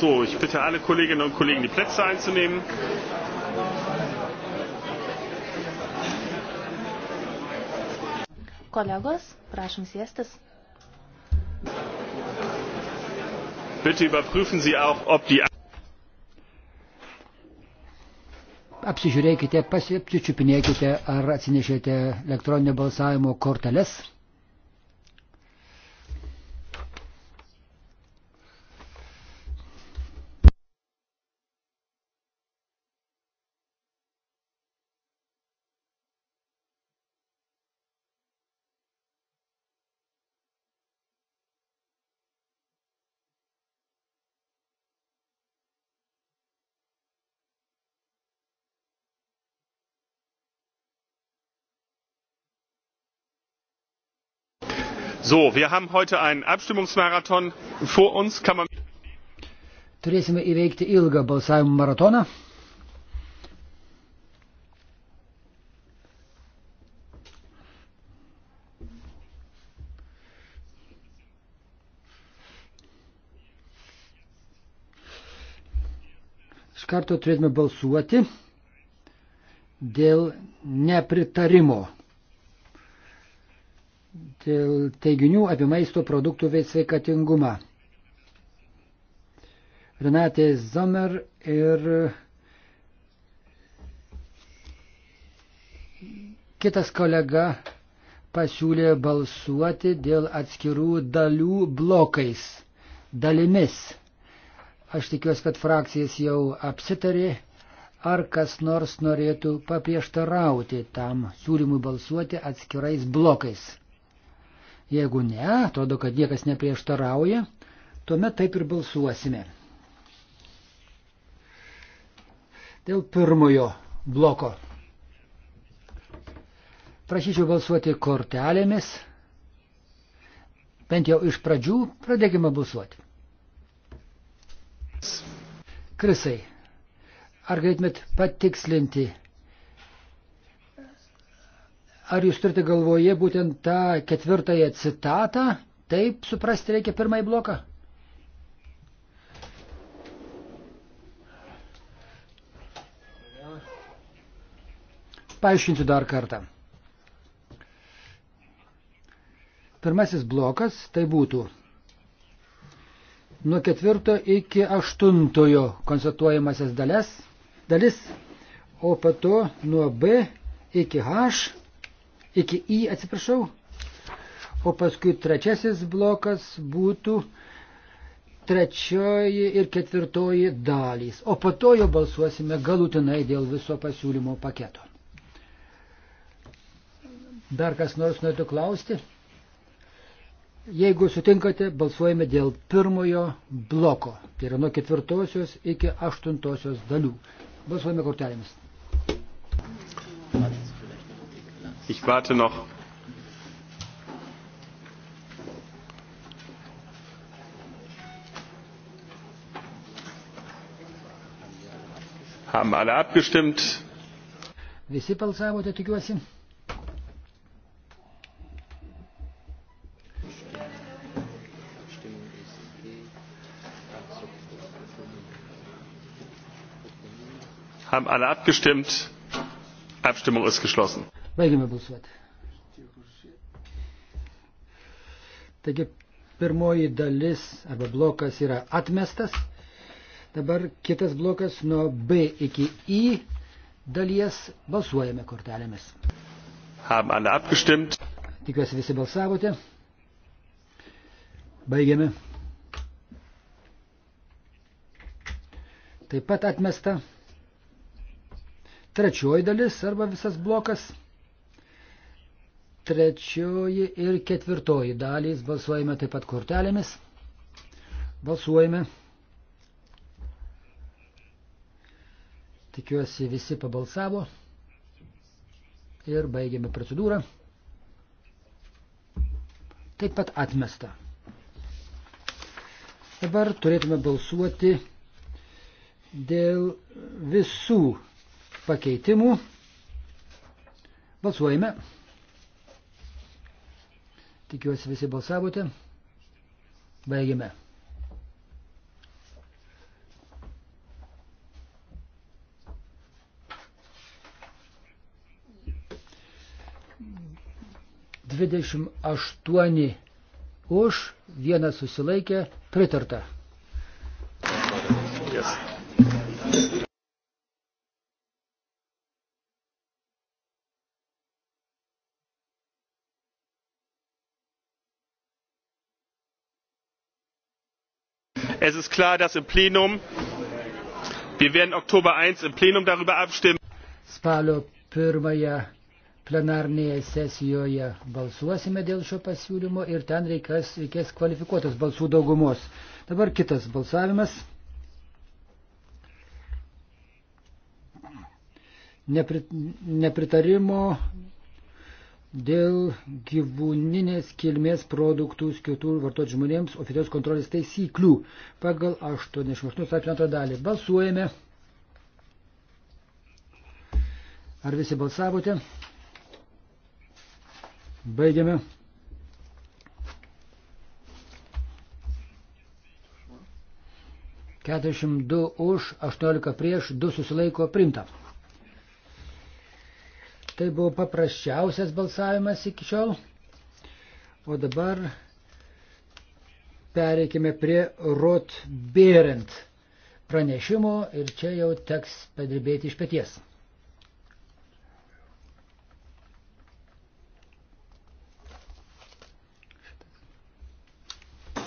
So, ich bitte alle Kolleginnen und Kollegen, die Plätze einzunehmen. Kolegos, prašom sėstis. Bitte überprüfen Sie auch, ob die Apsižiūrėkite, pasiapsičiupinėkite, ar atsinešėte elektroninio balsavimo korteles. So, wir haben heute einen Abstimmungsmarathon vor uns. Kann man Turėsime įveikti ilgą balsavimo maratoną. Iš karto turėtume balsuoti dėl nepritarimo dėl teiginių apie maisto produktų sveikatingumą. Renatė Zomer ir kitas kolega pasiūlė balsuoti dėl atskirų dalių blokais, dalimis. Aš tikiuosi, kad frakcijas jau apsitarė, ar kas nors norėtų paprieštarauti tam siūlymui balsuoti atskirais blokais. Jeigu ne, atrodo, kad niekas neprieštarauja, tuomet taip ir balsuosime. Dėl pirmojo bloko. Prašyčiau balsuoti kortelėmis. Bent jau iš pradžių pradėkime balsuoti. Krisai, ar galėtumėt patikslinti Ar jūs turite galvoje būtent tą ketvirtąją citatą? Taip suprasti reikia pirmąjį bloką? Paaiškinsiu dar kartą. Pirmasis blokas tai būtų nuo ketvirto iki aštuntojo konstatuojamasis dalis, dalis, o pato nuo B iki H iki į, atsiprašau. O paskui trečiasis blokas būtų trečioji ir ketvirtoji dalys. O po to jau balsuosime galutinai dėl viso pasiūlymo paketo. Dar kas nors norėtų klausti? Jeigu sutinkate, balsuojame dėl pirmojo bloko. Tai yra nuo ketvirtosios iki aštuntosios dalių. Balsuojame kortelėmis. Ich warte noch. Haben alle abgestimmt? Visi balsavote, tikiuosi. Haben alle abgestimmt? Abstimmung ist geschlossen. Baigiame balsuoti. Taigi pirmoji dalis arba blokas yra atmestas. Dabar kitas blokas nuo B iki I dalies balsuojame kortelėmis. Haben alle abgestimmt. Tikiuosi visi balsavote. Baigiame. Taip pat atmesta trečioji dalis arba visas blokas. Trečioji ir ketvirtoji dalys balsuojame taip pat kortelėmis. Balsuojame. Tikiuosi visi pabalsavo. Ir baigėme procedūrą. Taip pat atmesta. Dabar turėtume balsuoti dėl visų pakeitimų. Balsuojame. Tikiuosi visi balsavote. Baigime. Dvidešimt aštuoni už, vienas susilaikė, pritarta. es ist klar dass im plenum wir werden oktober eins im plenum darüber abstimmen spalio pirmąją plenarnėje sesijoje balsuosime dėl šio pasiūlymo ir ten reikės, reikės kvalifikuotos balsų daugumos. Dabar kitas balsavimas. Neprit, nepritarimo dėl gyvūninės kilmės produktų skirtų vartoti žmonėms oficialios kontrolės taisyklių pagal 88 straipsnio antrą dalį. Balsuojame. Ar visi balsavote? Baigiame. Keturiasdešimt du už, aštuoniolika prieš, du susilaiko primta. Tai buvo paprasčiausias balsavimas iki šiol. O dabar pereikime prie Rot Berend pranešimo ir čia jau teks padirbėti iš pėties.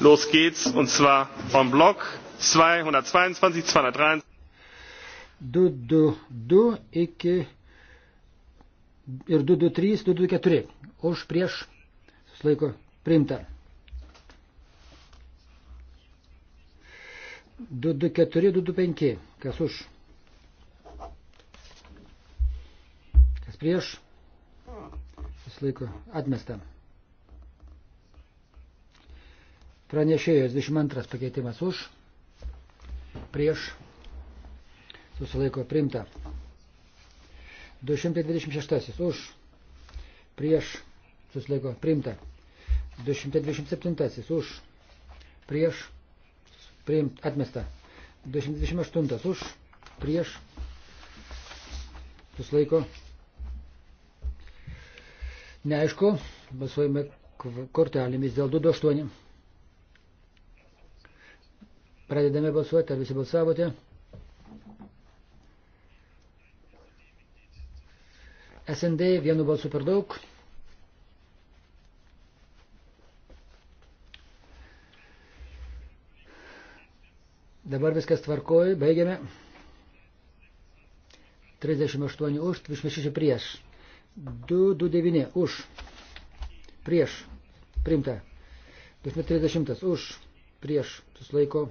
Los geht's, und zwar en bloc 222, 223. 222 iki ir 223, 224 už prieš susilaiko priimta. 224, 225 kas už. Kas prieš susilaiko atmesta. Pranešėjas 22 pakeitimas už prieš susilaiko priimta. 226 už prieš susilaiko priimta. 227 už prieš priimt, atmesta. 228 už prieš susilaiko. Neaišku, balsuojame kortelėmis dėl 228. Pradedame balsuoti, ar visi balsavote? SND vienu balsu per daug. Dabar viskas tvarkoj, baigiame. 38 už, 26 prieš. 229 už. Prieš. Primta. 230 už. Prieš. Suslaiko.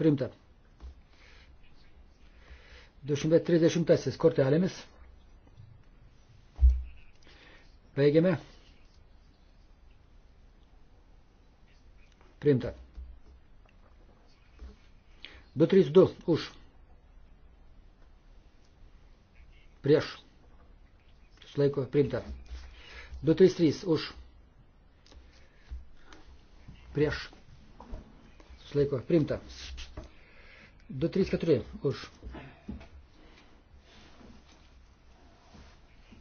Primta. 230 kortelėmis. Baigiame. Priimta. 232 už. Prieš. Sulaiko priimta. 233 už. Prieš. Sulaiko priimta. 234 už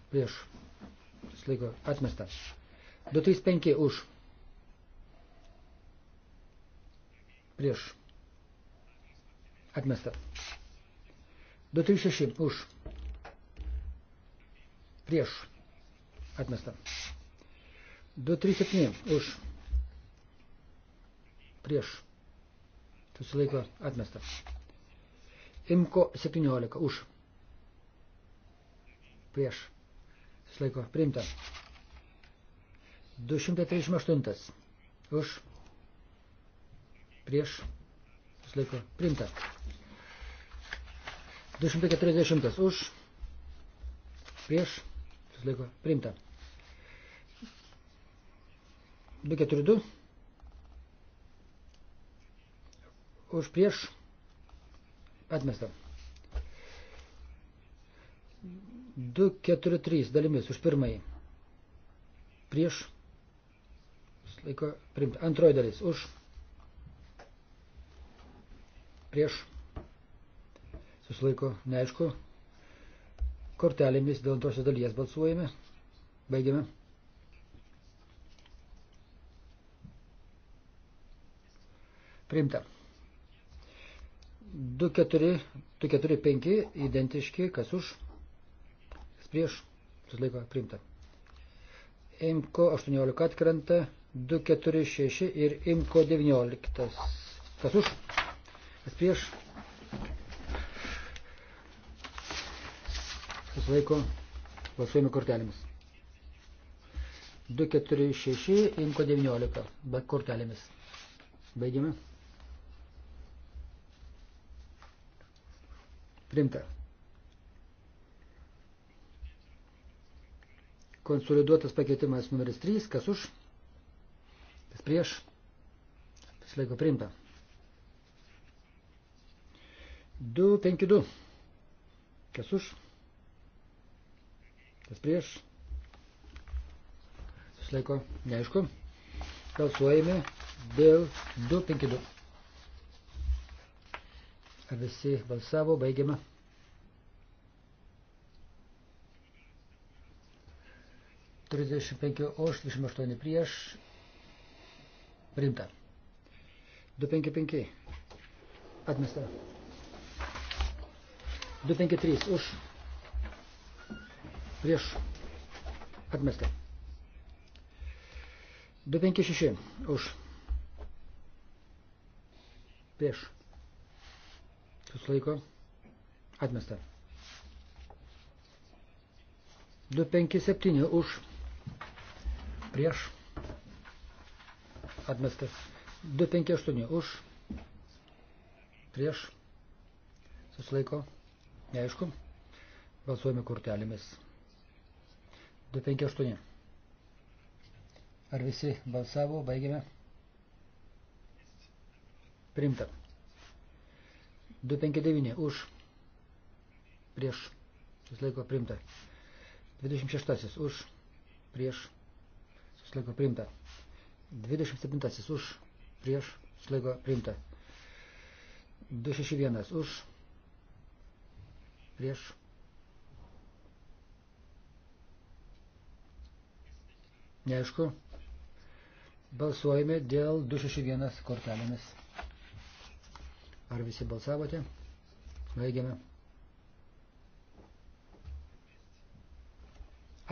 prieš susilaiko atmesta. 235 už prieš atmesta. 236 už prieš atmesta. 237 už prieš susilaiko atmesta. Imko 17 už prieš Slaiko. Priimta. 238. Už. Prieš. Slaiko. Priimta. 240. Už. Prieš. Slaiko. Priimta. 242. Už prieš. Atmesta. 2, 4, 3 dalimis už pirmąjį. Prieš. Laiko primti. Antroji dalis už. Prieš. Susilaiko neaišku. Kortelėmis dėl antrosios dalies balsuojame. Baigiame. Priimta. 2, 4, 2, 4, 5 identiški, kas už prieš, susilaiko priimta. Imko 18 atkrenta, 2, 4, 6 ir Imko 19. Kas už? Kas prieš? Kas laiko? Balsuojame kortelėmis. 2, 4, 6, Imko 19. Bet kortelėmis. Baigiame. Primta. Konsoliduotas pakeitimas numeris 3, kas už, kas prieš, vis laiko priimta. 252, kas už, kas prieš, vis laiko neaišku. Balsuojame dėl 252. Ar visi balsavo, baigiame. 35 už, 28 prieš. Rimta. 255. Atmesta. 253 už. Prieš. Atmesta. 256 už. Prieš. Susilaiko. Atmesta. 257 už prieš, atmestas. 258 už, prieš, susilaiko, neaišku, balsuojame kortelėmis. 258. Ar visi balsavo, baigėme? Primta. 259 už, prieš, susilaiko, primta. 26 už, prieš, susilaiko priimta. 27 už, prieš, susilaiko priimta. 261 už, prieš. Neaišku. Balsuojame dėl 261 kortelėmis. Ar visi balsavote? Baigiame.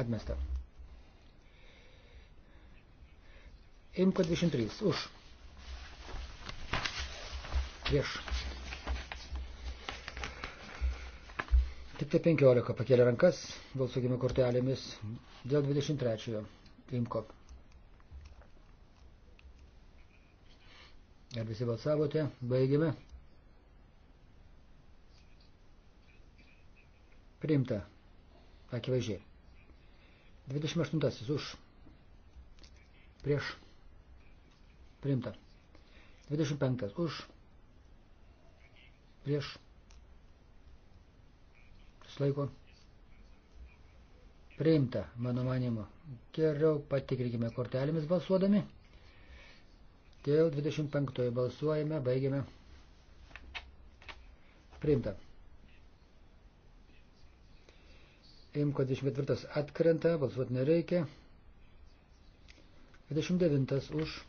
Atmesta. Imko 23. Už. Prieš. Tik tai 15 pakėlė rankas, balsuokime kortelėmis dėl 23 imko. Ar visi balsavote? Baigime. Priimta. Akivaizdžiai. 28 už. Prieš. Priimta. 25 už. Prieš. Slaiko. Priimta, mano manimu. Geriau patikrinkime kortelėmis balsuodami. Dėl 25 balsuojame, baigiame. Priimta. Imko 24 atkrenta, balsuoti nereikia. 29 už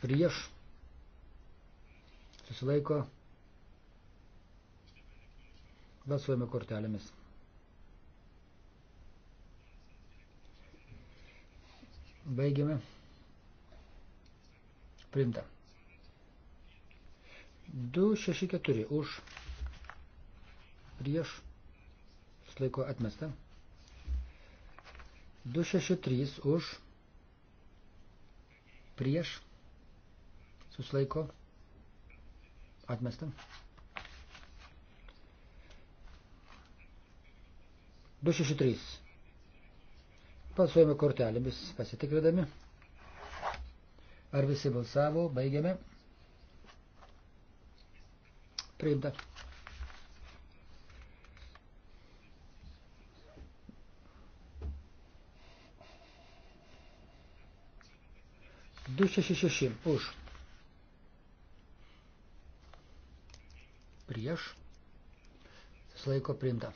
prieš, susilaiko, balsuojame kortelėmis. Baigiame. Primta. 264 už prieš laiko atmesta. 263 už prieš susilaiko atmesta. Du šeši trys. Pasuojame kortelėmis pasitikrinami. Ar visi balsavo, baigiame. Priimta. Du šeši šeši už. prieš, susilaiko priimta.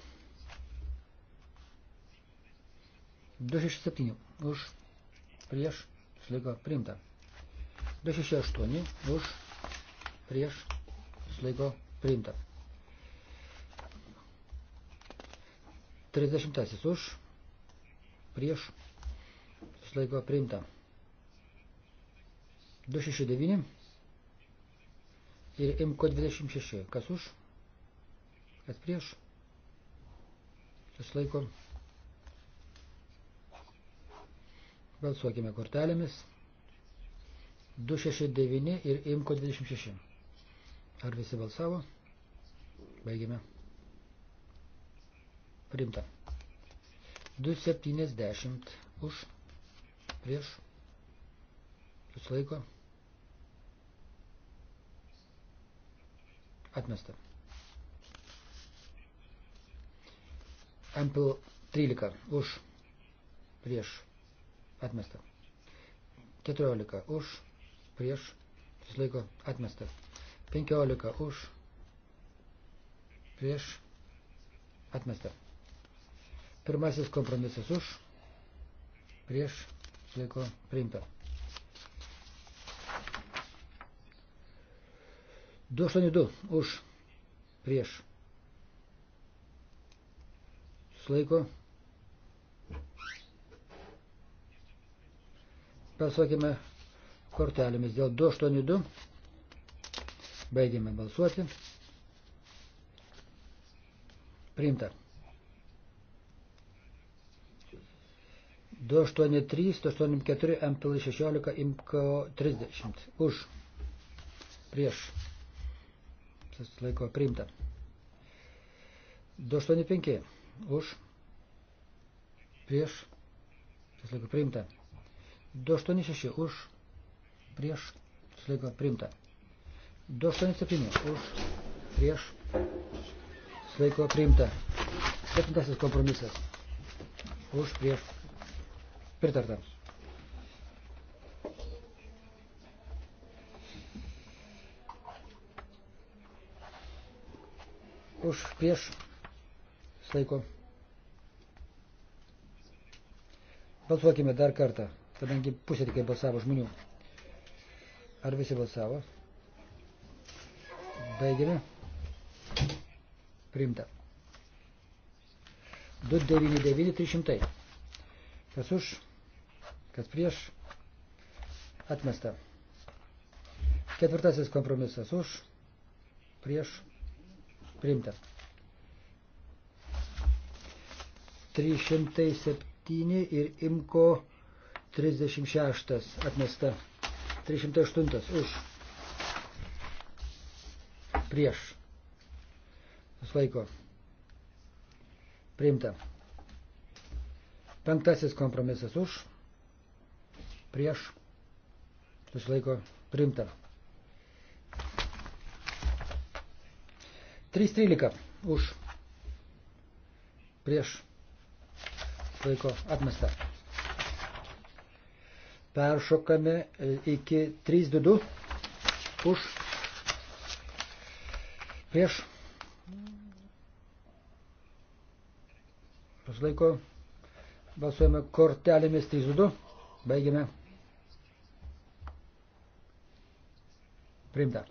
267 už, prieš, susilaiko priimta. 268 už, prieš, susilaiko priimta. 30 už, prieš, susilaiko priimta. 269 ir imko 26. Kas už? Kas prieš? Susilaiko. Balsuokime kortelėmis. 269 ir imko 26. Ar visi balsavo? Baigime. Primta. 270 už prieš. Susilaiko. Atmesta. Ample 13 už prieš atmestą. 14 už prieš susilaiko atmestą. 15 už prieš atmestą. Pirmasis kompromisas už prieš susilaiko priimta. 282 už prieš. Sulaiko. Pasakime kortelėmis dėl 282. Baigėme balsuoti. Priimta. 283, 184, MPL 16, IMCO 30. Už. Prieš susilaiko priimta. 285 už, prieš, susilaiko priimta. 286 už, prieš, susilaiko priimta. 287 už, prieš, susilaiko priimta. Septintasis kompromisas už, prieš, pritarta. už prieš laiko. Balsuokime dar kartą, kadangi pusė tik balsavo žmonių. Ar visi balsavo? Baigėme. Primta. 299 300. Kas už, kas prieš, atmesta. Ketvirtasis kompromisas už, prieš, priimta. 307 ir imko 36 atmesta. 308 už. Prieš. Suslaiko. Priimta. Penktasis kompromisas už, prieš, susilaiko primta. 3.13 už prieš laiko atmestą. Peršokame e, iki 3.22 už prieš laiko balsuojame kortelėmis 3.22 baigiame. Priimta.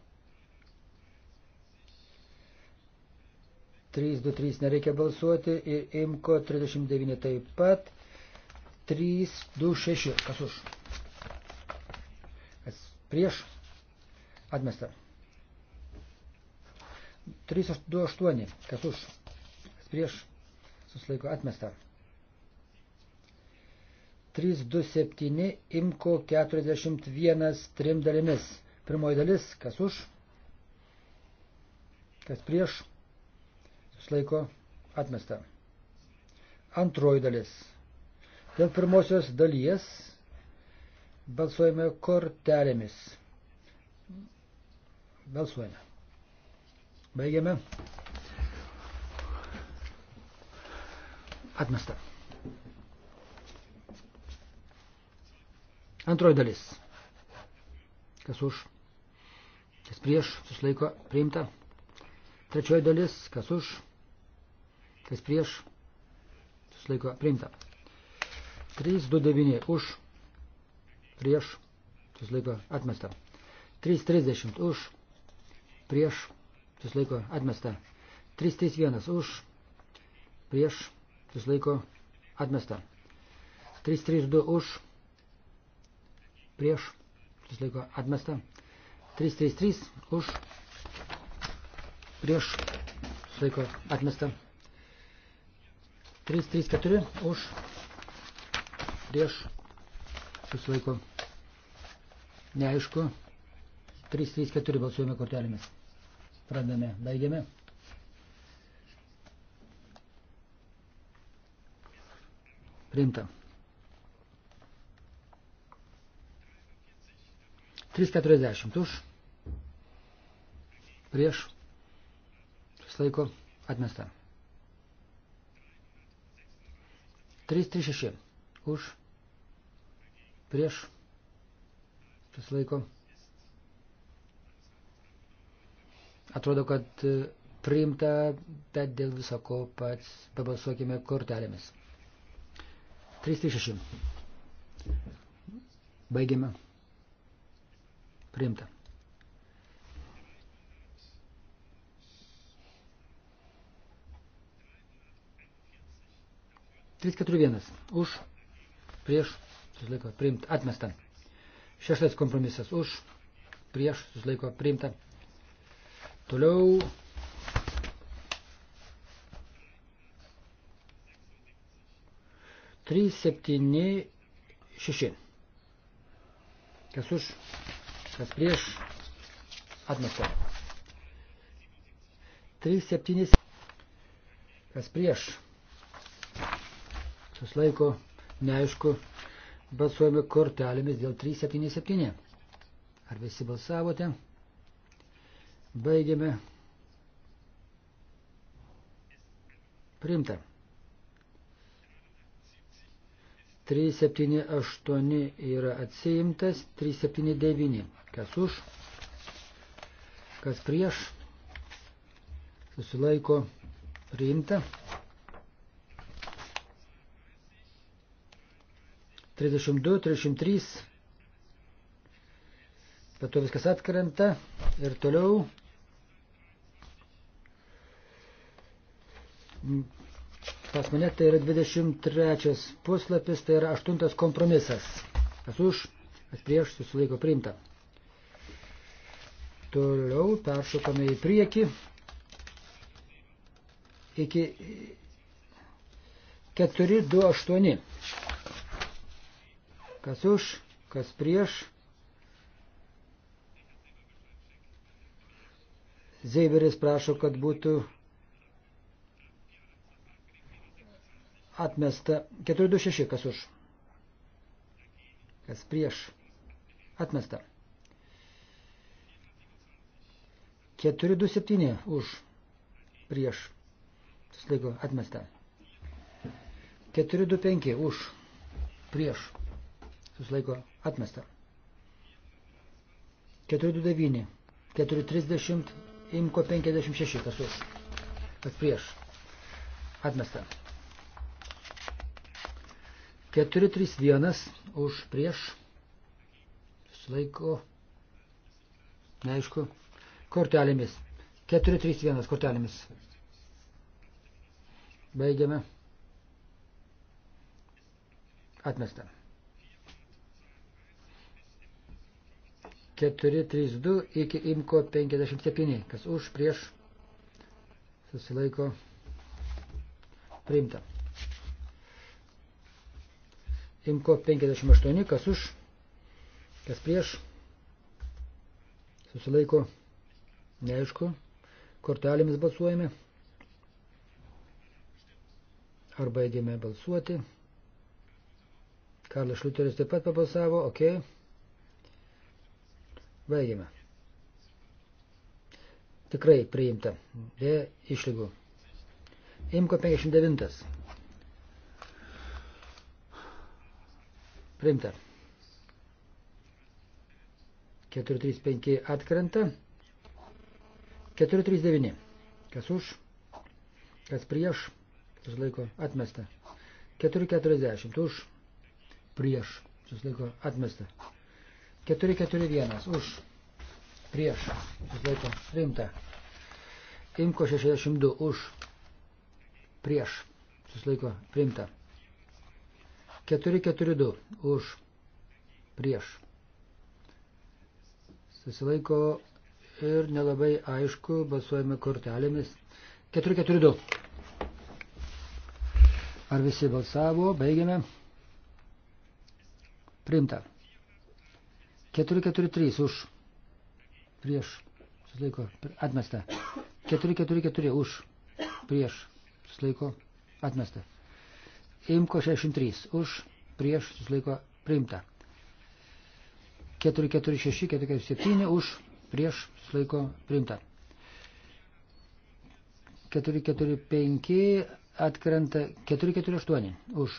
323 nereikia balsuoti ir imko 39 taip pat. 326. Kas už? Kas prieš? Atmesta. 328. Kas už? Kas prieš? Suslaiko atmesta. 327 imko 41 trim dalimis. Pirmoji dalis, kas už, kas prieš, Slaiko atmesta. Antroji dalis. Dėl pirmosios dalies balsuojame kortelėmis. Balsuojame. Baigiame. Atmesta. Antroji dalis. Kas už, kas prieš, susilaiko priimta. Trečioji dalis, kas už, kas prieš, susilaiko priimta. 329 už, prieš, susilaiko atmesta. 330 už, prieš, susilaiko atmesta. 331 už, prieš, susilaiko atmesta. 332 už, prieš, susilaiko atmesta. 333 už, prieš, susilaiko atmesta. 3, 3, 4 už prieš susilaiko neaišku. 3, 3, 4 balsuojame kortelėmis. Pradame, baigiame. Priimta. 3,40 už. Prieš. Susilaiko. Atmesta. 336 už prieš tas laiko. Atrodo, kad e, priimta, bet dėl viso ko pats pabalsuokime kortelėmis. 336. Baigiame. Priimta. 341. Už, prieš, susilaiko priimta, atmesta. Šeštas kompromisas. Už, prieš, susilaiko priimta. Toliau. Trys, septyni, šeši. Kas už, kas prieš, atmesta. 3, 7, kas prieš, susilaiko, neaišku, balsuojame kortelėmis dėl 377. Ar visi balsavote? Baigiame. Primta. 378 yra atsiimtas, 379. Kas už, kas prieš, susilaiko priimta. 32, 33. Bet to viskas atkrenta ir toliau. Pas mane tai yra 23 puslapis, tai yra 8 kompromisas. Kas už, kas prieš, susilaiko priimta. Toliau peršokame į priekį iki 428. Kas už, kas prieš. Zeiberis prašo, kad būtų atmesta 426, kas už. Kas prieš. Atmesta. 427 už. Prieš. Susilaiko atmesta. 425 už. Prieš susilaiko atmesta. 429, 430, imko 56, kas už, kas prieš, atmesta. 431 už prieš, susilaiko, neaišku, kortelėmis. 431 kortelėmis. Baigiame. Atmestam. 432 iki imko 57, kas už prieš susilaiko priimta. Imko 58, kas už, kas prieš susilaiko neaišku, kortelėmis balsuojame. Ar baigėme balsuoti. Karlas Šliuteris taip pat pabalsavo, okei. Okay. Baigime. Tikrai priimta. Be išlygų. Imko 59. Priimta. 435 atkrenta. 439. Kas už, kas prieš, kas laiko atmesta. 440 už, prieš, kas laiko atmesta. 441 už prieš susilaiko priimta. Imko 62 už prieš susilaiko priimta. 442 už prieš susilaiko ir nelabai aišku balsuojame kortelėmis. 442. Ar visi balsavo? Baigiame. Priimta. 443 už. Prieš. Susilaiko. Atmesta. 444 už. Prieš. Susilaiko. Atmesta. Imko 63 už. Prieš. Susilaiko. Priimta. 446, 447 už. Prieš. Susilaiko. Priimta. 445 atkrenta 448 už.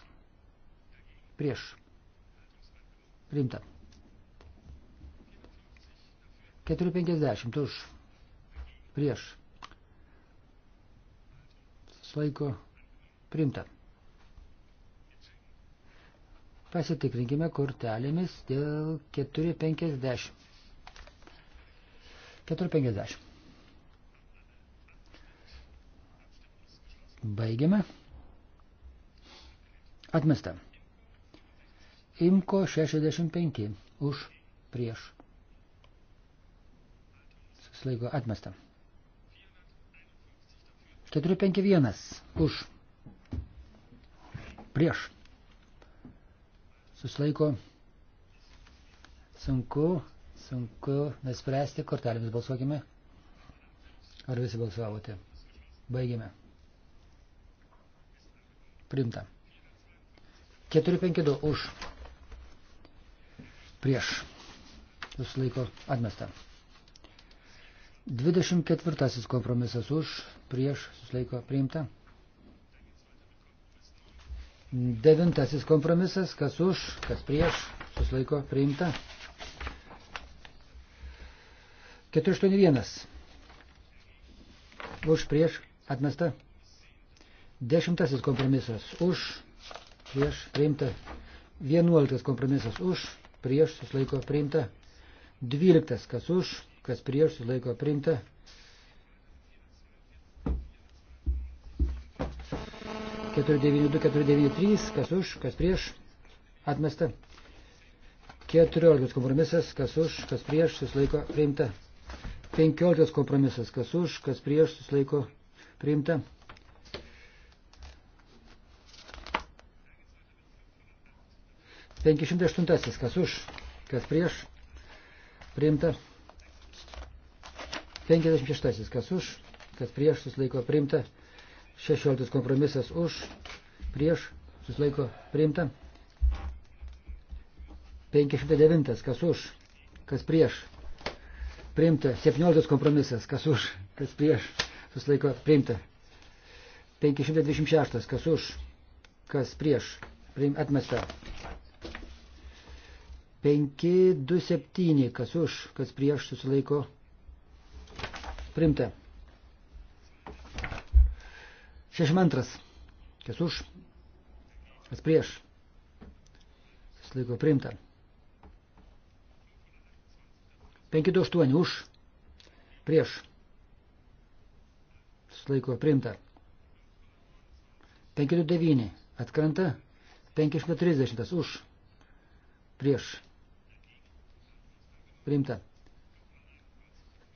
Prieš. Priimta. 450 už. Prieš. Slaiko primta. Pasitikrinkime kortelėmis dėl 450. 450. Baigiame. Atmesta. Imko 65 už prieš susilaiko atmesta. 451 už prieš susilaiko sunku, sunku nespręsti kortelėmis balsuokime. Ar visi balsavote? Baigime. Primta. 452 už prieš. Jūs laiko atmestą. 24 kompromisas už, prieš, susilaiko priimta. 9 kompromisas, kas už, kas prieš, susilaiko priimta. 481. Už, prieš, atmesta. 10 kompromisas už, prieš, priimta. 11 kompromisas už, prieš, susilaiko priimta. 12 kas už, kas prieš sulaiko priimta. Keturi devyni du, keturi devyni trys, kas už, kas prieš, atmesta. Keturioliktas kompromisas, kas už, kas prieš, susilaiko priimta. Penkioliktas kompromisas, kas už, kas prieš, susilaiko priimta. 508. Kas už, kas prieš, priimta. 56. Kas už, kas prieš susilaiko priimta. 16. Kompromisas už, prieš susilaiko priimta. 509. Kas už, kas prieš. Priimta. 17. Kompromisas. Kas už, kas prieš susilaiko priimta. 526. Kas už, kas prieš. Priim, atmesta. 527. Kas už, kas prieš susilaiko priimta. Primta. 62. Kas už? Kas prieš? Susilaiko primta. 528 už. Prieš. Susilaiko primta. 529 atkrenta. 530 už. Prieš. Primta.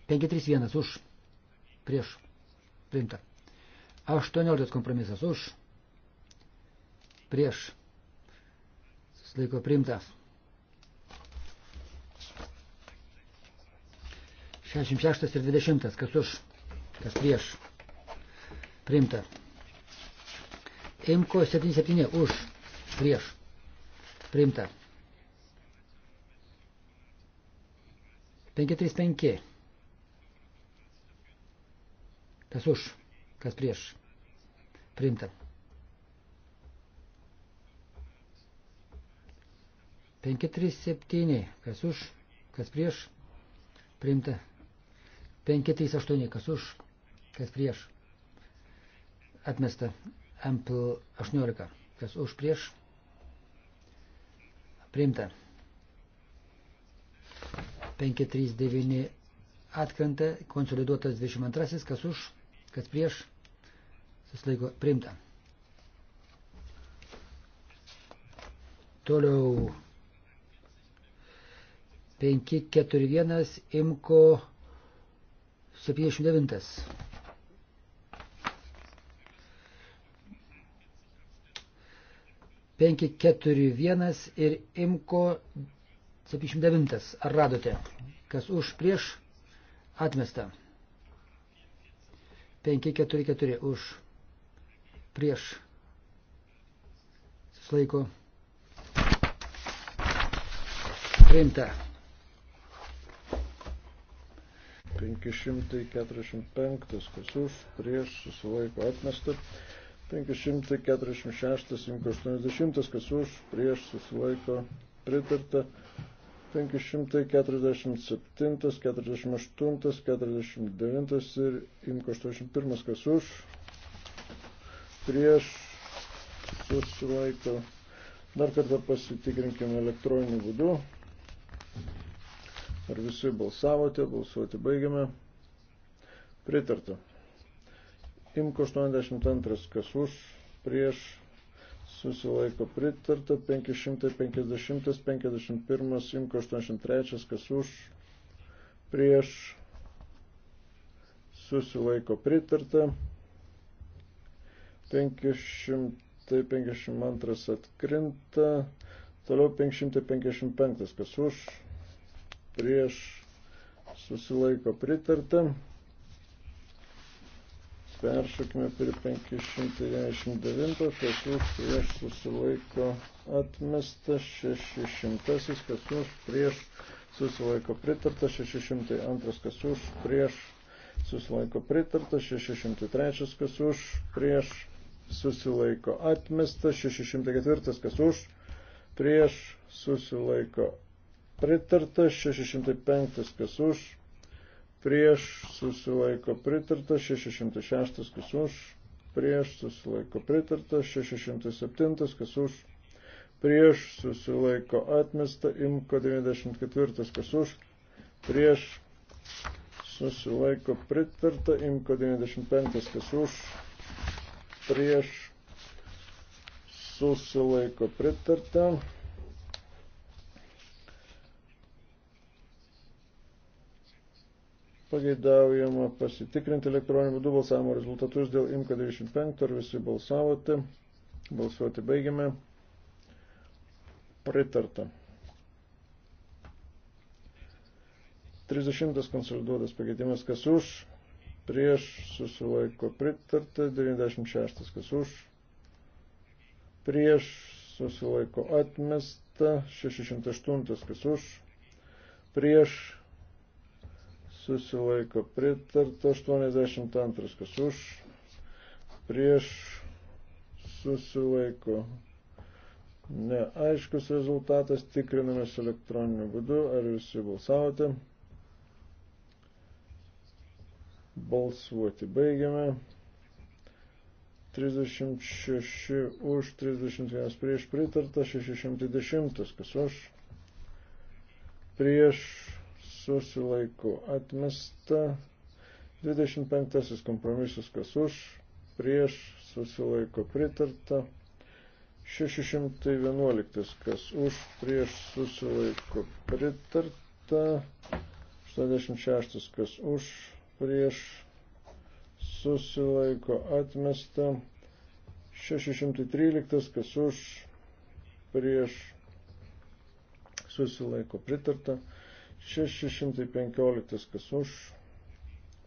531 už prieš priimta. 18 kompromisas už prieš laiko priimta. 66 ir 20, kas už, kas prieš priimta. Imko 77 už prieš priimta. 535 Kas už, kas prieš. Priimta. 537, kas už, kas prieš. Priimta. 538, kas už, kas prieš. Atmesta. Ampl 18, kas už, prieš. Priimta. 539 atkrenta konsoliduotas 22, kas už kas prieš, susilaiko priimta. Toliau 541 imko 79. Penki, keturi, vienas ir imko 79. Ar radote? Kas už prieš atmestą? 544 už prieš susilaiko priimta. 545, kas už, prieš, susilaiko atmesta. 546, 180, kas už, prieš, susilaiko pritarta. 547, 48, 49 ir imko 81, kas už, prieš susilaiko. Dar kartą pasitikrinkime elektroniniu būdu. Ar visi balsavote, balsuoti baigiame. Pritarta. Imko 82, kas už, prieš susilaiko pritarta, 550, 51, 183, kas už, prieš, susilaiko pritarta, 552 atkrinta, toliau 555, kas už, prieš, susilaiko pritarta. Peršokime prie 599, kas už prieš susilaiko atmestas, 600, kas už prieš susilaiko pritarta, 602, kas už prieš susilaiko pritarta, 603, kas už prieš susilaiko atmestas, 604, kas už prieš susilaiko pritarta, 605, kas už prieš susilaiko pritarta, 606 kas už, prieš susilaiko pritarta, 607 kas už, prieš susilaiko atmesta, imko 94 kas už, prieš susilaiko pritarta, imko 95 kas už, prieš susilaiko pritarta. Pageidaujama pasitikrinti elektroniniu būdu balsavimo rezultatus dėl IMKA 95, ar visi balsavote. Balsuoti baigiame. Pritarta. 30 konsoliduotas pakeitimas, kas už, prieš, susilaiko pritarta, 96 kas už, prieš, susilaiko atmesta, 608 kas už, prieš, susilaiko pritarta 82, kas už, prieš susilaiko. Neaiškus rezultatas tikrinamės elektroniniu būdu, ar visi balsavote. Balsuoti baigiame. 36 už, 31 prieš pritarta, 610 kas už, prieš susilaiko atmesta. 25 kompromisas kas už, prieš susilaiko pritarta. 611 kas už, prieš susilaiko pritarta. 86 kas už, prieš susilaiko atmesta. 613 kas už, prieš susilaiko pritarta. 615 kas už,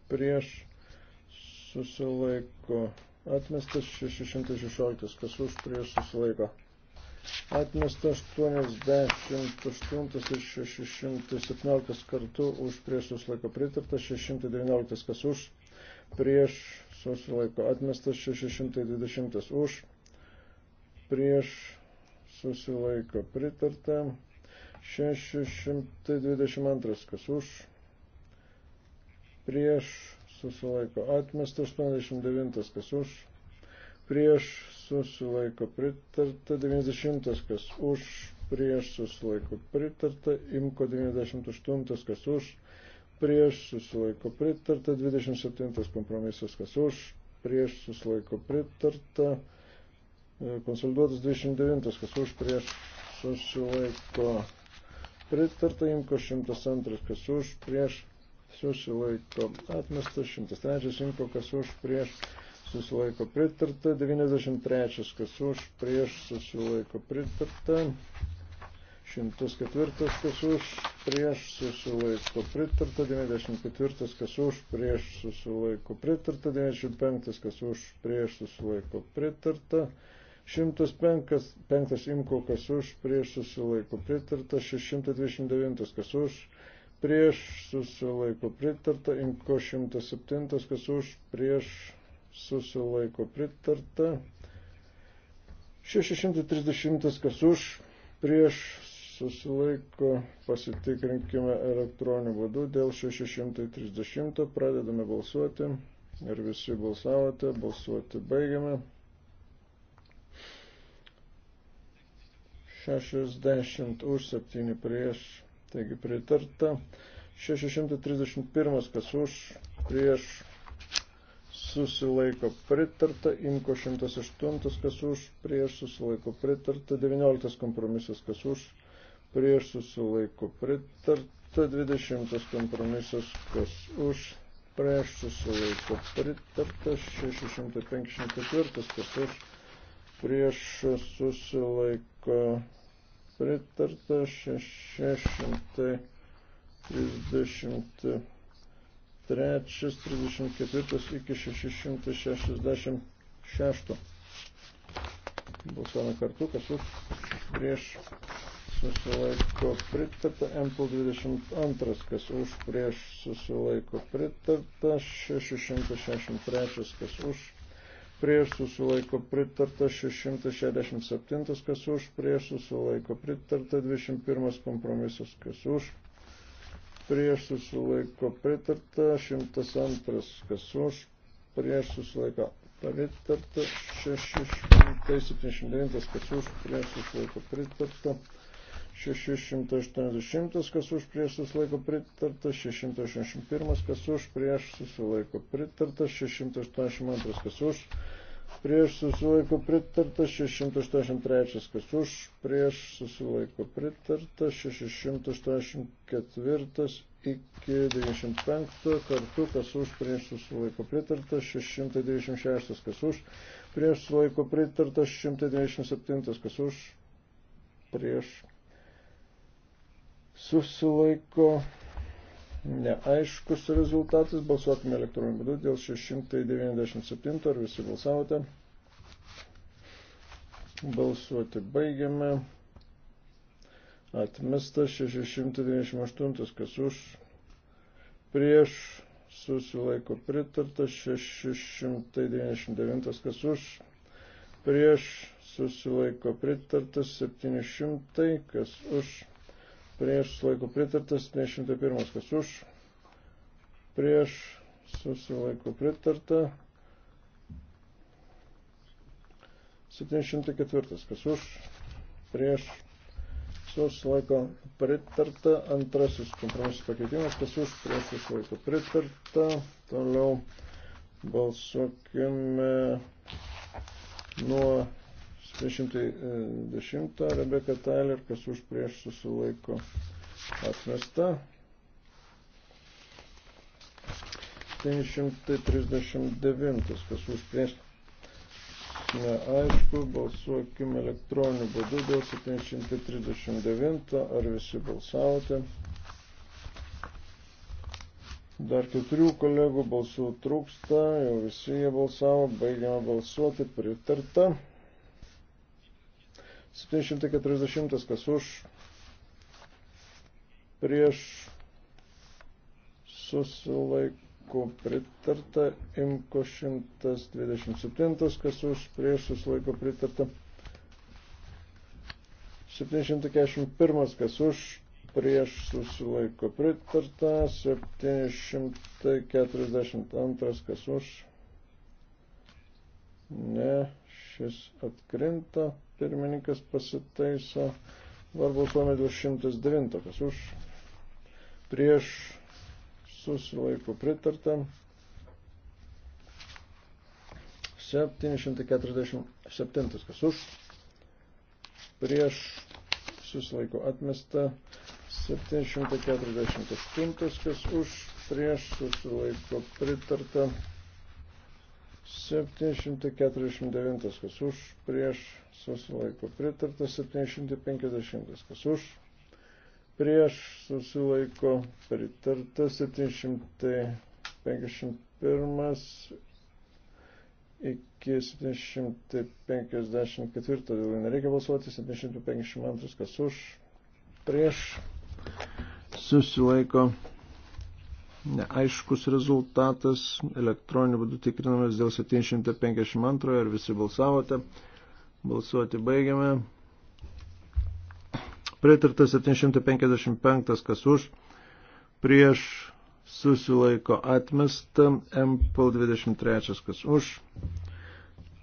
prieš susilaiko atmestas, 616 kas už, prieš susilaiko atmestas, 88 ir 617 kartu už, prieš susilaiko pritartas, 619 kas už, prieš susilaiko atmestas, 620 už, prieš susilaiko pritartas. 622, kas už, prieš, susilaiko atmesta, 89, kas už, prieš, susilaiko pritarta, 90, kas už, prieš, susilaiko pritarta, imko 98, kas už, prieš, susilaiko pritarta, 27 kompromisas, kas už, prieš, susilaiko pritarta, e, konsoliduotas 29, kas už, prieš, susilaiko pritarta Pritarta imko 102, kas už, prieš, susilaiko. Atmestas 103, imko kas už, prieš, susilaiko. Pritarta 93, kas už, prieš, susilaiko. Pritarta 104, kas už, prieš, susilaiko. Pritarta 94, kas už, prieš, susilaiko. Pritarta 95, kas už, prieš, susilaiko. Pritarta 96. 105 imko kas už, prieš susilaiko pritarta, 629 kas už, prieš susilaiko pritarta, imko 107 kas už, prieš susilaiko pritarta, 630 kas už, prieš susilaiko pasitikrinkime elektroniniu būdu dėl 630, pradedame balsuoti ir visi balsavote, balsuoti baigiame. 60 už 7 prieš, taigi pritarta. 631 kas už prieš susilaiko pritarta, Imko 108 kas už prieš susilaiko pritarta, 19 kompromisas kas už prieš susilaiko pritarta, 20 kompromisas kas už prieš susilaiko pritarta, 654 kas už prieš susilaiko pritarta 633, 34 iki 666. Balsuojame kartu, kas už prieš susilaiko pritarta, MP22, kas už prieš susilaiko pritarta, 663, kas už prieš susilaiko pritarta 667, kas už, prieš susilaiko pritarta 21 kompromisas, kas už, prieš susilaiko pritarta 102, kas už, prieš susilaiko pritarta 679, kas už, prieš susilaiko pritarta 680, kas už prieš susilaiko pritarta, 681, kas už prieš susilaiko pritarta, 682, kas už prieš susilaiko pritarta, 683, kas už prieš susilaiko pritarta, 684 iki 95 kartu, kas už prieš susilaiko pritarta, 696, kas už prieš susilaiko pritarta, 197, kas už prieš susilaiko neaiškus rezultatas. Balsuokime elektroniniu būdu dėl 697. Ar visi balsavote? Balsuoti baigiame. Atmesta 698, kas už, prieš susilaiko pritarta 699, kas už, prieš susilaiko pritarta 700, kas už prieš laiko pritartas, 101 kas už, prieš susilaiko pritarta, 704 kas už, prieš susilaiko pritarta, antrasis kompromisas pakeitimas kas už, prieš susilaiko pritarta, toliau balsuokime nuo 710 e, Rebeka Taler, kas už prieš susilaiko atmesta. 739, kas už prieš neaišku, balsuokime elektroniniu būdu dėl 739, ar visi balsavote. Dar keturių kolegų balsų trūksta, jau visi jie balsavo, baigiame balsuoti, pritarta. 740 kas už prieš susilaiko pritarta, imko 127 kas už prieš susilaiko pritarta, 741 kas už prieš susilaiko pritarta, 742 kas už ne šis atkrinta, pirmininkas pasitaiso, var balsuojame dėl 109, kas už, prieš, susilaiko pritarta, 747, kas už, prieš, susilaiko atmesta, 748, kas už, prieš, susilaiko pritarta, 749, kas už, prieš, susilaiko pritarta, 750, kas už, prieš, susilaiko pritarta, 751 iki 754, dėl nereikia balsuoti, 752, kas už, prieš, susilaiko pritarta neaiškus rezultatas. Elektroniniu būdu tikrinamas dėl 752. Ar visi balsavote? Balsuoti baigiame. Pritarta 755. Kas už? Prieš susilaiko atmesta. MPL 23. Kas už?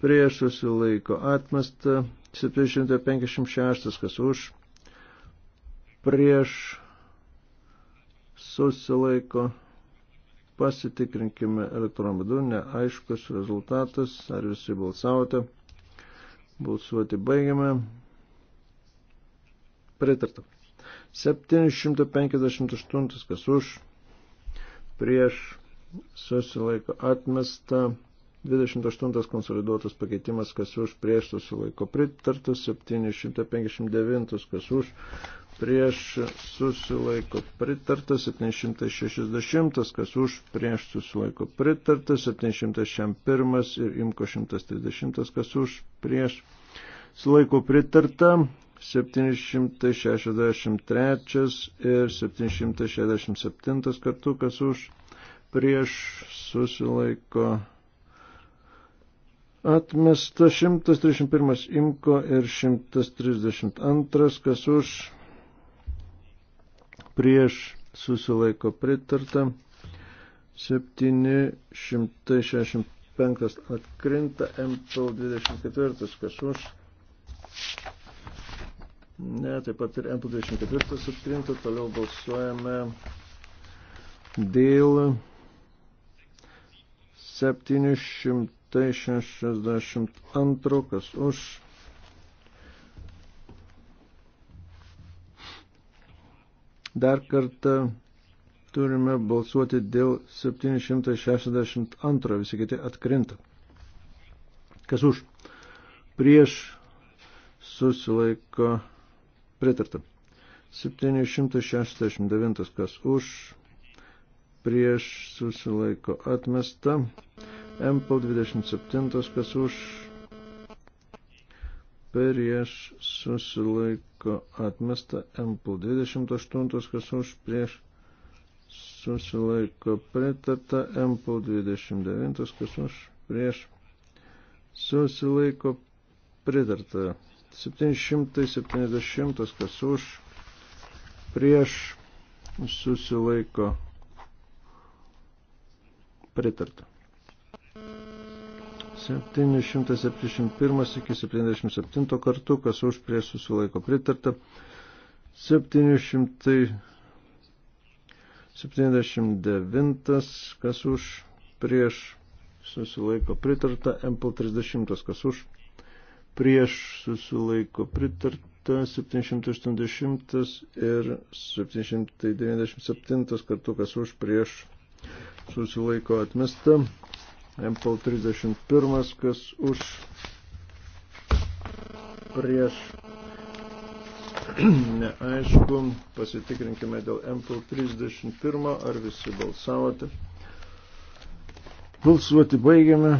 Prieš susilaiko atmesta. 756. Kas už? Prieš susilaiko atmesta Pasitikrinkime elektroniniu būdu, neaiškus rezultatas, ar visi balsavote. Balsuoti baigiame. Pritarta. 758 kas už, prieš susilaiko atmesta. 28 konsoliduotas pakeitimas, kas už prieš susilaiko pritartas, 759 kas už prieš susilaiko pritartas 760, kas už prieš susilaiko pritartas 701 ir imko 130, kas už prieš sulaiko pritarta 763 ir 767 kartu, kas už prieš susilaiko pritartas. Atmesta 131 imko ir 132, kas už prieš susilaiko pritarta. 765 atkrinta, MPL 24, kas už. Ne, taip pat ir MPL 24 atkrinta, toliau balsuojame dėl 762, kas už Dar kartą turime balsuoti dėl 762, visi kiti atkrinta. Kas už? Prieš susilaiko pritarta. 769, kas už? Prieš susilaiko atmesta. MPL 27, kas už? prieš susilaiko atmesta MP28, kas už prieš susilaiko pritarta MP29, kas už prieš susilaiko pritarta 770, kas už prieš susilaiko pritarta. 771 iki 77 kartų, kas už prieš susilaiko pritarta. 779, kas už prieš susilaiko pritarta. MP30, kas už prieš susilaiko pritarta. 780 ir 797 kartų, kas už prieš susilaiko atmesta. MPL 31, kas už prieš neaišku, pasitikrinkime dėl MPL 31, ar visi balsavote. Balsuoti baigiame.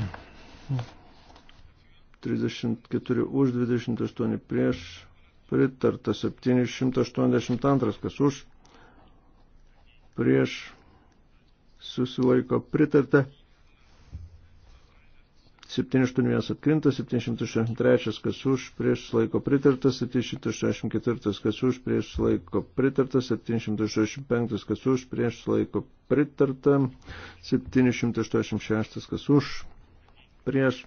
34 už, 28 prieš, pritarta 782, kas už, prieš, susilaiko pritarta 781 atkrinta, 763 kas už prieš laiko pritartas, 764 kas už prieš laiko pritartas, 765 kas už prieš laiko pritarta, 786 kas už prieš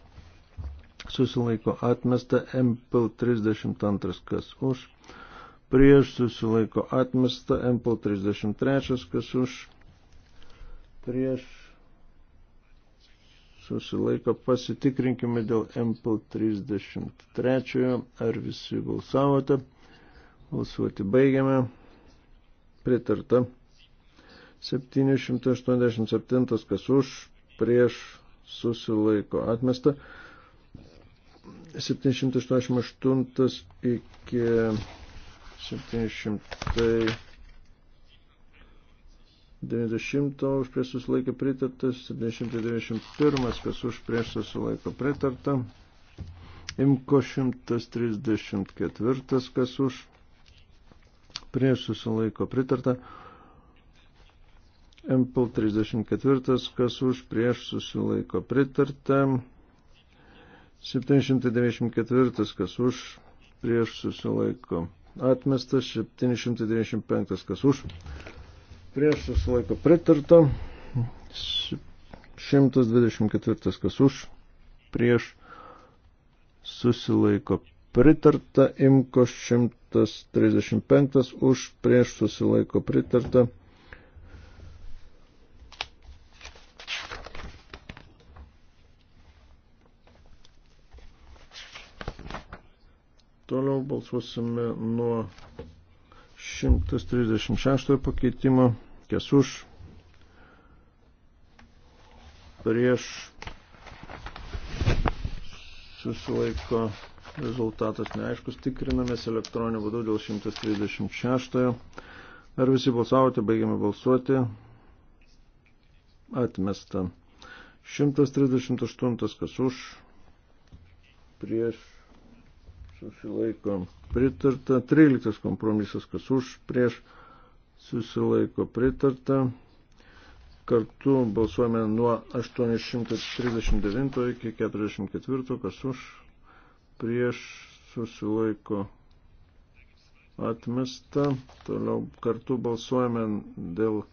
susilaiko atmesta, MPL 32 kas už prieš susilaiko atmesta, MPL 33 kas už prieš susilaiko pasitikrinkime dėl MPL 33, ar visi balsavote. Balsuoti baigiame. Pritarta. 787, kas už, prieš, susilaiko atmesta. 788 iki 700. 90 už prieš susilaikę pritartas, 791 kas už prieš susilaiko pritarta, imko 134 kas už prieš susilaiko pritarta, MPL 34 kas už prieš susilaiko pritarta, 794 kas už prieš susilaiko atmestas, 795 kas už prieš susilaiko pritarta. 124 kas už, prieš susilaiko pritarta. Imko 135 už, prieš susilaiko pritarta. Toliau balsuosime nuo 136 pakeitimo, kas už, prieš susilaiko rezultatas neaiškus, tikrinamės elektroniniu būdu dėl 136. Ar visi balsavote, baigiame balsuoti. Atmesta. 138 kas už, prieš susilaiko pritarta. 13 kompromisas, kas už, prieš, susilaiko pritarta. Kartu balsuojame nuo 839 iki 44, kas už, prieš, susilaiko atmesta. Toliau kartu balsuojame dėl 839.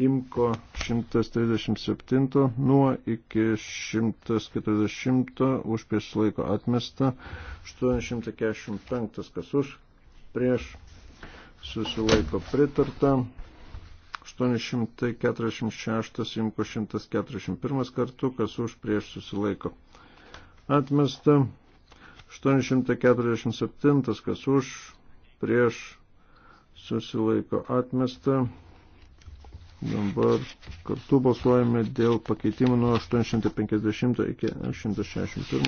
Imko 137 nuo iki 140 už prieš laiko atmesta, 845 kas už prieš susilaiko pritarta, 846 Imko 141 kartu kas už prieš susilaiko atmesta, 847 kas už prieš susilaiko atmesta. Dabar kartu balsuojame dėl pakeitimų nuo 850 iki 161.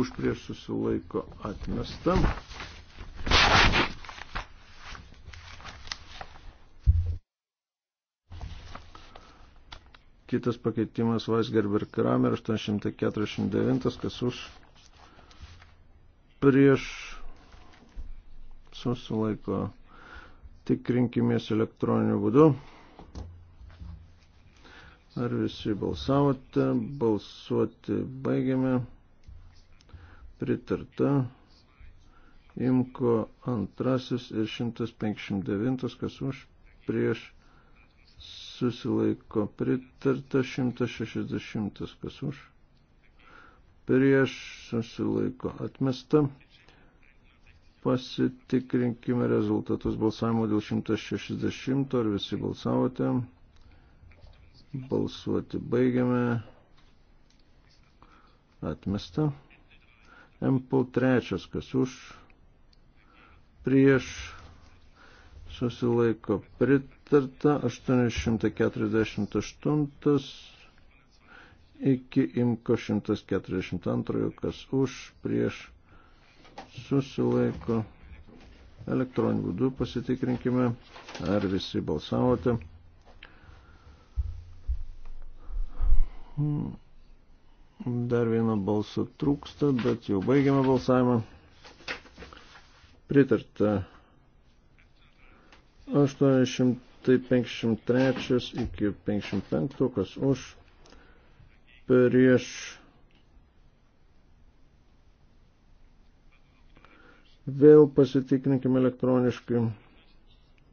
Už prieš susilaiko atmesta. Kitas pakeitimas Weisgerber Kramer 849, kas už prieš susilaiko. Tikrinkimės elektroniniu būdu. Ar visi balsavote? Balsuoti baigiame. Pritarta. Imko antrasis ir 159, kas už prieš susilaiko pritarta 160, kas už prieš susilaiko atmesta. Pasitikrinkime rezultatus balsavimo dėl 160, ar visi balsavote. Balsuoti baigiame. Atmesta. MPL trečias, kas už. Prieš susilaiko pritarta 848 iki imko 142, kas už, prieš susilaiko elektroniniu būdu pasitikrinkime, ar visi balsavote. Dar vieno balso trūksta, bet jau baigiame balsavimą. Pritarta 853 iki 55, kas už, prieš Vėl pasitikrinkime elektroniškai.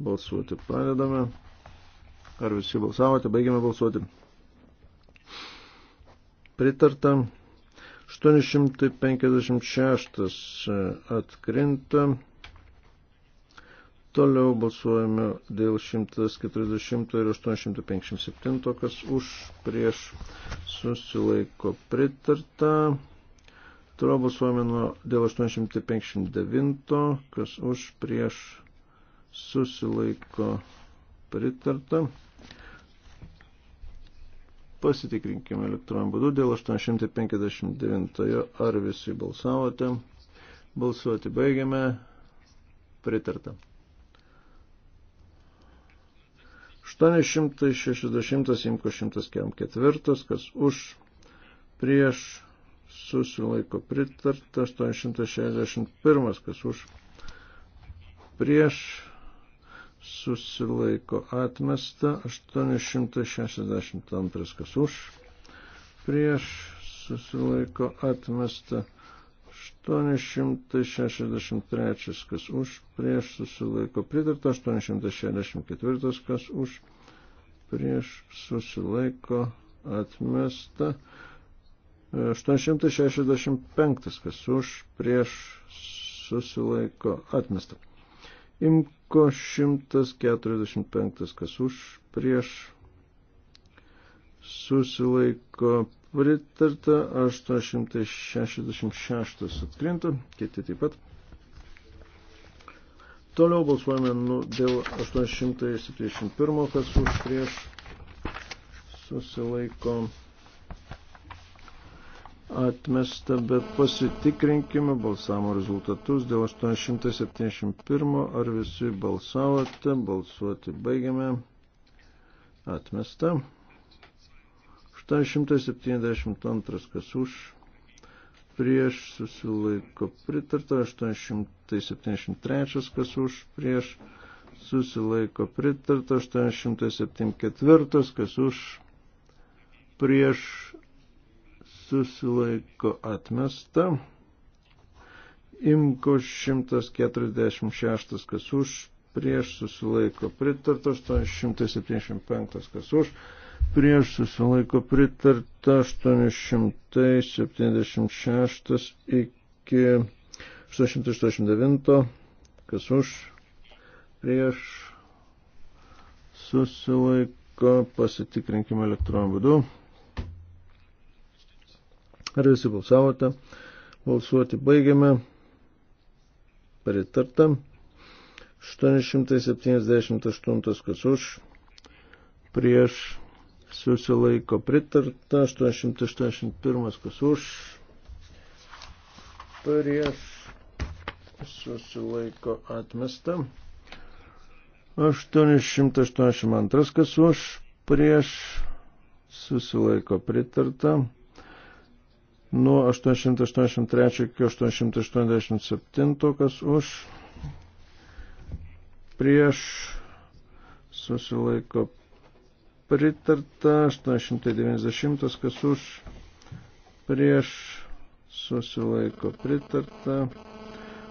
Balsuoti pradedame. Ar visi balsavote? Baigiame balsuoti pritarta. 856 e, atkrinta. Toliau balsuojame dėl 140 ir 857, kas už prieš susilaiko pritarta. Toliau balsuojame nuo, dėl 859, kas už prieš susilaiko pritarta. Pasitikrinkime elektroniniu būdu dėl 859. Ar visi balsavote? Balsuoti baigiame. Pritarta. 860-104, kas už, prieš, susilaiko pritarta, 861, kas už, prieš, susilaiko atmesta 862 kas už, prieš susilaiko atmesta 863 kas už, prieš susilaiko pritarta 864 kas už, prieš susilaiko atmesta 865 kas už, prieš susilaiko atmesta. Imk Ko 145, kas už, prieš, susilaiko pritarta, 866 atkrinta, kiti taip pat. Toliau balsuojame nu, dėl 871, kas už, prieš, susilaiko pritarta atmesta, bet pasitikrinkime balsavimo rezultatus dėl 871. Ar visi balsavote? Balsuoti baigiame. Atmesta. 872. Kas už? Prieš susilaiko pritarta. 873. Kas už? Prieš susilaiko pritarta. 874. Kas už? Prieš susilaiko atmesta. Imko 146, kas už, prieš susilaiko pritarta, 875, kas už, prieš susilaiko pritarta, 876 iki 889, kas už, prieš susilaiko, pasitikrinkime elektroniniu būdu. Ar visi balsavote? Balsuoti baigiame. Pritarta. 878 kas už. Prieš susilaiko pritarta. 881 kas už. Prieš susilaiko atmesta. 882 kas už. Prieš susilaiko pritarta nuo 883 iki 887, kas už, prieš, susilaiko pritarta, 890, kas už, prieš, susilaiko pritarta.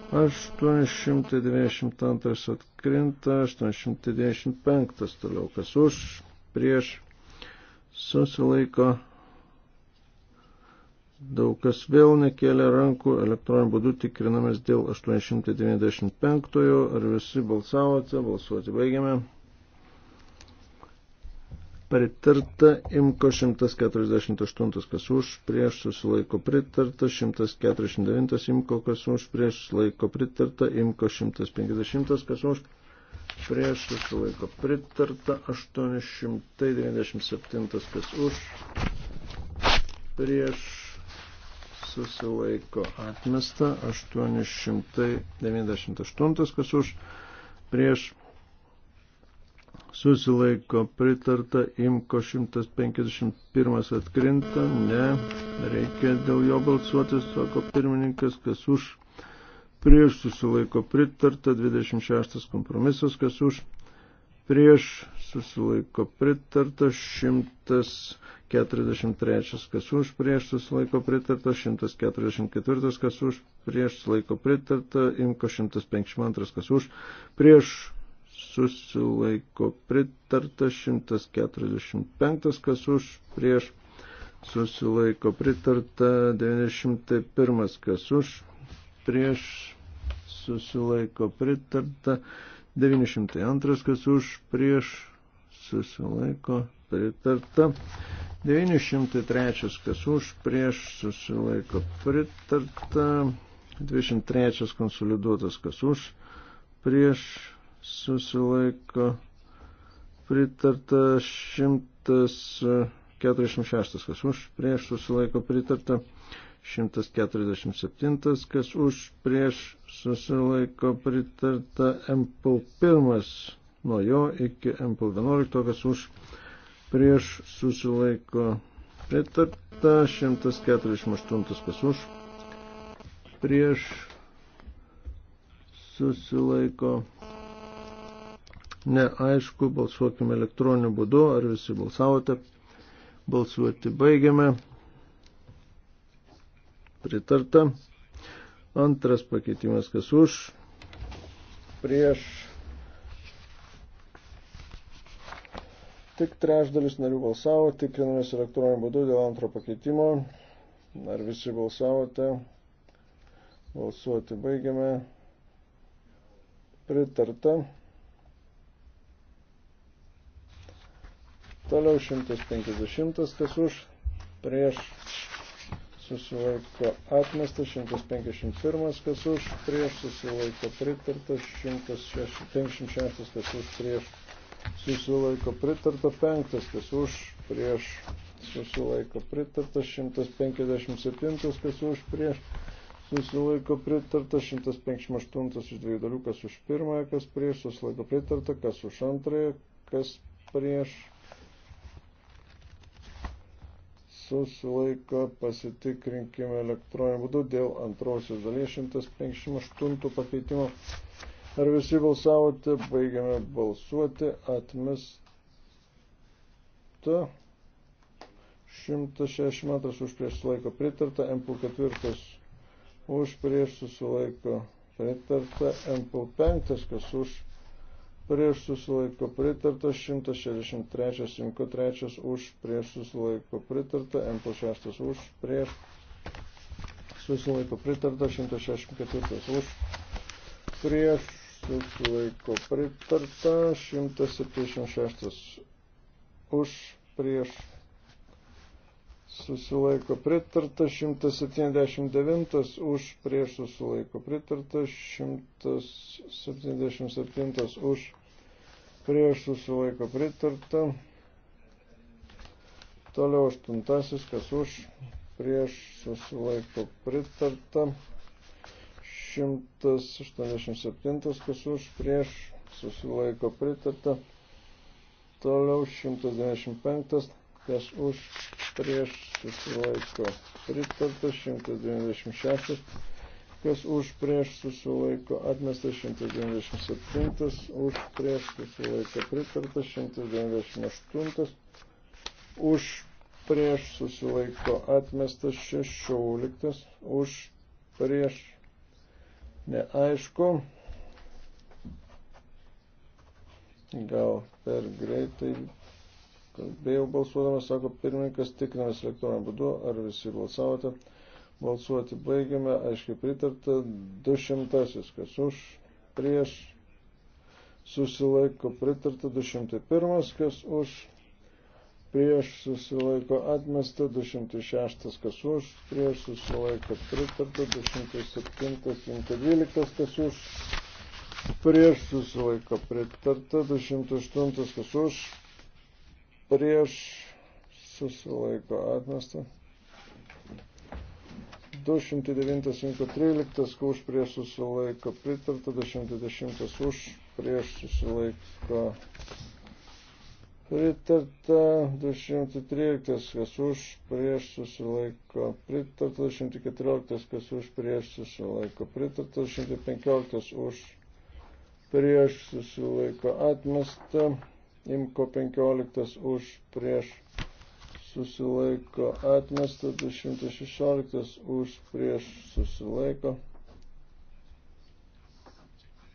892 atkrinta, 895 toliau kas už, prieš, susilaiko Daug kas vėl nekėlė rankų, elektroniniu būdu tikrinamės dėl 895, ar visi balsavote, balsuoti baigiame. Pritarta imko 148, kas už, prieš susilaiko pritarta, 149 imko, kas už, prieš susilaiko pritarta, imko 150, kas už, prieš susilaiko pritarta, 897, kas už, prieš susilaiko atmesta, 898 kas už prieš susilaiko pritarta, imko 151 atkrinta, ne, reikia dėl jo balsuoti, sako pirmininkas, kas už prieš susilaiko pritarta, 26 kompromisas, kas už prieš susilaiko pritarta, 100. 143, kas už prieš susilaiko pritarta, 144, kas už prieš susilaiko pritarta, imko 152, kas už prieš susilaiko pritarta, 145, kas už prieš susilaiko pritarta, 91, kas už prieš susilaiko pritarta, 902, kas už prieš susilaiko pritarta. 903, kas už, prieš, susilaiko pritarta. 23 konsoliduotas, kas už, prieš, susilaiko pritarta. 146, kas už, prieš, susilaiko pritarta. 147, kas už, prieš, susilaiko pritarta. MPL 1 nuo jo iki MPL 11, kas už prieš susilaiko pritarta, 148 kas už, prieš susilaiko neaišku, balsuokime elektroniniu būdu, ar visi balsavote, balsuoti baigiame, pritarta, antras pakeitimas kas už, prieš Tik trešdalis narių balsavo, tikrinamės elektroniniu būdu dėl antro pakeitimo. Ar visi balsavote? Balsuoti baigiame. Pritarta. Toliau 150, kas už, prieš susilaiko atmestas, 151, kas už, prieš susilaiko pritartas, 156, kas už, prieš susilaiko pritarta, penktas kas už, prieš susilaiko pritarta, 157 kas už, prieš susilaiko pritarta, 158 iš dviejų dalių, kas už pirmąją, kas prieš, susilaiko pritarta, kas už antrąją, kas prieš susilaiko pasitikrinkime elektroniniu būdu dėl antrosios dalies 158 pakeitimo. Ar visi balsavote? Baigiame balsuoti. Atmesta. 162 už prieš sulaiko pritarta. MP4 už prieš susilaiko pritarta. MP5 kas už prieš susilaiko pritarta. 163 103 už prieš susilaiko pritarta. MP6 už prieš susilaiko pritarta. 164 už prieš susilaiko pritarta, 176 už prieš susilaiko pritarta, 179 už prieš susilaiko pritarta, 177 už prieš susilaiko pritarta, toliau aštuntasis, kas už prieš susilaiko pritarta. 187, kas už prieš susilaiko pritarta. Toliau 195, kas už prieš susilaiko pritarta. 196, kas už prieš susilaiko atmestas. 197, už prieš susilaiko pritarta. 198, už prieš susilaiko atmestas. 16, už prieš neaišku. Gal per greitai kalbėjau balsuodamas, sako pirmininkas, tikrinamės elektroniniu būdu, ar visi balsavote. Balsuoti baigiame, aiškiai pritarta, 200, kas už, prieš, susilaiko pritarta, 201, kas už, prieš susilaiko atmesta, 206 kas už, prieš susilaiko pritarta, 207, 112 kas už, prieš susilaiko pritarta, 208 kas už, prieš susilaiko atmesta. 209, 113 už, prieš susilaiko pritarta, 210 už, prieš susilaiko pritarta. Pritarta 213, kas už prieš susilaiko. Pritarta 214, kas už prieš susilaiko. Pritarta 215, už prieš susilaiko. Atmesta. Imko 15, už prieš susilaiko. Atmesta 216, už prieš susilaiko.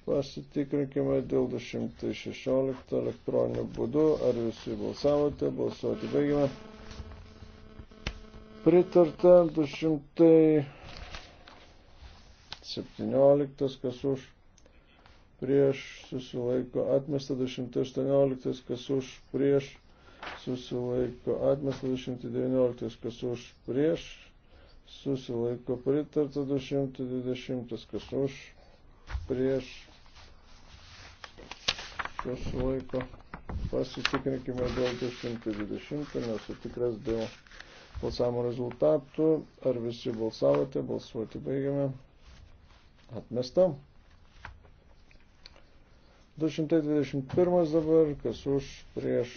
Pasitikrinkime dėl 216 elektroninių būdų. Ar visi balsavote? Balsuoti baigime. Pritarta 217, kas už prieš susilaiko atmesta 218, kas už prieš susilaiko atmesta 219, kas už prieš susilaiko pritarta 220, kas už prieš kas laiko pasisitikrinkime dėl 220, nesu tikras dėl balsavimo rezultatų. Ar visi balsavote? Balsuoti baigiame. Atmesta. 221 dabar, kas už, prieš,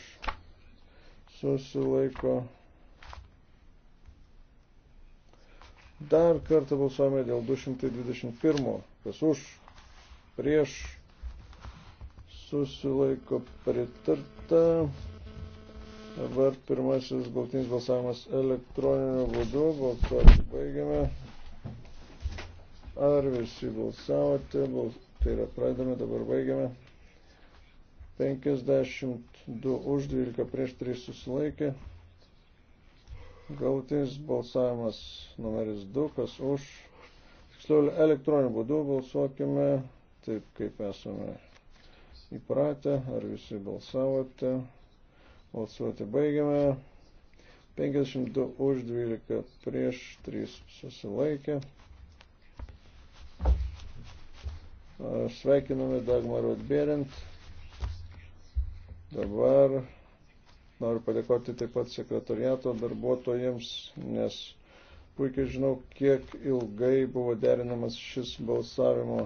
susilaiko. Dar kartą balsuojame dėl 221, kas už, prieš, susilaiko pritarta. Dabar pirmasis galtinis balsavimas elektroniniu būdu. Balsuoti baigiame. Ar visi balsavote? Bals... Tai yra pradame, dabar baigiame. 52 už 12 prieš 3 susilaikė. Galtinis balsavimas numeris 2, kas už. Tiksliau elektroniniu būdu balsuokime taip, kaip esame įpratę, ar visi balsavote. Balsuoti baigiame. 52 už 12 prieš 3 susilaikė. Sveikiname Dagmarą atbėrint. Dabar noriu padėkoti taip pat sekretariato darbuotojams, nes puikiai žinau, kiek ilgai buvo derinamas šis balsavimo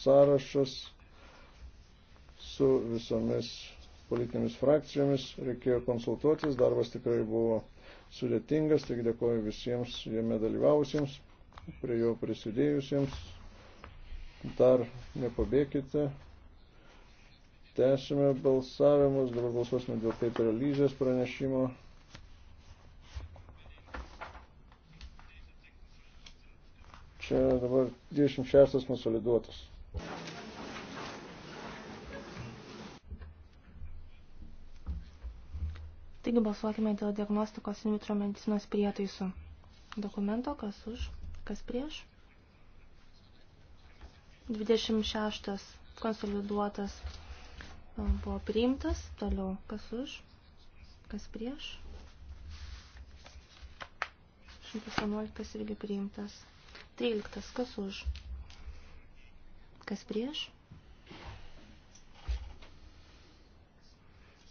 sąrašas su visomis politinėmis frakcijomis, reikėjo konsultuotis, darbas tikrai buvo sudėtingas, tik dėkoju visiems jame dalyvausiems, prie jo prisidėjusiems. Dar nepabėkite. Tęsime balsavimus, dabar balsuosime dėl Peterio Lyzės pranešimo. Čia dabar 26 konsoliduotas. Taigi balsuokime dėl diagnostikos in vitro medicinos prietaisų. Dokumento, kas už, kas prieš. 26 konsoliduotas e, buvo priimtas. Toliau, kas už, kas prieš. 111 irgi priimtas. 13, kas už, kas prieš.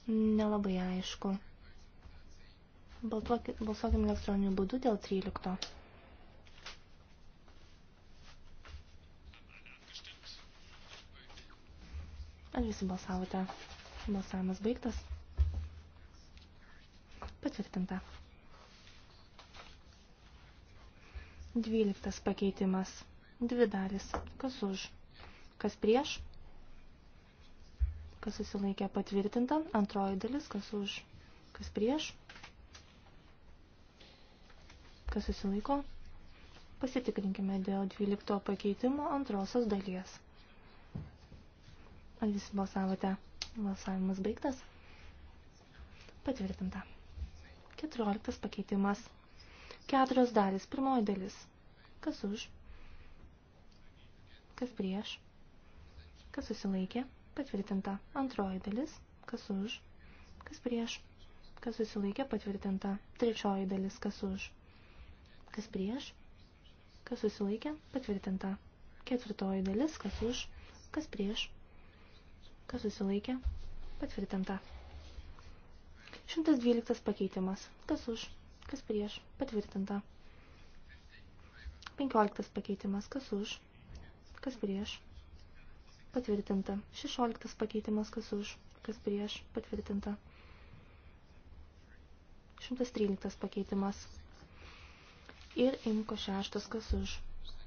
Nelabai aišku. Balsuokim elektroniniu būdu dėl 13. Ar visi balsavote? Balsavimas baigtas. Patvirtinta. 12 pakeitimas. Dvi dalis. Kas už? Kas prieš? Kas susilaikė patvirtinta. Antroji dalis. Kas už? Kas prieš? kas susilaiko. Pasitikrinkime dėl 12 pakeitimo antrosios dalies. Ar visi balsavote? Balsavimas baigtas. Patvirtinta. 14 pakeitimas. Keturios dalis. Pirmoji dalis. Kas už? Kas prieš? Kas susilaikė? Patvirtinta. Antroji dalis. Kas už? Kas prieš? Kas susilaikė? Patvirtinta. Trečioji dalis. Kas už? kas prieš, kas susilaikė, patvirtinta. Ketvirtoji dalis, kas už, kas prieš, kas susilaikė, patvirtinta. 112 pakeitimas, kas už, kas prieš, patvirtinta. 15 pakeitimas, kas už, kas prieš, patvirtinta. 16 pakeitimas, kas už, kas prieš, patvirtinta. 113 pakeitimas, ir imko šeštas, kas už,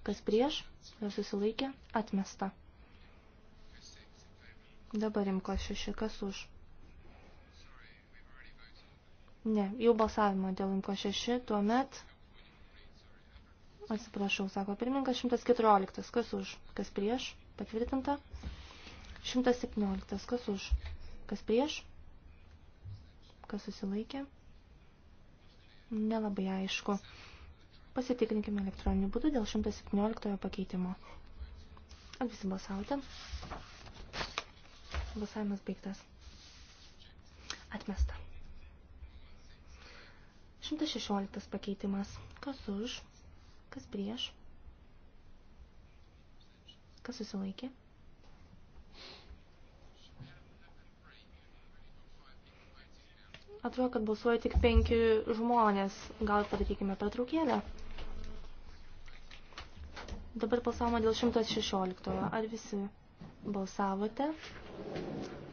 kas prieš, ir susilaikė, atmesta. Dabar imko šeši, kas už. Ne, jau balsavimo dėl imko šeši, tuomet, atsiprašau, sako pirmininkas, 114, kas už, kas prieš, patvirtinta, 117, kas už, kas prieš, kas susilaikė, nelabai aišku. Pasitikrinkime elektroniniu būdu dėl 117 pakeitimo. Ar visi balsavote? Balsavimas baigtas. Atmesta. 116 pakeitimas. Kas už? Kas prieš? Kas susilaikė? Atrodo, kad balsuoja tik penki žmonės. Gal padarykime pertraukėlę? Dabar balsavome dėl 116. Ar visi balsavote?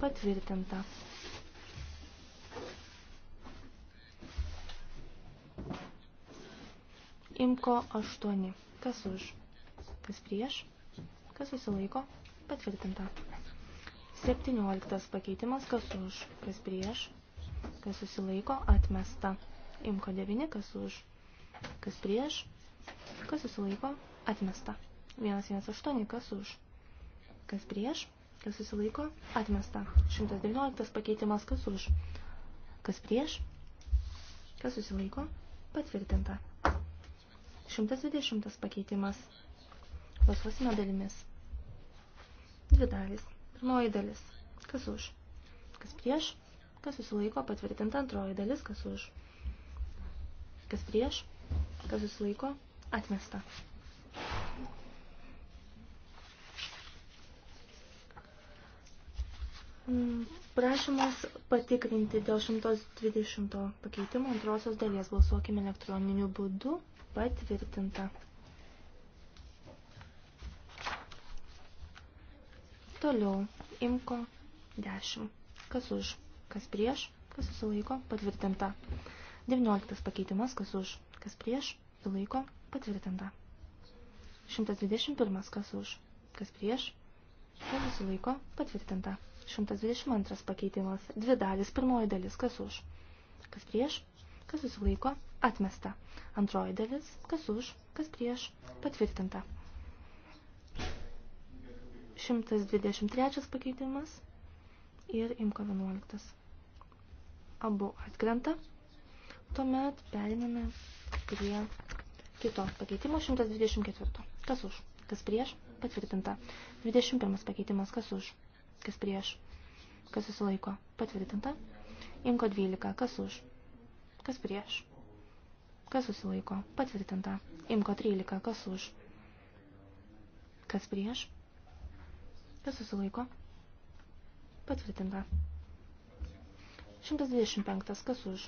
Patvirtinta. Imko 8. Kas už? Kas prieš? Kas susilaiko? Patvirtinta. 17 pakeitimas, kas už, kas prieš, kas susilaiko, atmesta. Imko 9, kas už, kas prieš, kas susilaiko, atmesta. 118 kas už, kas prieš, kas susilaiko, atmesta. 119 pakeitimas kas už, kas prieš, kas susilaiko, patvirtinta. 120 pakeitimas. Balsuosime dalimis. Dvi dalys. Pirmoji dalis. Kas už? Kas prieš? Kas susilaiko? Patvirtinta antroji dalis. Kas už? Kas prieš? Kas susilaiko? Atmesta. Mm, prašymas patikrinti dėl 120 pakeitimo antrosios dalies balsuokime elektroniniu būdu patvirtinta. Toliau imko 10. Kas už, kas prieš, kas susilaiko, patvirtinta. 19 pakeitimas, kas už, kas prieš, susilaiko, patvirtinta. 121 kas už, kas prieš, kas susilaiko, patvirtinta. 122 pakeitimas. Dvi dalis. Pirmoji dalis. Kas už? Kas prieš? Kas susilaiko? Atmesta. Antroji dalis. Kas už? Kas prieš? Patvirtinta. 123 pakeitimas ir imko 11. Abu atkrenta. Tuomet periname prie kito pakeitimo 124. Kas už? Kas prieš? Patvirtinta. 21 pakeitimas. Kas už? kas prieš, kas susilaiko, patvirtinta. Imko 12, kas už, kas prieš, kas susilaiko, patvirtinta. Imko 13, kas už, kas prieš, kas susilaiko, patvirtinta. 125, kas už,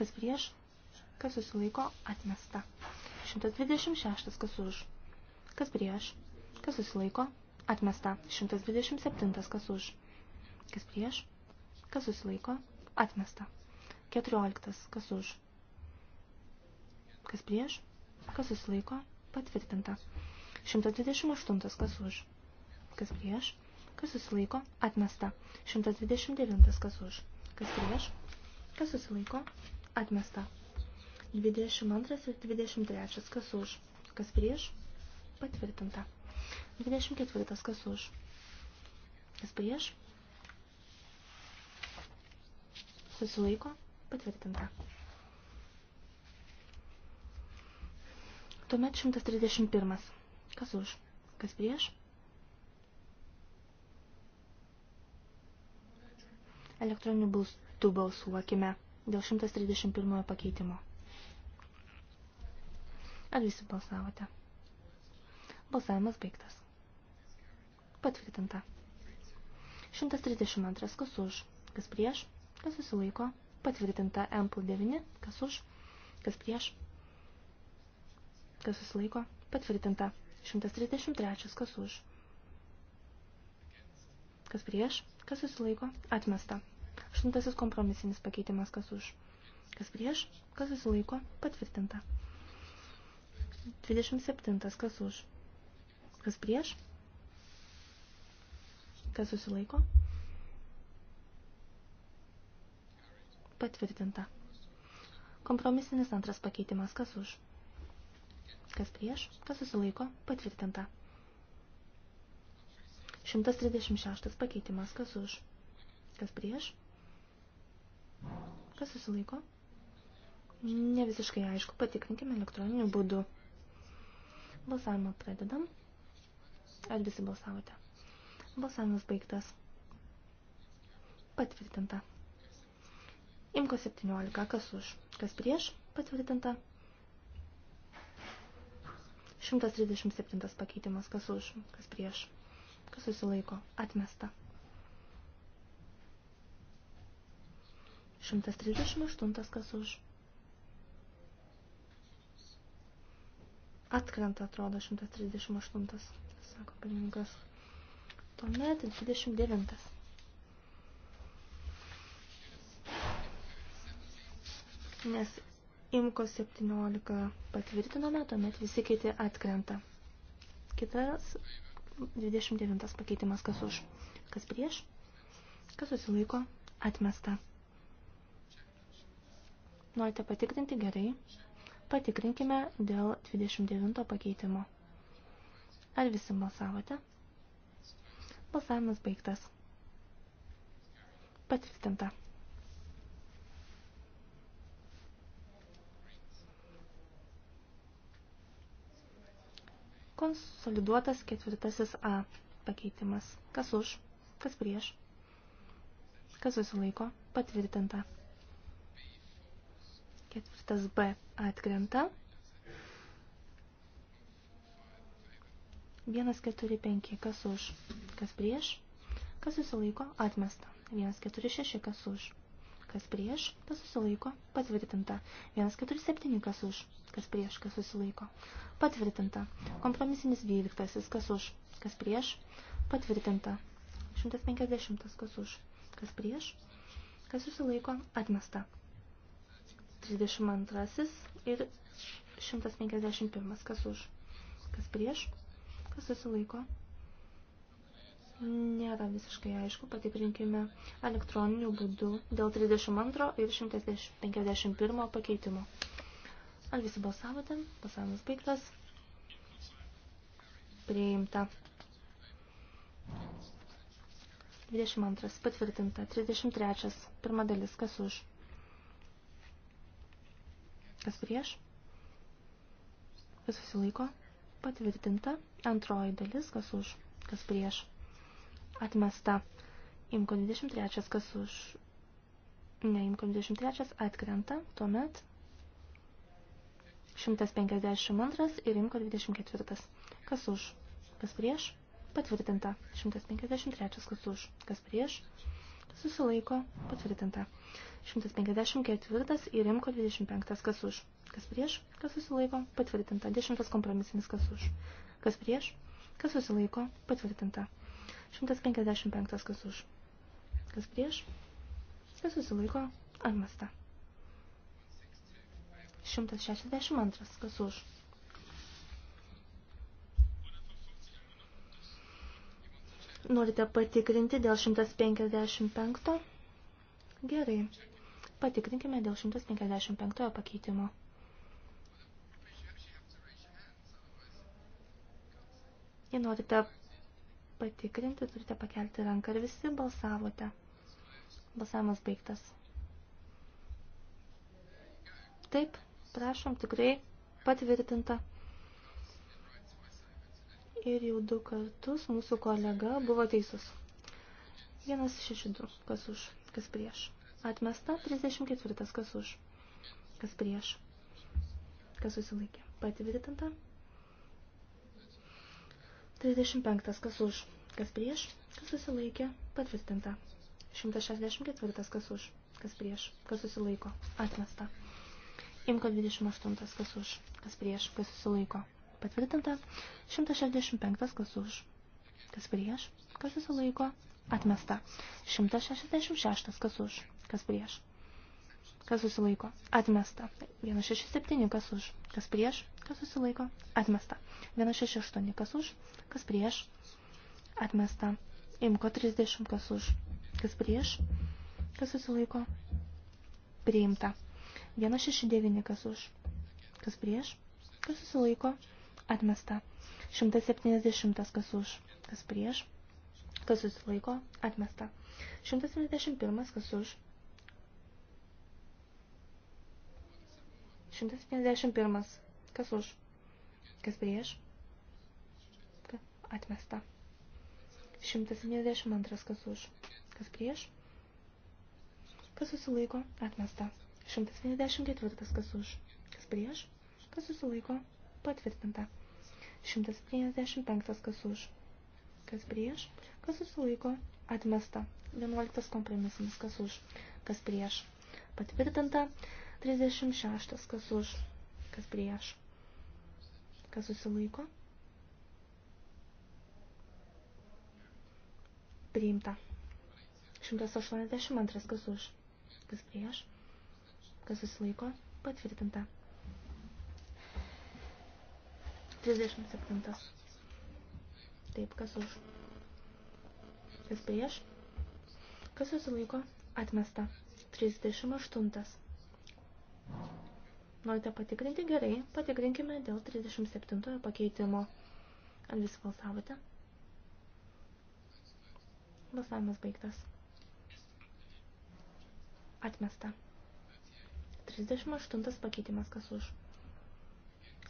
kas prieš, kas susilaiko, atmesta. 126, kas už, kas prieš, kas susilaiko, Atmesta. 127. Kas už? Kas prieš? Kas susilaiko? Atmesta. 14. Kas už? Kas prieš? Kas susilaiko? Patvirtinta. 128. Kas už? Kas prieš? Kas susilaiko? Atmesta. 129. Kas už? Kas prieš? Kas susilaiko? Atmesta. 22 ir 23. Kas už? Kas prieš? Patvirtinta. 24. Kas už? Kas prieš? Susilaiko. Patvirtinta. Tuomet 131. Kas už? Kas prieš? Elektroniniu būstu balsuokime dėl 131 pakeitimo. Ar visi balsavote? Balsavimas baigtas. Patvirtinta. 132. Kas už? Kas prieš? Kas susilaiko? Patvirtinta. Ample 9. Kas už? Kas prieš? Kas susilaiko? Patvirtinta. 133. Kas už? Kas prieš? Kas susilaiko? Atmesta. Aštuntasis kompromisinis pakeitimas. Kas už? Kas prieš? Kas susilaiko? Patvirtinta. 27. Kas už? Kas prieš? kas susilaiko. Patvirtinta. Kompromisinis antras pakeitimas, kas už. Kas prieš, kas susilaiko, patvirtinta. 136 pakeitimas, kas už. Kas prieš, kas susilaiko. Ne visiškai aišku, patikrinkime elektroniniu būdu. Balsavimą pradedam. Ar visi balsavote? Balsavimas baigtas. Patvirtinta. Imko 17. Kas už? Kas prieš? Patvirtinta. 137 pakeitimas. Kas už? Kas prieš? Kas susilaiko? Atmesta. 138 kas už. Atkrenta atrodo 138, sako pirmininkas. Tuomet 29. Nes imko 17 patvirtinome, tuomet visi kiti atkrenta. Kitas 29 pakeitimas kas už, kas prieš, kas susilaiko, atmesta. Norite patikrinti gerai, patikrinkime dėl 29 pakeitimo. Ar visi balsavote? Balsavimas baigtas. Patvirtinta. Konsoliduotas ketvirtasis A pakeitimas. Kas už, kas prieš, kas susilaiko, patvirtinta. Ketvirtas B atkrenta. 145, kas už, kas prieš, kas susilaiko, atmesta. 146, kas už, kas prieš, kas susilaiko, patvirtinta. 147, kas už, kas prieš, kas susilaiko, patvirtinta. Kompromisinis 12, kas už, kas prieš, patvirtinta. 150, kas už, kas prieš, kas susilaiko, atmesta. 32 ir 151, kas už, kas prieš, kas susilaiko. Nėra visiškai aišku, patikrinkime elektroniniu būdu dėl 32 ir 151 pakeitimo. Ar visi balsavote? Balsavimas baigtas. Priimta. 22. Patvirtinta. 33. Pirma dalis. Kas už? Kas prieš? Kas susilaiko? patvirtinta, antroji dalis, kas už, kas prieš, atmesta, imko 23, kas už, ne, imko 23, atkrenta, tuomet 152 ir imko 24, kas už, kas prieš, patvirtinta, 153, kas už, kas prieš, susilaiko, patvirtinta, 154 ir imko 25, kas už, kas prieš, kas susilaiko, patvirtinta. Dešimtas kompromisinis, kas už, kas prieš, kas susilaiko, patvirtinta. 155, kas už, kas prieš, kas susilaiko, atmesta. 162, kas už. Norite patikrinti dėl 155? Gerai. Patikrinkime dėl 155 pakeitimo. Jei norite patikrinti, turite pakelti ranką ir visi balsavote. Balsavimas baigtas. Taip, prašom, tikrai patvirtinta. Ir jau du kartus mūsų kolega buvo teisus. Vienas šeši du, kas už, kas prieš. Atmesta 34, kas už, kas prieš. Kas susilaikė. Patvirtinta 35. Kas už? Kas prieš? Kas susilaikė? Patvirtinta. 164. Kas už? Kas prieš? Kas susilaiko? Atmesta. Imko 28. Kas už? Kas prieš? Kas susilaiko? Patvirtinta. 165. Kas už? Kas prieš? Kas susilaiko? Atmesta. 166. Kas už? Kas prieš? Kas susilaiko? Atmesta. 167. Kas už? Kas prieš? kas susilaiko, atmesta. 168, kas už, kas prieš, atmesta. Imko 30, kas už, kas prieš, kas susilaiko, priimta. 169, kas už, kas prieš, kas susilaiko, atmesta. 170, kas už, kas prieš, kas susilaiko, atmesta. 171, kas už. 171, Kas už? Kas prieš? Atmesta. 172. Kas už? Kas prieš? Kas susilaiko? Atmesta. 174. Kas už? Kas prieš? Kas susilaiko? Patvirtinta. 175. Kas už? Kas prieš? Kas susilaiko? Atmesta. 11. Kompromisinis. Kas už? Kas prieš? Patvirtinta. 36. Kas už? Kas prieš? Kas susilaiko? Priimta. 182. Kas už? Kas prieš? Kas susilaiko? Patvirtinta. 37. Taip, kas už? Kas prieš? Kas susilaiko? Atmesta. 38. Norite patikrinti? Gerai, patikrinkime dėl 37 pakeitimo. Ar visi balsavote? Balsavimas baigtas. Atmesta. 38 pakeitimas kas už.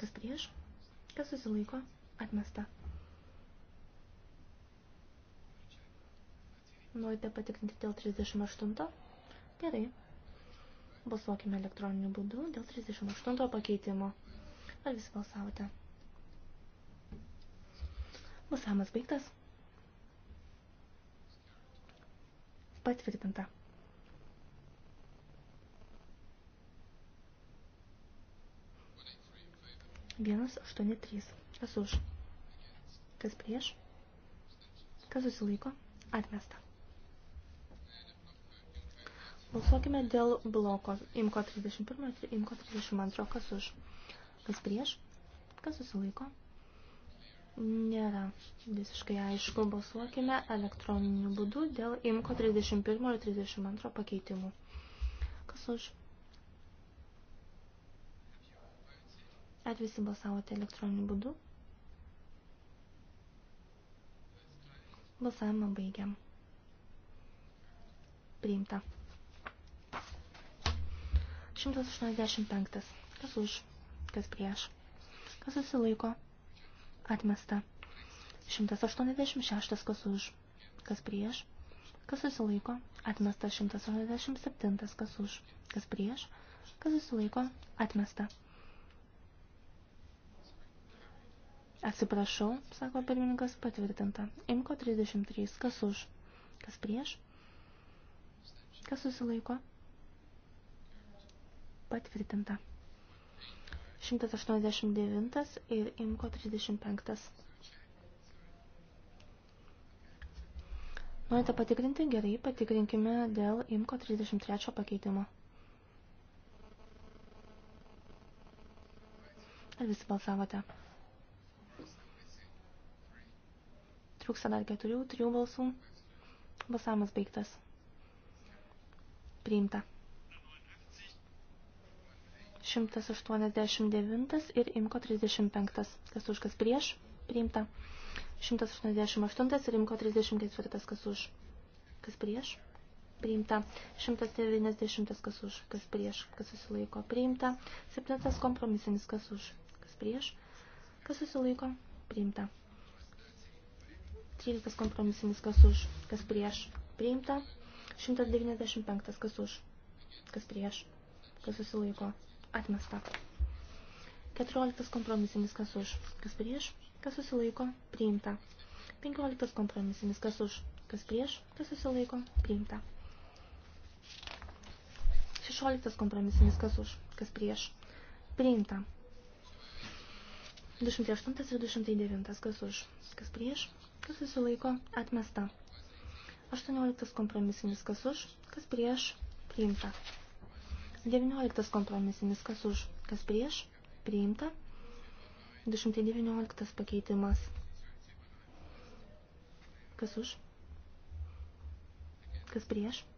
Kas prieš? Kas susilaiko? Atmesta. Norite patikrinti dėl 38? Gerai. Balsuokime elektroniniu būdu dėl 38 pakeitimo. Ar visi balsavote? Balsavimas baigtas. Patvirtinta. Vienas, aštuoni, trys. Kas už? Kas prieš? Kas susilaiko? Atmesta. Balsuokime dėl bloko imko 31 ir imko 32. Kas už? Kas prieš? Kas susilaiko? Nėra visiškai aišku. Balsuokime elektroniniu būdu dėl imko 31 ir 32 pakeitimų. Kas už? Ar visi balsavote elektroniniu būdu? Balsavimą baigiam. Priimta. 185. Kas už? Kas prieš? Kas susilaiko? Atmesta. 186. Kas už? Kas prieš? Kas susilaiko? Atmesta. 187. Kas už? Kas prieš? Kas susilaiko? Atmesta. Atsiprašau, sako pirmininkas patvirtinta. Imko 33. Kas už? Kas prieš? Kas susilaiko? patvirtinta. 189 ir imko 35. Norite patikrinti? Gerai, patikrinkime dėl imko 33 pakeitimo. Ar visi balsavote? Trūksta dar keturių, trijų balsų. Balsavimas baigtas. Priimta. 189 ir imko 35. Kas už, kas prieš, priimta. 188 ir imko 34. Kas už, kas prieš, priimta. 190. Kas už, kas prieš, kas susilaiko, priimta. 7. Kompromisinis. Kas už, kas prieš, kas susilaiko, priimta. 13 kompromisinis, kas už, kas prieš, priimta. 195, kas už, kas prieš, kas susilaiko, Atmesta. 14 kompromisinis kas už, kas prieš, kas susilaiko, priimta. 15 kompromisinis kas už, kas prieš, kas susilaiko, priimta. 16 kompromisinis kas už, kas prieš, priimta. 208 ir 209 kas už, kas prieš, kas susilaiko, atmesta. 18 kompromisinis kas už, kas prieš, priimta. 19 kompromisinis, kas už, kas prieš, priimta. 219 pakeitimas. Kas už? Kas prieš?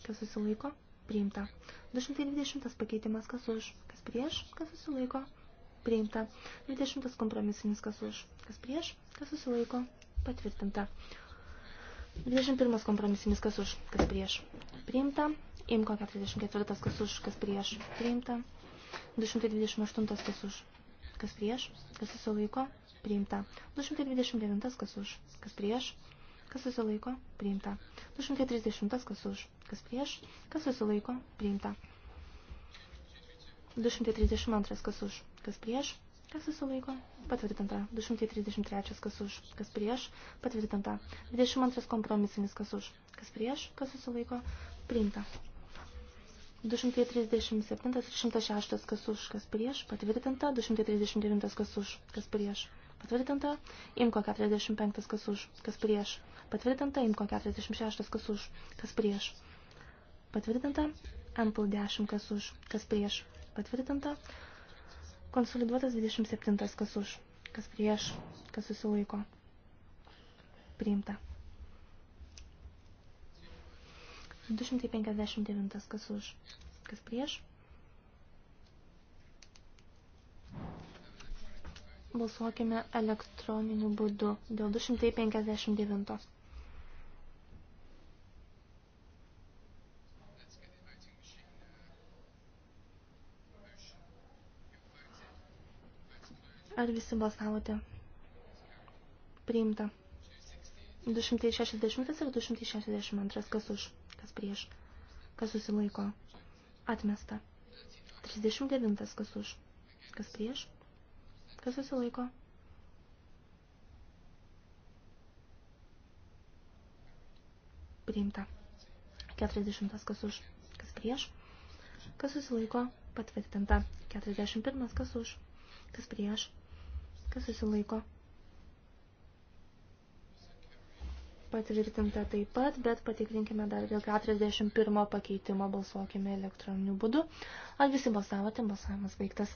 Kas susilaiko? Priimta. 220 pakeitimas. Kas už? Kas prieš? Kas susilaiko? Priimta. 20 kompromisinis. Kas už? Kas prieš? Kas susilaiko? Patvirtinta. 21 kompromisinis kas už, kas prieš priimta. Imko 44 kas už, kas prieš priimta. 228 kas už, kas prieš, kas susilaiko priimta. 229 kas už, kas prieš, kas susilaiko priimta. 230 kas už, kas prieš, kas susilaiko priimta. 232 kas už, kas prieš, Kas susilaiko? Patvirtinta. 233. Kas už? Kas prieš? Patvirtinta. 22. Kompromisinis. Kas už? Kas prieš? Kas susilaiko? Priimta. 237 ir 106, kas už, kas prieš, patvirtinta, 239, kas už, kas prieš, patvirtinta, imko 45, kas už, kas prieš, patvirtinta, imko 46, kas už, kas prieš, patvirtinta, ample 10, kas už, kas prieš, patvirtinta, Konsoliduotas 27. Kas už, kas prieš, kas susilaiko. Priimta. 259. Kas už, kas prieš. Balsuokime elektroniniu būdu dėl 259. Ar visi balsavote? Priimta. 260 ir 262. Kas už? Kas prieš? Kas susilaiko? Atmesta. 39. Kas už? Kas prieš? Kas susilaiko? Priimta. 40. Kas už? Kas prieš? Kas susilaiko? Patvirtinta. 41. Kas už? Kas prieš? kas susilaiko. Patvirtinta taip pat, bet patikrinkime dar dėl 41 pakeitimo, balsuokime elektroniniu būdu. Ar visi balsavote, balsavimas baigtas.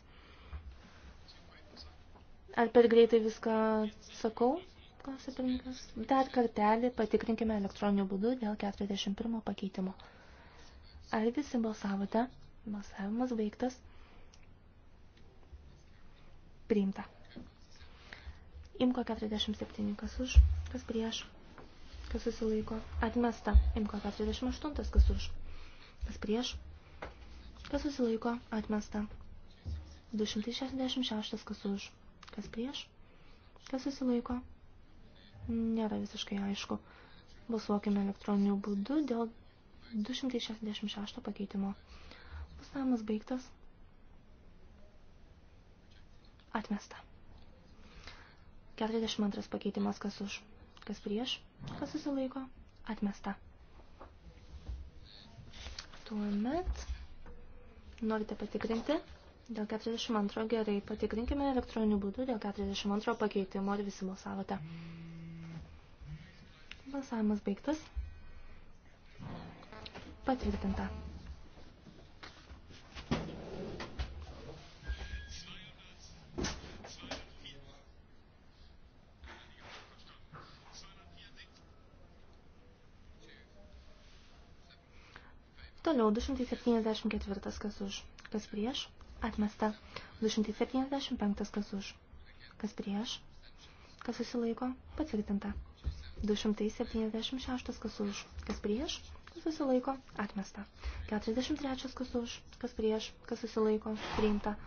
Ar per greitai viską sakau? Klausia pirmininkas. Dar kartelį patikrinkime elektroniniu būdu dėl 41 pakeitimo. Ar visi balsavote? Balsavimas baigtas. Priimta. Imko 47, kas už, kas prieš, kas susilaiko. Atmesta. Imko 48, kas už, kas prieš, kas susilaiko. Atmesta. 266, kas už, kas prieš, kas susilaiko. Nėra visiškai aišku. Balsuokime elektroniniu būdu dėl 266 pakeitimo. Balsavimas baigtas. Atmesta. 42 pakeitimas kas už, kas prieš, kas susilaiko, atmesta. Tuomet norite patikrinti dėl 42 gerai, patikrinkime elektroniniu būdu dėl 42 pakeitimo ir visi balsavote. Balsavimas baigtas. Patvirtinta. Toliau 274 kas už, kas prieš, atmesta. 275 kas už, kas prieš, kas susilaiko, patvirtinta. 276 kas už, kas prieš, kas susilaiko, atmesta. 43 kas už, kas prieš, kas susilaiko, priimta.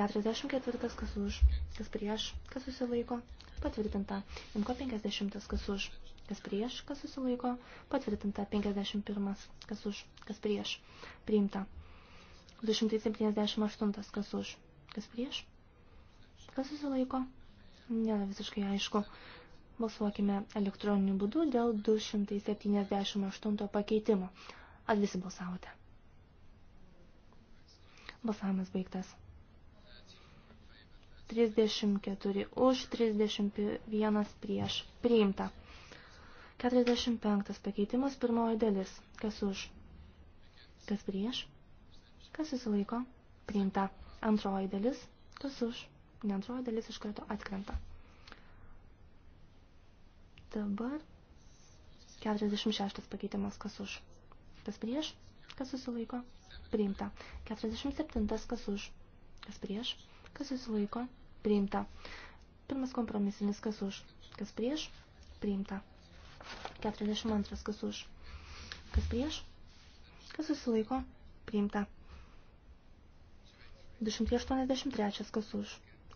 44 kas už, kas prieš, kas susilaiko, patvirtinta. Imko 50 kas už, kas prieš, kas susilaiko, patvirtinta 51, kas už, kas prieš, priimta 278, kas už, kas prieš, kas susilaiko, nėra visiškai aišku. Balsuokime elektroniniu būdu dėl 278 pakeitimo. Ar visi balsavote? Balsavimas baigtas. 34 už, 31 prieš. Priimta. 45 pakeitimas pirmoji dalis. Kas už? Kas prieš? Kas susilaiko? Priimta. Antroji dalis. Kas už? Ne antroji dalis iš karto atkrenta. Dabar 46 pakeitimas. Kas už? Kas prieš? Kas susilaiko? Priimta. 47 kas už? Kas prieš? Kas susilaiko? Priimta. Pirmas kompromisinis kas už? Kas prieš? Priimta. 42. Kas už? Kas prieš? Kas susilaiko? Priimta. 283. Kas už?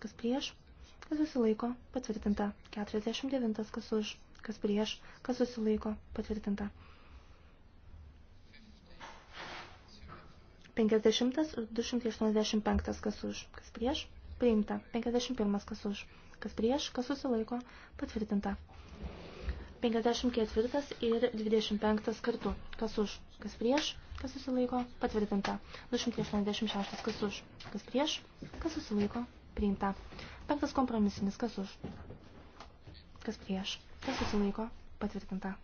Kas prieš? Kas susilaiko? Patvirtinta. 49. Kas už? Kas prieš? Kas susilaiko? Patvirtinta. 50 ir 285. Kas už? Kas prieš? Priimta. 51. Kas už? Kas prieš? Kas susilaiko? Patvirtinta. 54 ir 25 kartu. Kas už, kas prieš, kas susilaiko, patvirtinta. 286 kas už, kas prieš, kas susilaiko, priimta. Penktas kompromisinis kas už, kas prieš, kas susilaiko, patvirtinta.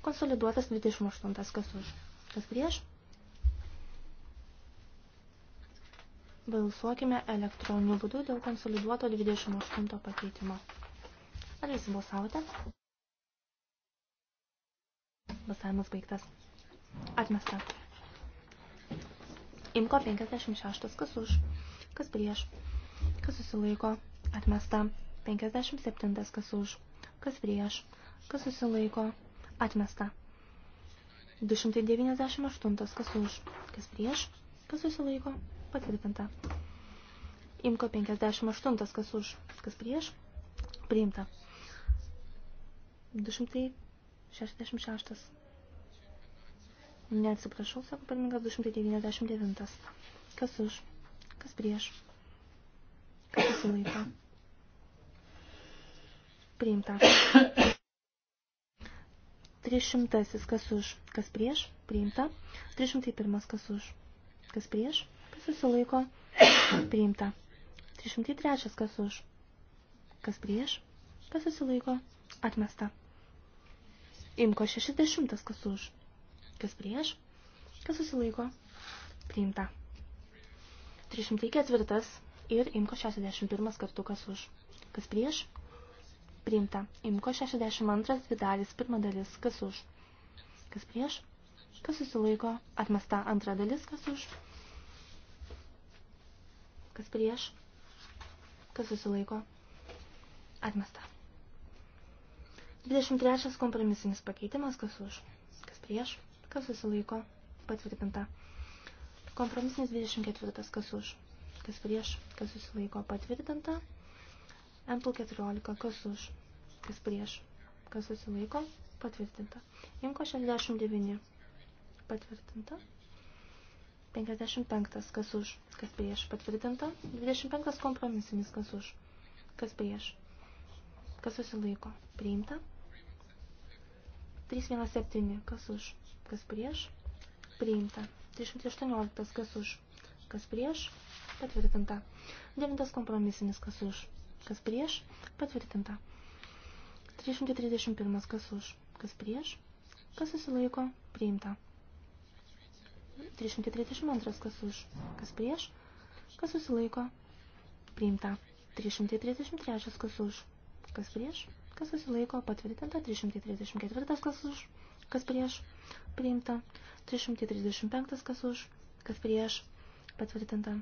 Konsoliduotas 28 kas už, kas prieš. Balsuokime elektroniniu būdu dėl konsoliduoto 28 pakeitimo. Ar visi balsavote? Balsavimas baigtas. Atmesta. Imko 56. Kas už? Kas prieš? Kas susilaiko? Atmesta. 57. Kas už? Kas prieš? Kas susilaiko? Atmesta. 298. Kas už? Kas prieš? Kas susilaiko? Patvirtinta. Imko 58. Kas už? Kas prieš? Priimta. 266. Neatsiprašau, sako pirmininkas 299. Kas už? Kas prieš? Kas susilaiko? Priimta. 300. Kas už? Kas prieš? Priimta. 301. Kas už? Kas prieš? Kas susilaiko? Priimta. 303. Kas už? Kas prieš? Kas susilaiko? Atmesta. Imko 60. Kas už? Kas prieš? Kas susilaiko? Priimta. 304 ir imko 61 kartu kas už. Kas prieš? Priimta. Imko 62 dvi dalis, pirma dalis, kas už. Kas prieš? Kas susilaiko? Atmesta antra dalis, kas už. Kas prieš? Kas susilaiko? Atmesta. 23 kompromisinis pakeitimas, kas už, kas prieš, kas susilaiko, patvirtinta. Kompromisinis 24, kas už, kas prieš, kas susilaiko, patvirtinta. Ample 14, kas už, kas prieš, kas susilaiko, patvirtinta. Imko 69, patvirtinta. 55, kas už, kas prieš, patvirtinta. 25 kompromisinis, kas už, kas prieš, Kas susilaiko? Priimta. 317. Kas už? Kas prieš? Priimta. 318. Kas už? Kas prieš? Patvirtinta. 9. Kompromisinis. Kas už? Kas prieš? Patvirtinta. 331. Kas už? Kas prieš? Kas susilaiko? Priimta. 332. Kas už? Kas prieš? Kas susilaiko? Priimta. 333. Kas už? kas prieš, kas susilaiko, patvirtinta, 334, kas už, kas prieš, priimta, 335, kas už, kas prieš, patvirtinta,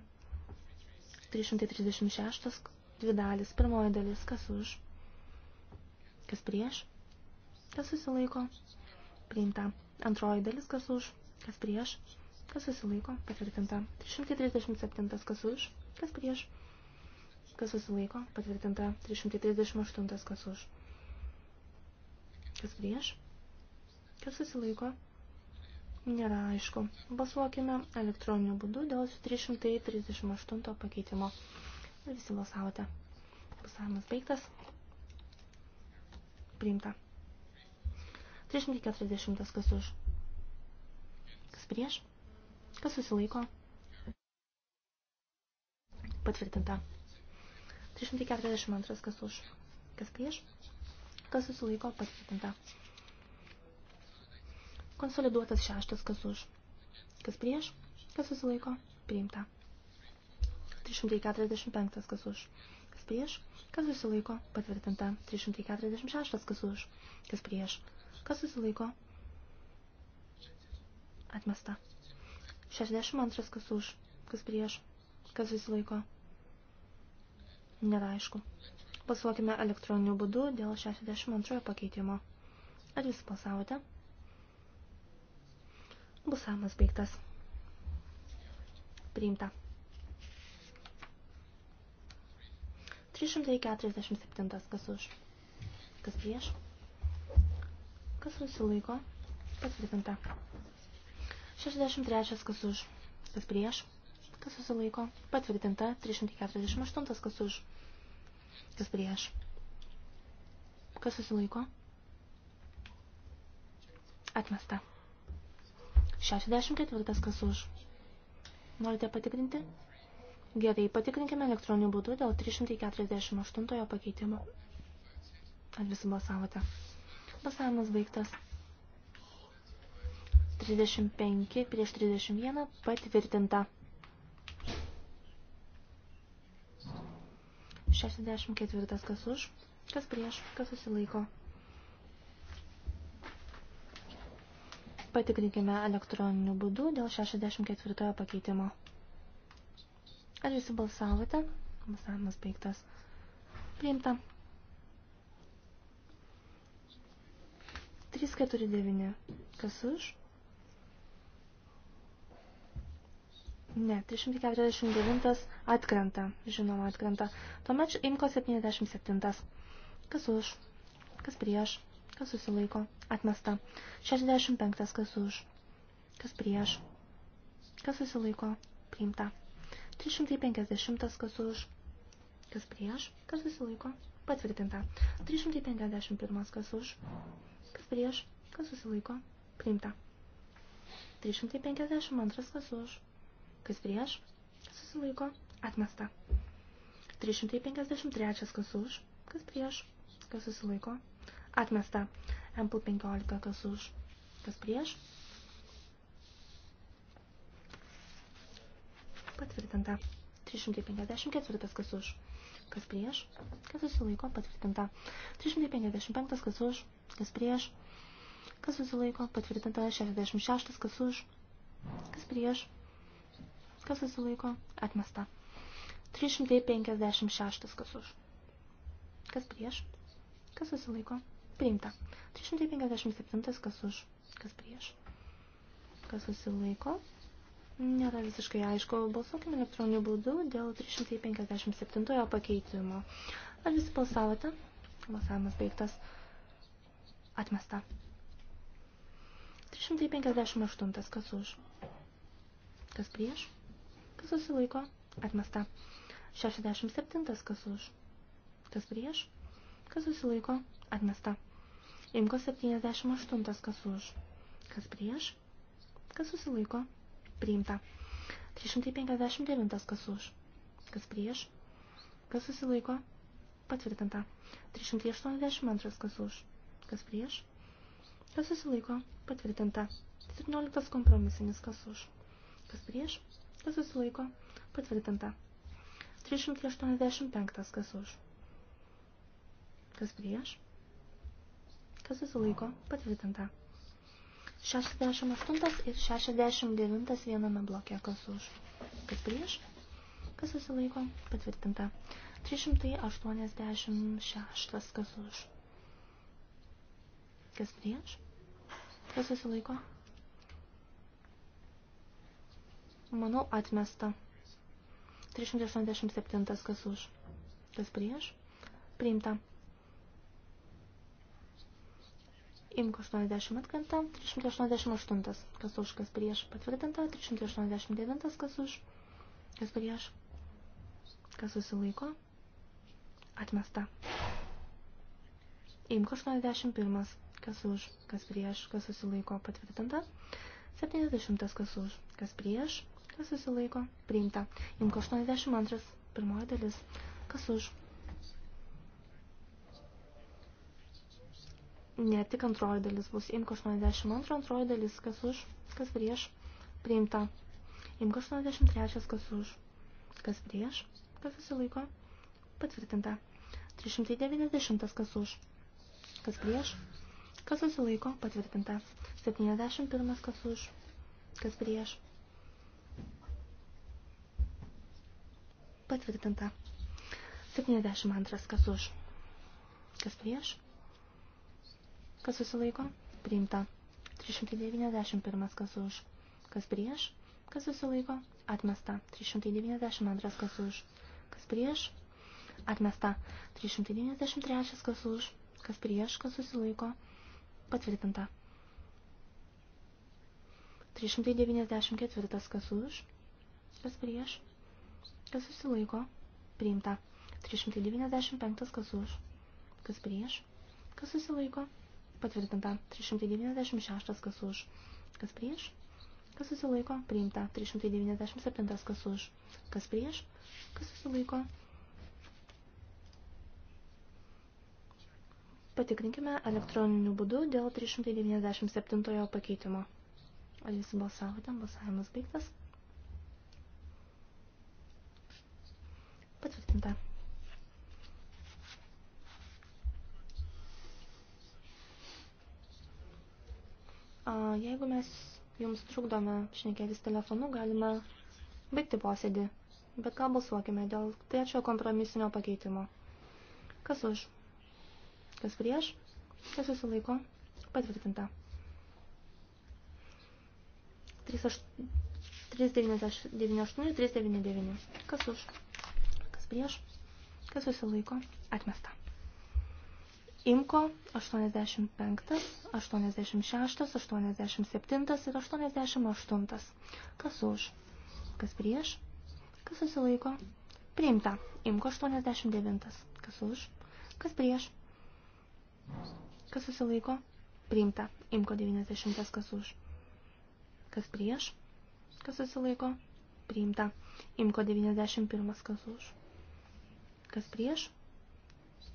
336, dvi dalis, pirmoji dalis, kas už, kas prieš, kas susilaiko, priimta, antroji dalis, kas už, kas prieš, kas susilaiko, patvirtinta, 337, kas už, kas prieš, Kas susilaiko? Patvirtinta 338. Kas už? Kas prieš? Kas susilaiko? Nėra aišku. Balsuokime elektroniniu būdu dėl 338 pakeitimo. Visi balsavote. Balsavimas baigtas. Priimta. 340. Kas už? Kas prieš? Kas susilaiko? Patvirtinta. 342 kas už, kas prieš, kas susilaiko patvirtinta. Konsoliduotas šeštas kas už, kas prieš, kas susilaiko priimta. 345 kas už, kas prieš, kas susilaiko patvirtinta. 346 kas už, kas prieš, kas susilaiko atmesta. 62 kas už, kas prieš, kas susilaiko Nėra aišku. Pasuokime elektroniniu būdu dėl 62 pakeitimo. Ar jūs pasavote? Busamas baigtas. Priimta. 347. Kas už? Kas prieš? Kas susilaiko? Patvirtinta. 63. Kas už? Kas prieš? kas susilaiko, patvirtinta 348, kas už, kas prieš, kas susilaiko, atmesta. 64, kas už. Norite patikrinti? Gerai, patikrinkime elektroniniu būdu dėl 348 pakeitimo. Ar visi balsavote? Balsavimas baigtas. 35 prieš 31 patvirtinta. 64 kas už, kas prieš, kas susilaiko. Patikrinkime elektroniniu būdu dėl 64 pakeitimo. Ar visi balsavote? Balsavimas baigtas. Priimta. 349. Kas už? Ne, 349 atkrenta, žinoma atkrenta. Tuomet imko 77. Kas už, kas prieš, kas susilaiko, atmesta. 65. Kas už, kas prieš, kas susilaiko, priimta. 350. Kas už, kas prieš, kas susilaiko, patvirtinta. 351. Kas už, kas prieš, kas susilaiko, priimta. 352. Kas už, kas prieš, susilaiko, atmesta. 353 kas už, kas prieš, kas susilaiko, atmesta. Ample 15 kas už, kas prieš. Patvirtinta. 354 kas už, kas prieš, kas susilaiko, patvirtinta. 355 kas už, kas prieš, kas susilaiko, patvirtinta. 66 kas už, kas prieš, Kas susilaiko? Atmesta. 356. Kas už? Kas prieš? Kas susilaiko? Priimta. 357. Kas už? Kas prieš? Kas susilaiko? Nėra visiškai aišku. Balsuokime elektroniniu būdu dėl 357 pakeitimo. Ar visi balsavote? Balsavimas baigtas. Atmesta. 358. Kas už? Kas prieš? susilaiko, atmesta. 67, kas už, kas prieš, kas susilaiko, atmesta. Imko 78, kas už, kas prieš, kas susilaiko, priimta. 359, kas už, kas prieš, kas susilaiko, patvirtinta. 382, kas už, kas prieš, kas susilaiko, patvirtinta. 17 kompromisinis, kas už, kas prieš, kas susilaiko, patvirtinta. 385, kas už, kas prieš, kas susilaiko, patvirtinta. 68 ir 69 viename bloke, kas už, kas prieš, kas susilaiko, patvirtinta. 386, kas už, kas prieš, kas susilaiko, Manau, atmesta. 387 kas už. Kas prieš? Priimta. Imko 80 atkrenta, 388 kas už, kas prieš patvirtinta, 389 kas už, kas prieš, kas susilaiko, atmesta. Imko 81 kas už, kas prieš, kas susilaiko patvirtinta, 70 kas už, kas prieš, kas susilaiko, priimta. Imko 82, pirmoji dalis, kas už. Ne, tik antroji dalis bus. Imko 82, antroji dalis, kas už, kas prieš, priimta. Imko 83, kas už, kas prieš, kas susilaiko, patvirtinta. 390, kas už, kas prieš, kas susilaiko, patvirtinta. 71, kas už, kas prieš, Patvirtinta. 72. Kas už? Kas prieš? Kas susilaiko? Priimta. 391. Kas už? Kas prieš? Kas susilaiko? Atmesta. 392. Kas už? Kas prieš? Atmesta. 393. Kas už? Kas prieš? Kas susilaiko? Patvirtinta. 394. Kas už? Kas prieš? kas susilaiko, priimta. 395, kas už, kas prieš, kas susilaiko, patvirtinta. 396, kas už, kas prieš, kas susilaiko, priimta. 397, kas už, kas prieš, kas susilaiko. Patikrinkime elektroniniu būdu dėl 397 pakeitimo. Ar jūs balsavote? Balsavimas baigtas. Patvirtinta. Jeigu mes jums trukdome šnekėtis telefonu, galime baigti posėdį, bet gal balsuokime dėl trečio kompromisinio pakeitimo. Kas už? Kas prieš? Kas susilaiko? Patvirtinta. 398, 399. Kas už? kas prieš, kas susilaiko, atmesta. Imko 85, 86, 87 ir 88. Kas už, kas prieš, kas susilaiko, priimta. Imko 89, kas už, kas prieš, kas susilaiko, priimta. Imko 90, kas už, kas prieš, kas susilaiko, priimta. Imko 91, kas už kas prieš,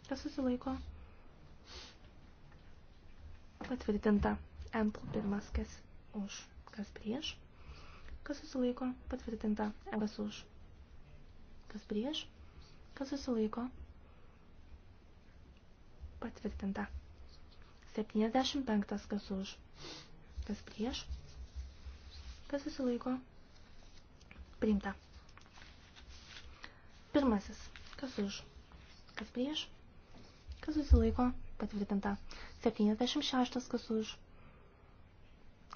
kas susilaiko. Patvirtinta Ample pirmas, kas už, kas prieš, kas susilaiko. Patvirtinta kas už, kas prieš, kas susilaiko. Patvirtinta. 75 kas už, kas prieš, kas susilaiko. Priimta. Pirmasis Kas už? Kas prieš? Kas susilaiko? Patvirtinta. 76. Kas už?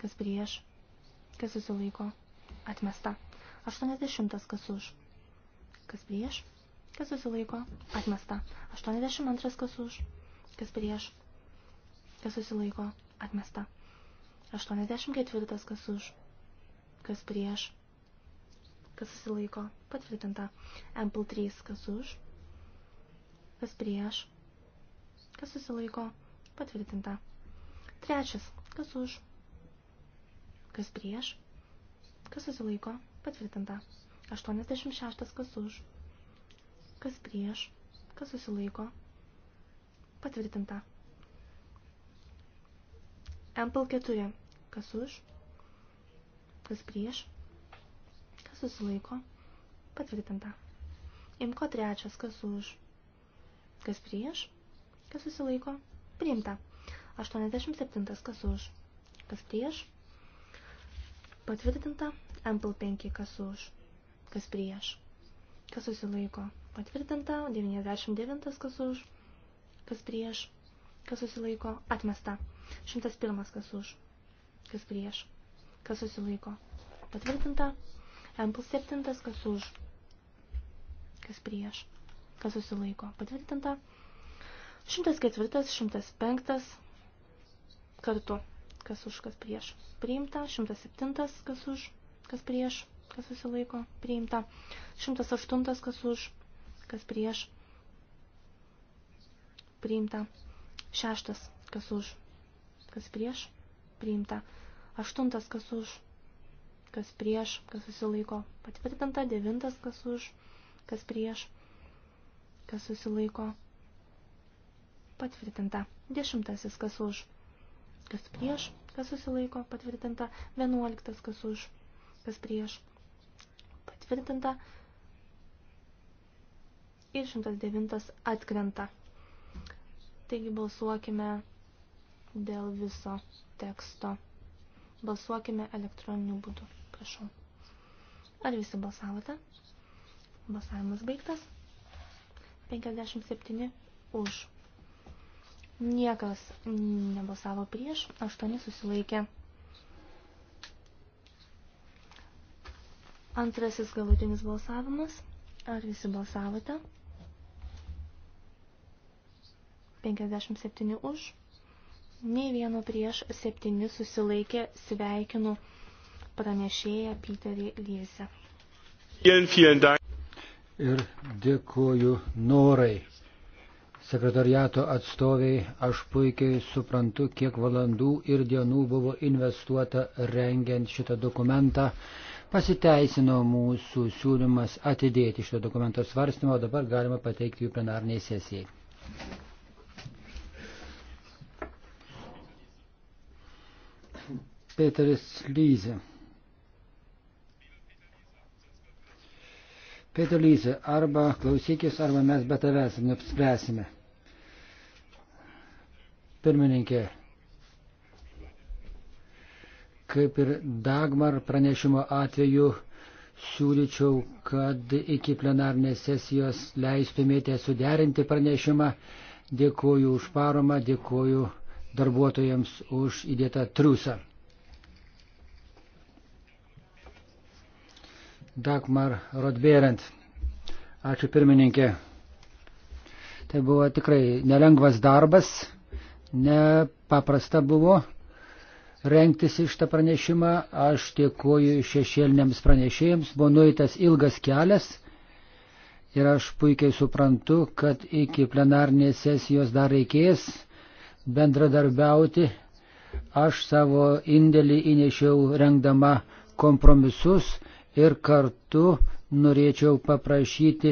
Kas prieš? Kas susilaiko? Atmesta. 80. Kas už? Kas prieš? Kas susilaiko? Atmesta. 82. Kas už? Kas prieš? Kas susilaiko? Atmesta. 84. Kas už? Kas prieš? kas susilaiko, patvirtinta. Ample 3, kas už, kas prieš, kas susilaiko, patvirtinta. Trečias, kas už, kas prieš, kas susilaiko, patvirtinta. 86, kas už, kas prieš, kas susilaiko, patvirtinta. Ample 4, kas už, kas prieš, kas susilaiko, patvirtinta. Imko trečias, kas už, kas prieš, kas susilaiko, priimta. 87, kas už, kas prieš, patvirtinta. Ample 5, kas už, kas prieš, kas susilaiko, patvirtinta. 99, kas už, kas prieš, kas susilaiko, atmesta. 101, kas už, kas prieš, kas susilaiko, patvirtinta. Ample 7, kas už, kas prieš, kas susilaiko. Patvirtinta. 104, 105 kartu, kas už, kas prieš. Priimta. 107, kas už, kas prieš, kas susilaiko. Priimta. 108, kas už, kas prieš. Priimta. Šeštas, kas už, kas prieš. Priimta. Aštuntas, kas už, kas prieš, kas susilaiko. Patvirtinta devintas, kas už, kas prieš, kas susilaiko. Patvirtinta dešimtasis, kas už, kas prieš, kas susilaiko. Patvirtinta vienuoliktas, kas už, kas prieš. Patvirtinta ir 109 atkrenta. Taigi balsuokime dėl viso teksto. Balsuokime elektroniniu būdu prašau. Ar visi balsavote? Balsavimas baigtas. 57 už. Niekas nebalsavo prieš, 8 susilaikė. Antrasis galutinis balsavimas. Ar visi balsavote? 57 už. Nei vieno prieš, 7 susilaikė, sveikinu pranešėją Piterį Lyzę. Ir dėkuoju norai. Sekretariato atstoviai, aš puikiai suprantu, kiek valandų ir dienų buvo investuota rengiant šitą dokumentą. Pasiteisino mūsų siūlymas atidėti šito dokumento svarstymą, o dabar galima pateikti jų plenarniai sesijai. Peteris Lyze. Pėtolysi, arba klausykis, arba mes be tavęs neapspręsime. Pirmininkė, kaip ir Dagmar pranešimo atveju, siūlyčiau, kad iki plenarnės sesijos leistumėte suderinti pranešimą. Dėkuoju už paromą, dėkuoju darbuotojams už įdėtą triusą. Dagmar Rodbėrent. Ačiū pirmininkė. Tai buvo tikrai nelengvas darbas, nepaprasta buvo rengtis iš tą pranešimą. Aš dėkuoju šešėliniams pranešėjams, buvo nuėtas ilgas kelias ir aš puikiai suprantu, kad iki plenarnės sesijos dar reikės bendradarbiauti. Aš savo indėlį įnešiau rengdama kompromisus ir kartu norėčiau paprašyti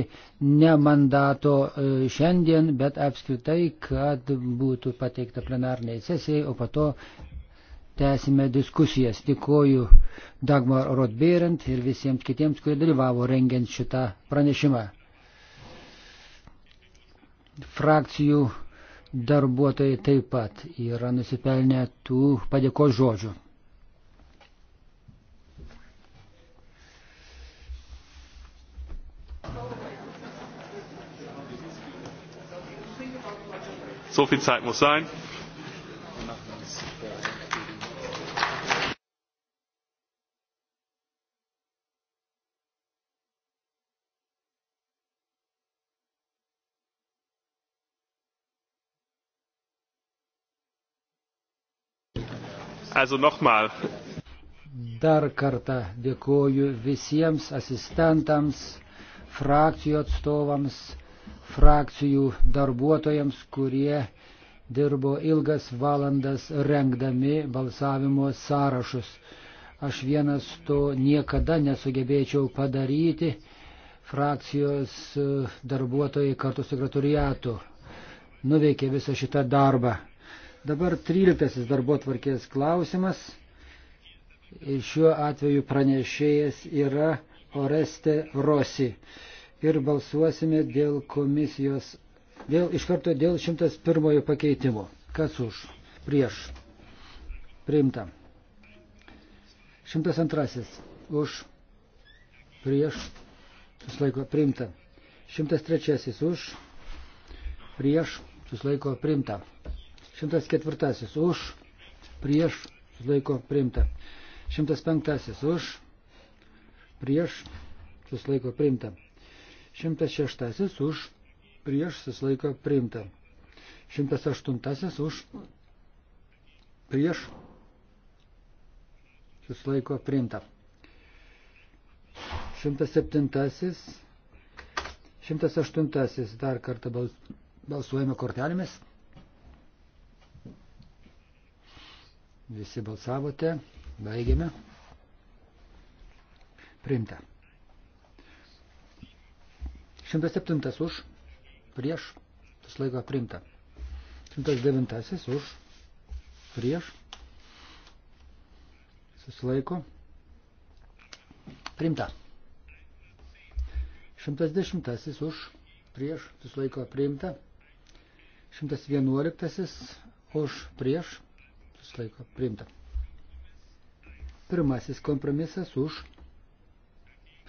ne mandato e, šiandien, bet apskritai, kad būtų pateikta plenarniai sesijai, o po to tęsime diskusijas. Dėkoju Dagmar Rodbėrent ir visiems kitiems, kurie dalyvavo rengiant šitą pranešimą. Frakcijų darbuotojai taip pat yra nusipelnę tų padėkos žodžių. So viel Zeit muss sein. Also nochmal. Dar kartą dėkoju visiems asistentams, frakcijų atstovams, frakcijų darbuotojams, kurie dirbo ilgas valandas rengdami balsavimo sąrašus. Aš vienas to niekada nesugebėčiau padaryti. Frakcijos e, darbuotojai kartu sekretoriatu nuveikė visą šitą darbą. Dabar 13 darbo tvarkės klausimas. Ir šiuo atveju pranešėjas yra Oreste Rosi ir balsuosime dėl komisijos, dėl, iš karto dėl 101 pakeitimo. Kas už? Prieš. Priimta. 102. Už. Prieš. Suslaiko priimta. 103. Už. Prieš. Suslaiko priimta. 104. Už. Prieš. Suslaiko priimta. 105. Už. Prieš. Suslaiko priimta. 106 už prieš susilaiko priimta. 108 už prieš susilaiko priimta. 107. 108. Dar kartą balsuojame kortelėmis. Visi balsavote. Baigiame. Priimta. 107 už, prieš, susilaiko priimta. 109 už, prieš, susilaiko priimta. 110 už, prieš, susilaiko priimta. 111 už, prieš, susilaiko priimta. Pirmasis kompromisas už,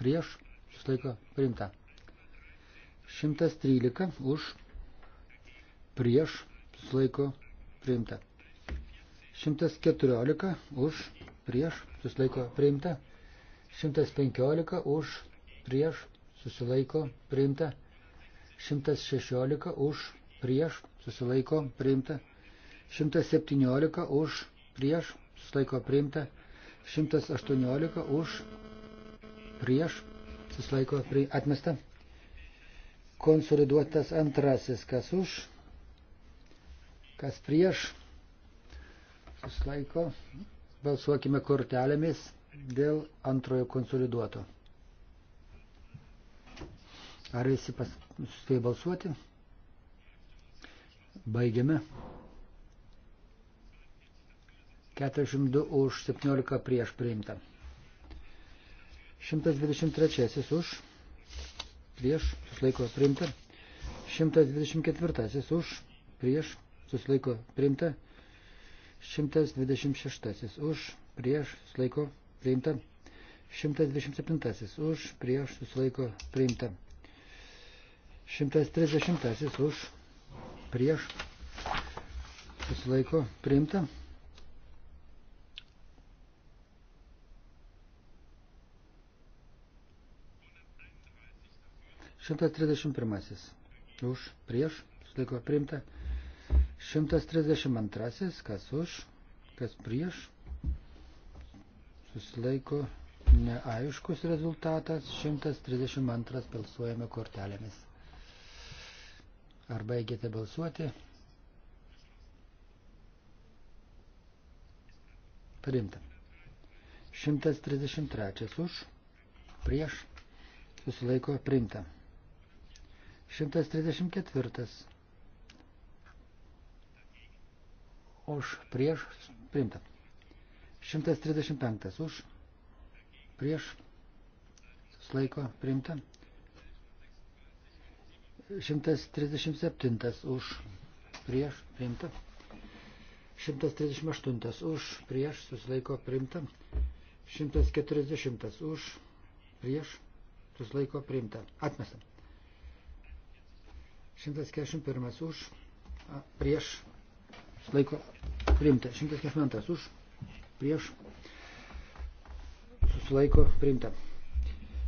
prieš, susilaiko priimta. 113 už prieš susilaiko priimta. 114 už prieš susilaiko priimta. 115 už prieš susilaiko priimta. 116 už prieš susilaiko priimta. 117 už prieš susilaiko priimta. 118 už prieš susilaiko priimta. Atmesta konsoliduotas antrasis, kas už, kas prieš, susilaiko, balsuokime kortelėmis dėl antrojo konsoliduoto. Ar visi suspėjo balsuoti? Baigiame. 42 už 17 prieš priimta. 123 už prieš, susilaiko priimta. 124 už, prieš, susilaiko priimta. 126 už, prieš, susilaiko priimta. 127 už, prieš, susilaiko priimta. 130 už, prieš, susilaiko priimta. 131. Už, prieš, susilaiko priimta. 132. Kas už, kas prieš, susilaiko neaiškus rezultatas. 132. Balsuojame kortelėmis. Ar baigėte balsuoti? Priimta. 133 už, prieš, susilaiko priimta. 134. Už prieš priimta. 135. Už prieš laiko priimta. 137. Už prieš priimta. 138 už prieš susilaiko priimta. 140 už prieš susilaiko priimta. Atmestam. 141 už, a, prieš, laiko priimta. 142 už, prieš, susilaiko priimta.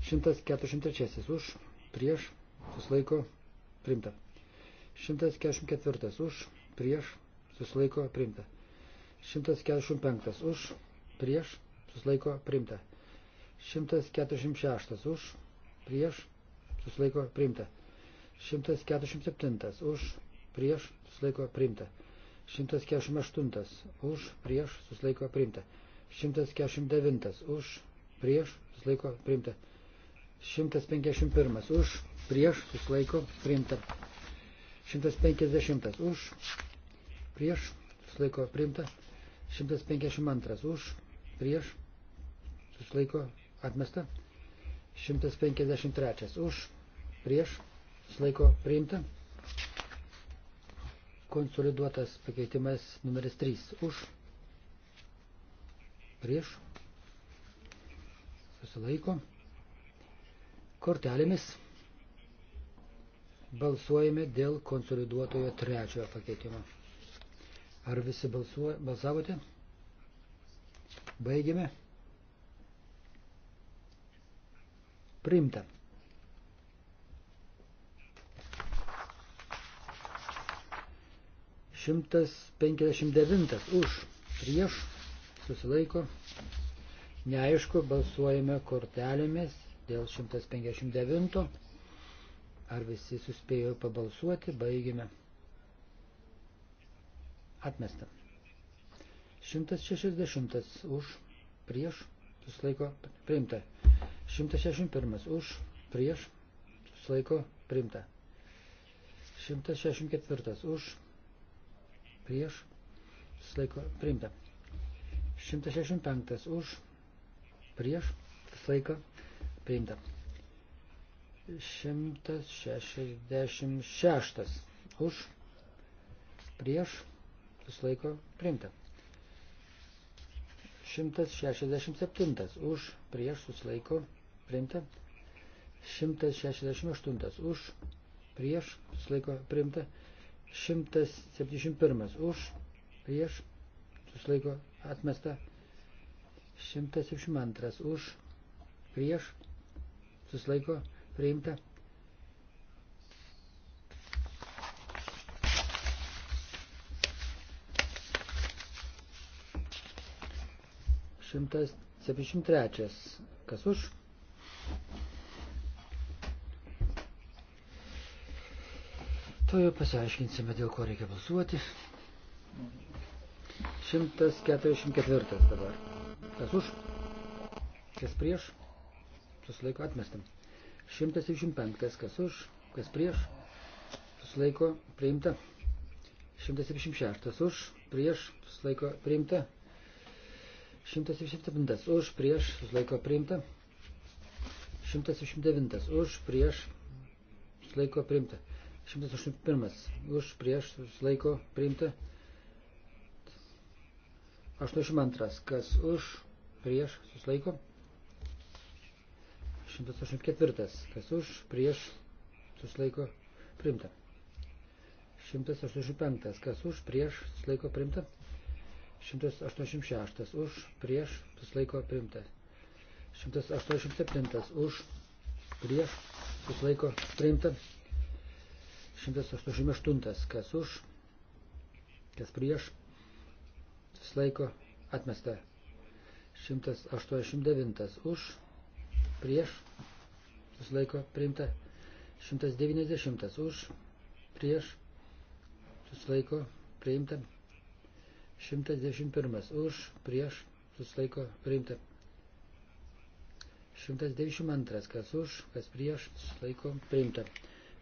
143 už, prieš, susilaiko priimta. 144 už, prieš, susilaiko priimta. 145 už, prieš, susilaiko priimta. 146 už, prieš, susilaiko priimta. 147 už prieš susilaiko priimta. 148 už prieš susilaiko priimta. 149 už prieš susilaiko priimta. 151 už prieš susilaiko priimta. 150 už prieš susilaiko priimta. 152 už prieš susilaiko atmesta. 153 už prieš susilaiko priimta. Konsoliduotas pakeitimas numeris 3 už, prieš, susilaiko. Kortelėmis balsuojame dėl konsoliduotojo trečiojo pakeitimo. Ar visi balsuoja, balsavote? Baigėme. Priimta. 159 už prieš susilaiko. Neaišku, balsuojame kortelėmis dėl 159. Ar visi suspėjo pabalsuoti, baigime. Atmesta. 160 už prieš susilaiko priimta. 161 už prieš susilaiko priimta. 164 už prieš, susilaiko priimta. 165 už, prieš, susilaiko priimta. 166 už, prieš, susilaiko priimta. 167 už, prieš, susilaiko priimta. 168 už, prieš, susilaiko priimta. 171 už, prieš, susilaiko atmesta. 172 už, prieš, susilaiko priimta. Šimtas septyšimt trečias. Kas už? Tuoju pasiaiškinsime, dėl ko reikia balsuoti. 144 dabar. Kas už? Kas prieš? Susilaiko atmestam. 175. Kas už? Kas prieš? Susilaiko priimta. 176. Už? Prieš? Susilaiko priimta. 177. Už? Prieš? Susilaiko priimta. 179. Už? Prieš? Susilaiko priimta. 181. Už prieš laiko priimta. 82. Kas už prieš susilaiko? 184. Kas už prieš susilaiko priimta. 185. Kas už prieš susilaiko priimta. 186. Už prieš susilaiko priimta. 187. Už prieš susilaiko priimta. 188, kas už, kas prieš, susilaiko atmesta. 189 už, prieš, susilaiko priimta. 190 už, prieš, susilaiko priimta. 111 už, prieš, susilaiko priimta. 192 kas už, kas prieš, susilaiko priimta.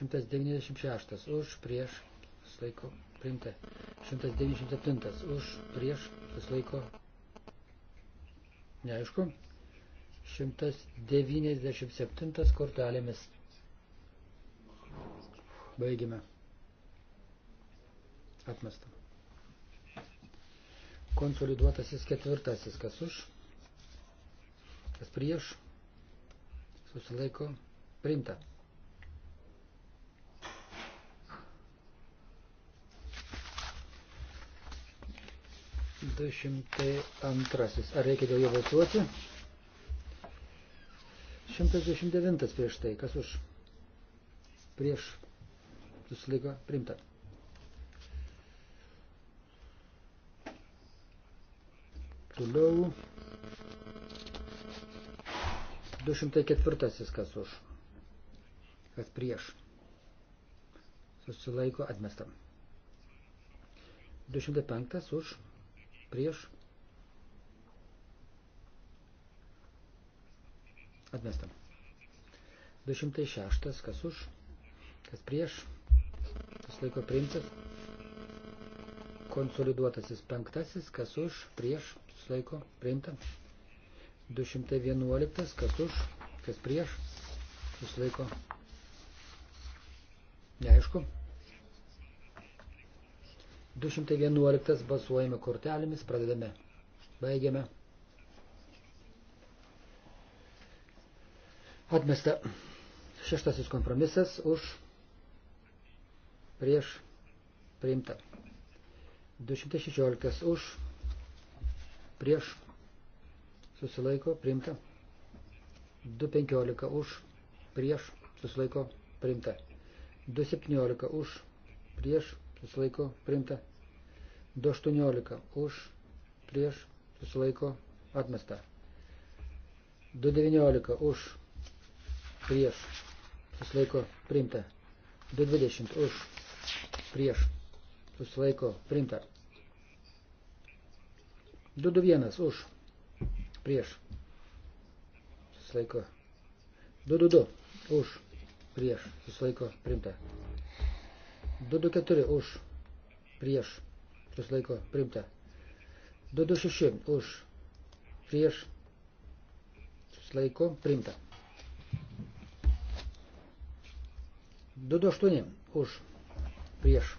196 už prieš susilaiko priimta. 197 už prieš susilaiko neaišku. 197 kortelėmis. Baigime. Atmestam. Konsoliduotasis ketvirtasis, kas už, kas prieš, susilaiko, primta. 202. Ar reikia dėl jo balsuoti? 129 prieš tai. Kas už? Prieš. Susilaiko. Primta. Toliau. 204. Kas už? Kas prieš? Susilaiko atmestam. 205 už prieš atmestam. 206, kas už, kas prieš, tas laiko priimtas. Konsoliduotasis penktasis, kas už, prieš, tas laiko priimta. 211, kas už, kas prieš, tas laiko neaišku. 211 balsuojame kortelėmis, pradedame, baigiame. Atmesta šeštasis kompromisas už prieš priimta. 216 už prieš susilaiko priimta. 215 už prieš susilaiko priimta. 217 už prieš susilaiko primta. 218 už, prieš, susilaiko atmesta. 219 už, prieš, susilaiko primta. 220 už, prieš, susilaiko primta. 221 už, prieš, susilaiko. 222 už, prieš, susilaiko primta. 224 už prieš susilaiko priimta. 226 už prieš susilaiko priimta. 228 už prieš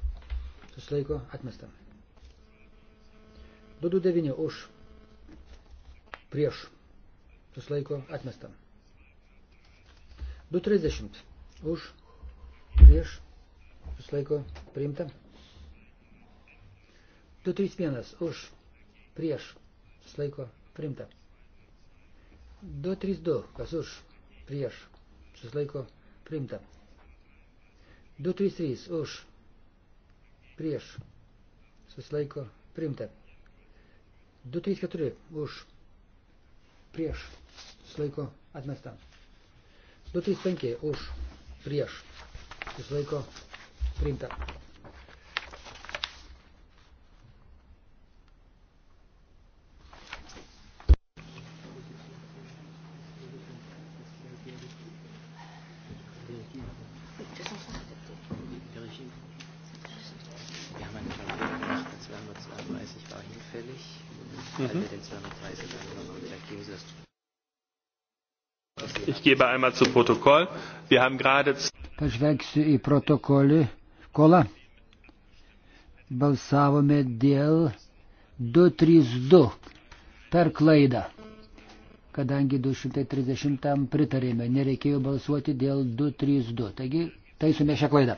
susilaiko atmesta. 229 už prieš susilaiko atmesta. 230 už prieš susilaiko priimta. 231 už prieš susilaiko priimta. 232 kas už prieš susilaiko priimta. 233 už prieš susilaiko priimta. 234 už prieš susilaiko atmesta. 235 už prieš susilaiko Priimta. Mhm. Ich gebe einmal zu Protokoll. Wir haben gerade. Pažvelgsiu į protokolį. Kola. Balsavome dėl 232 per klaidą, kadangi 230 pritarėme, nereikėjo balsuoti dėl 232. Taigi taisome šią klaidą.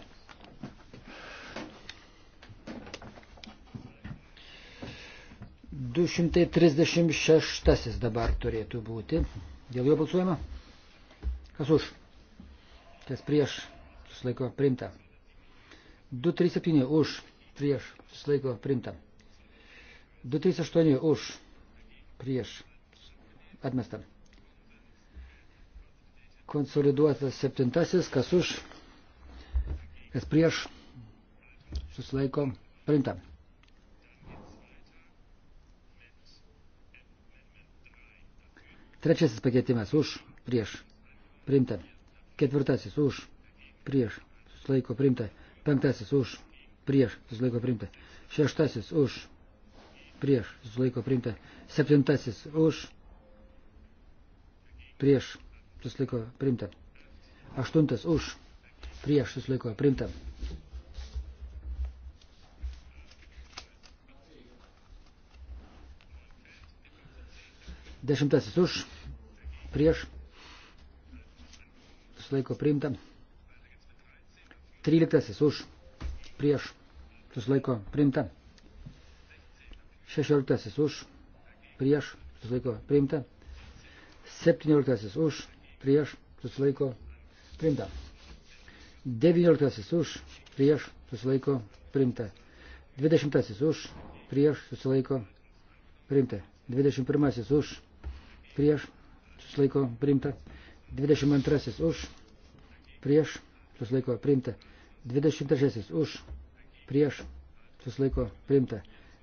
Du šimtai trisdešimt šeštasis dabar turėtų būti. Dėl jo balsuojama? Kas už? Kas prieš? Susilaiko primta. 237 už, prieš, susilaiko primta. 238 už, prieš, atmesta. Konsoliduotas septintasis, kas už, kas prieš, susilaiko primta. Trečiasis pakeitimas už, prieš, primta. Ketvirtasis už, prieš, susilaiko primta. Penktasis už prieš susilaiko priimta. Šeštasis už prieš susilaiko priimta. Septintasis už prieš susilaiko priimta. Aštuntas už prieš susilaiko priimta. Dešimtasis už prieš susilaiko priimta. 13 už prieš susilaiko priimta. 16 už prieš susilaiko priimta. 17 už prieš susilaiko priimta. 19 už prieš susilaiko priimta. 20 už prieš susilaiko priimta. 21 už prieš susilaiko priimta. 22 už prieš susilaiko priimta. 23 už, prieš, susilaiko priimta.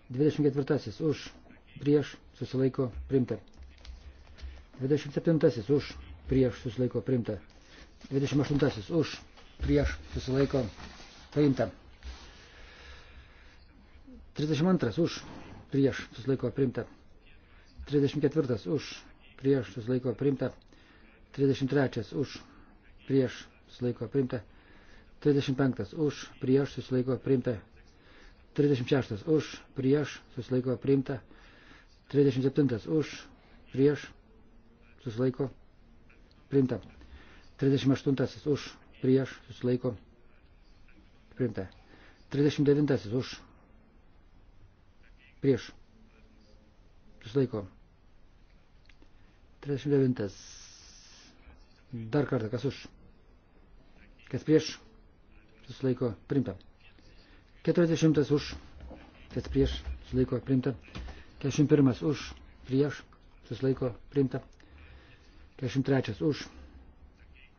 24 už, prieš, susilaiko priimta. 27 už, prieš, susilaiko priimta. 28 už, prieš, susilaiko priimta. 32 už, prieš, susilaiko priimta. 34 už, prieš, susilaiko priimta. 33 už, prieš, susilaiko priimta. 35 už, prieš susilaiko priimta. 36 už, prieš susilaiko priimta. 37 už, prieš susilaiko priimta. 38 už, prieš susilaiko priimta. 39 už, prieš susilaiko. 39. Dar kartą, kas už? Kas prieš? susilaiko primta. 40 už, kas prieš, susilaiko primta. 41 už, prieš, susilaiko primta. 43 už,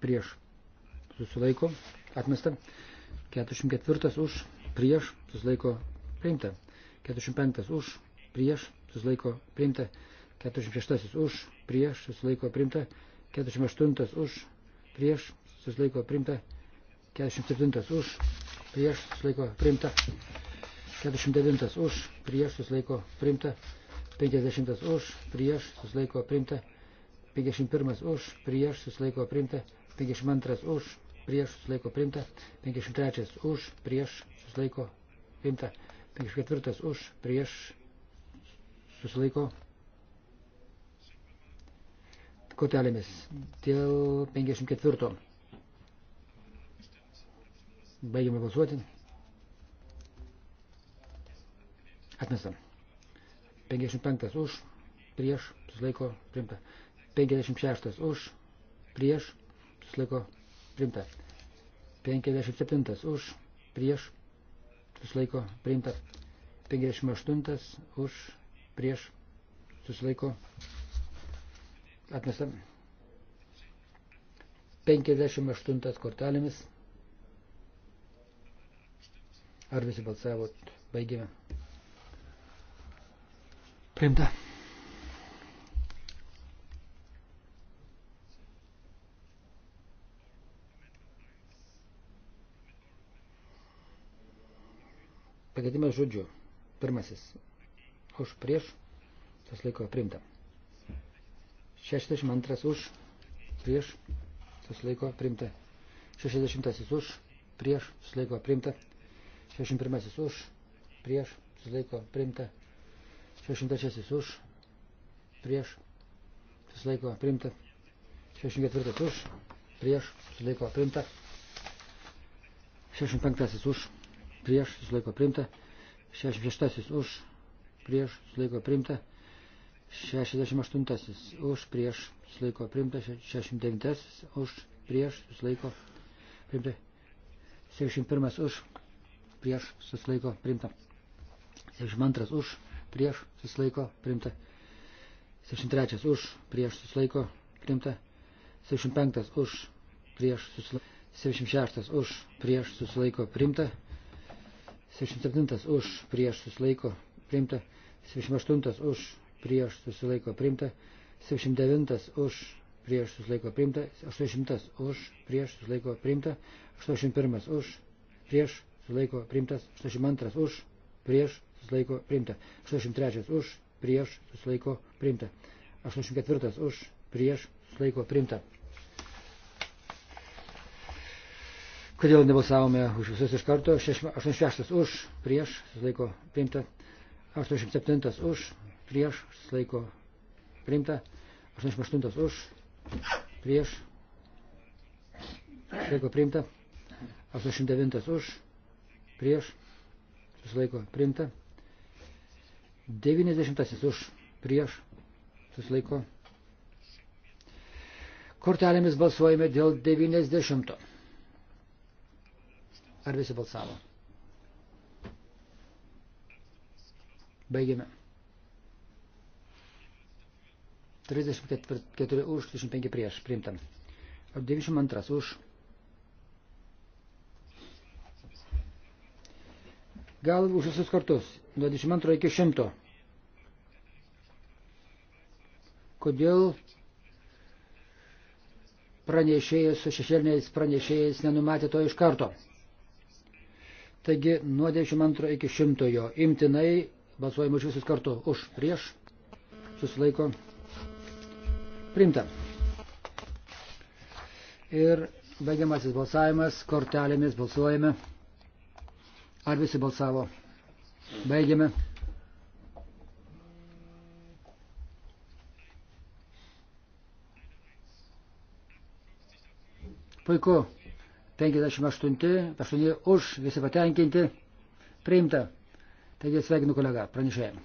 prieš, susilaiko atmesta. 44 už, prieš, susilaiko primta. 45 už, prieš, susilaiko primta. 46 už, prieš, susilaiko primta. 48 už, prieš, susilaiko primta. 47 už, prieš susilaiko priimta. 49 už, prieš susilaiko priimta. 50 už, prieš susilaiko priimta. 51 už, prieš susilaiko priimta. 52 už, prieš susilaiko priimta. 53 už, prieš susilaiko priimta. 54 už, prieš susilaiko kotelėmis dėl 54. Baigiame balsuoti. Atmestam. 55 už, prieš, susilaiko, primta. 56 už, prieš, susilaiko, primta. 57 už, prieš, susilaiko, primta. 58 už, prieš, susilaiko, atmestam. 58 kortelėmis. Ar visi balsavot? Baigėme. Priimta. Pakeitimas žodžiu. Pirmasis. Už prieš. Tas laiko priimta. 62 už. Prieš. Tas laiko priimta. 60 už. Prieš. Tas laiko priimta. 61 už, prieš, susilaiko primta. 62 už, prieš, susilaiko primta. 64 už, prieš, susilaiko primta. 65 už, prieš, susilaiko primta. 66 už, prieš, susilaiko primta. 68 už, prieš, susilaiko primta. 69 už, prieš, susilaiko primta. 71 už, prieš susilaiko primta. 72 už, prieš susilaiko primta. 73 už, prieš susilaiko primta. 75 už, prieš susilaiko. 76 už, prieš susilaiko primta. 77 už, prieš susilaiko primta. 78 už, prieš susilaiko primta. 79 už, prieš susilaiko primta. 80 už, prieš susilaiko primta. 81 už, prieš susilaiko priimtas, 82 už, prieš, susilaiko priimta, 83 už, prieš, susilaiko priimta, 84 už, prieš, susilaiko priimta. Kodėl nebalsavome už visus iš karto? 86 už, prieš, susilaiko priimta, 87 už, prieš, susilaiko priimta, 88 už, prieš, susilaiko priimta, 89 už, prieš, susilaiko primta. 90 už, prieš, susilaiko. Kortelėmis balsuojame dėl 90. Ar visi balsavo? Baigiame. 34 už, 35 prieš, priimtam. 92 už, Gal už visus kartus, nuo 22 iki 100. Kodėl pranešėjai su šešėliniais pranešėjais nenumatė to iš karto? Taigi nuo 92 iki 100 jo imtinai balsuojame už visus kartu. Už, prieš, susilaiko. Primta. Ir baigiamasis balsavimas, kortelėmis balsuojame. Ar visi balsavo? Baigiame. Puiku. 58, 8 už, visi patenkinti. Priimta. Taigi sveikinu kolegą, pranešėjim.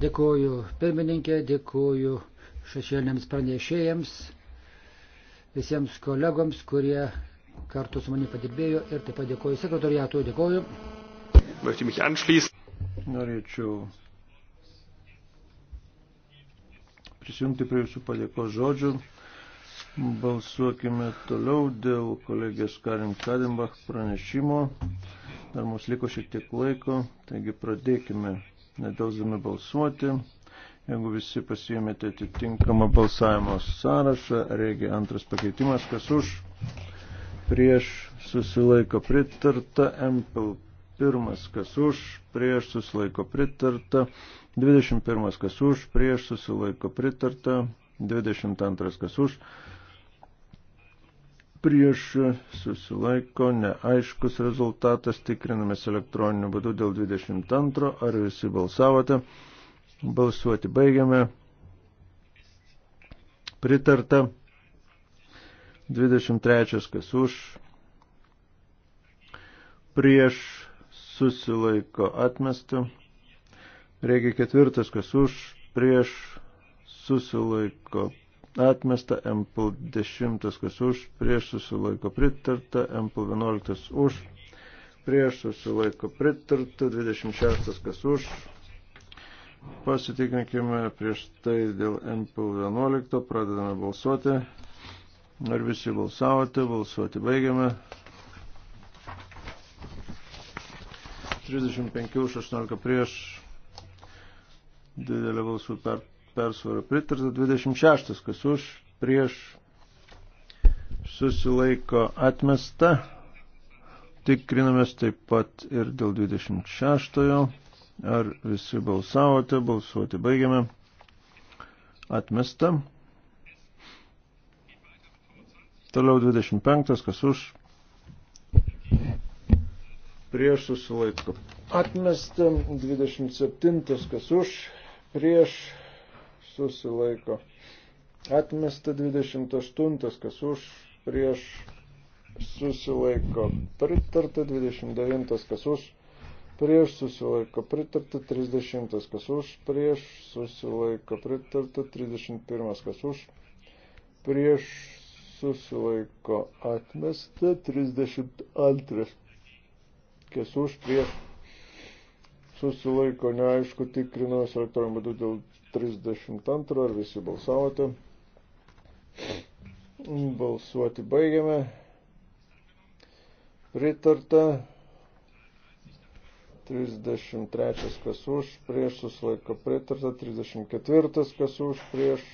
Dėkuoju pirmininkė, dėkuoju šešėlėms pranešėjams, visiems kolegoms, kurie kartu su manimi padirbėjo ir taip pat dėkoju sekretoriatui, dėkoju. Norėčiau prisijungti prie jūsų padėkos žodžių. Balsuokime toliau dėl kolegės Karin Kadimbach pranešimo. Dar mums liko šiek tiek laiko, taigi pradėkime nedelsdami balsuoti. Jeigu visi pasiėmėte atitinkamą balsavimo sąrašą, reikia antras pakeitimas, kas už prieš susilaiko pritarta, MPL pirmas kas už, prieš susilaiko pritarta, 21 kas už, prieš susilaiko pritarta, 22 kas už, prieš susilaiko neaiškus rezultatas, tikrinamės elektroniniu būdu dėl 22, ar visi balsavote, balsuoti baigiame, pritarta. 23 kas už, prieš susilaiko atmestų, reikia ketvirtas kas už, prieš susilaiko atmesta, MPL 10 kas už, prieš susilaiko pritarta, MPL 11 už, prieš susilaiko pritarta, 26 kas už, pasitikrinkime prieš tai dėl MPL 11, pradedame balsuoti. Ar visi balsavote? Balsuoti baigiame. 35 už 16 prieš didelę balsų per, persvarą pritarta. 26 kas už prieš susilaiko atmesta. Tikrinamės taip pat ir dėl 26. Ar visi balsavote? Balsuoti baigiame. Atmesta. Toliau 25, kas už. Prieš susilaiko. Atmesta 27, kas už. Prieš susilaiko. Atmesta 28, kas už. Prieš susilaiko. Pritarta 29, kas už prieš susilaiko pritarta 30, kas už, prieš susilaiko pritarta 31, kas už, prieš susilaiko atmesta, 32, kas už prieš susilaiko neaišku, tikrinuosi elektroniniu būdu dėl 32, ar visi balsavote. Balsuoti baigiame. Pritarta. 33 kas už, prieš susilaiko pritarta, 34 kas už, prieš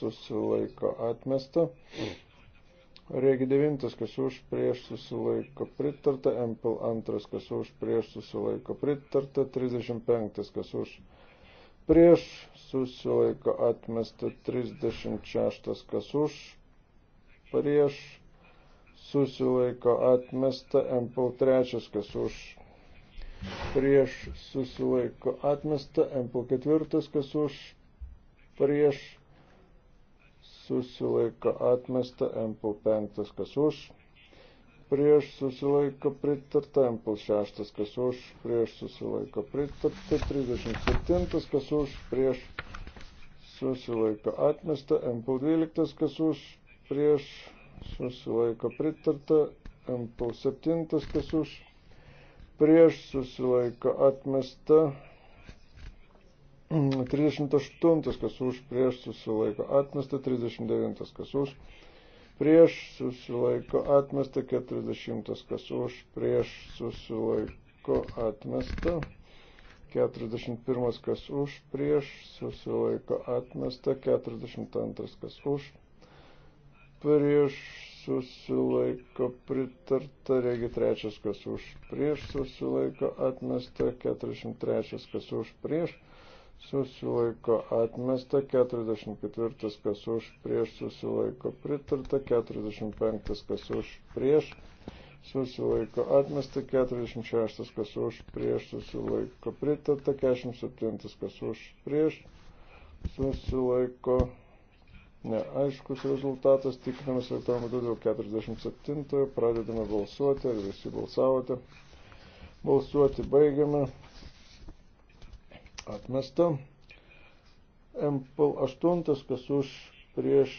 susilaiko atmesta, Regi 9, kas už prieš susilaiko pritarta, MPL 2, kas už prieš susilaiko pritarta, 35, kas už prieš susilaiko atmesta, 36, kas už prieš susilaiko atmesta, MPL 3, kas už prieš susilaiko atmesta, MPL 4, kas už prieš susilaiko atmesta, MP5 kas už, prieš susilaiko pritarta, MP6 kas už, prieš susilaiko pritarta, 37 kas už, prieš susilaiko atmesta, MP12 kas už, prieš susilaiko pritarta, MP7 kas už, prieš susilaiko atmesta, 38, kas už, prieš susilaiko atmesta, 39, kas už, prieš susilaiko atmesta, 40, kas už, prieš susilaiko atmesta, 41, kas už, prieš susilaiko atmesta, 42, kas už, prieš susilaiko pritarta, regi trečias, kas už, prieš susilaiko atmesta, 43, kas už, prieš susilaiko atmesta susilaiko atmesta, 44 kas už prieš susilaiko pritarta, 45 kas už prieš susilaiko atmesta, 46 kas už prieš susilaiko pritarta, 47 kas už prieš susilaiko neaiškus rezultatas, tikrinamės elektroniniu būdu dėl 47, pradedame balsuoti, ar visi balsavote. Balsuoti baigiame atmesta. MPL 8, kas už prieš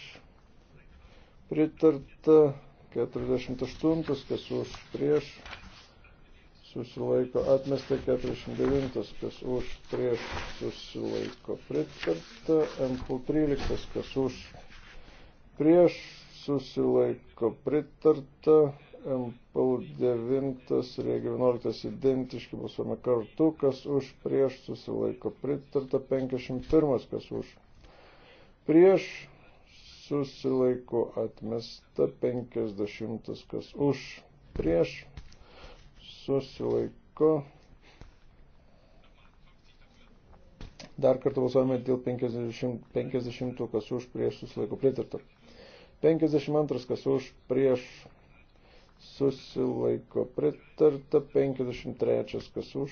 pritarta, 48, kas už prieš susilaiko atmesta, 49, kas už prieš susilaiko pritarta, MPL 13, kas už prieš susilaiko pritarta, MPL 9 ir 11 identiški balsuojame kartu, kas už prieš susilaiko pritarta, 51 kas už prieš susilaiko atmesta, 50 kas už prieš susilaiko. Dar kartą balsuojame dėl 50, 50 kas už prieš susilaiko pritarta. 52 kas už prieš susilaiko pritarta 53, kas už,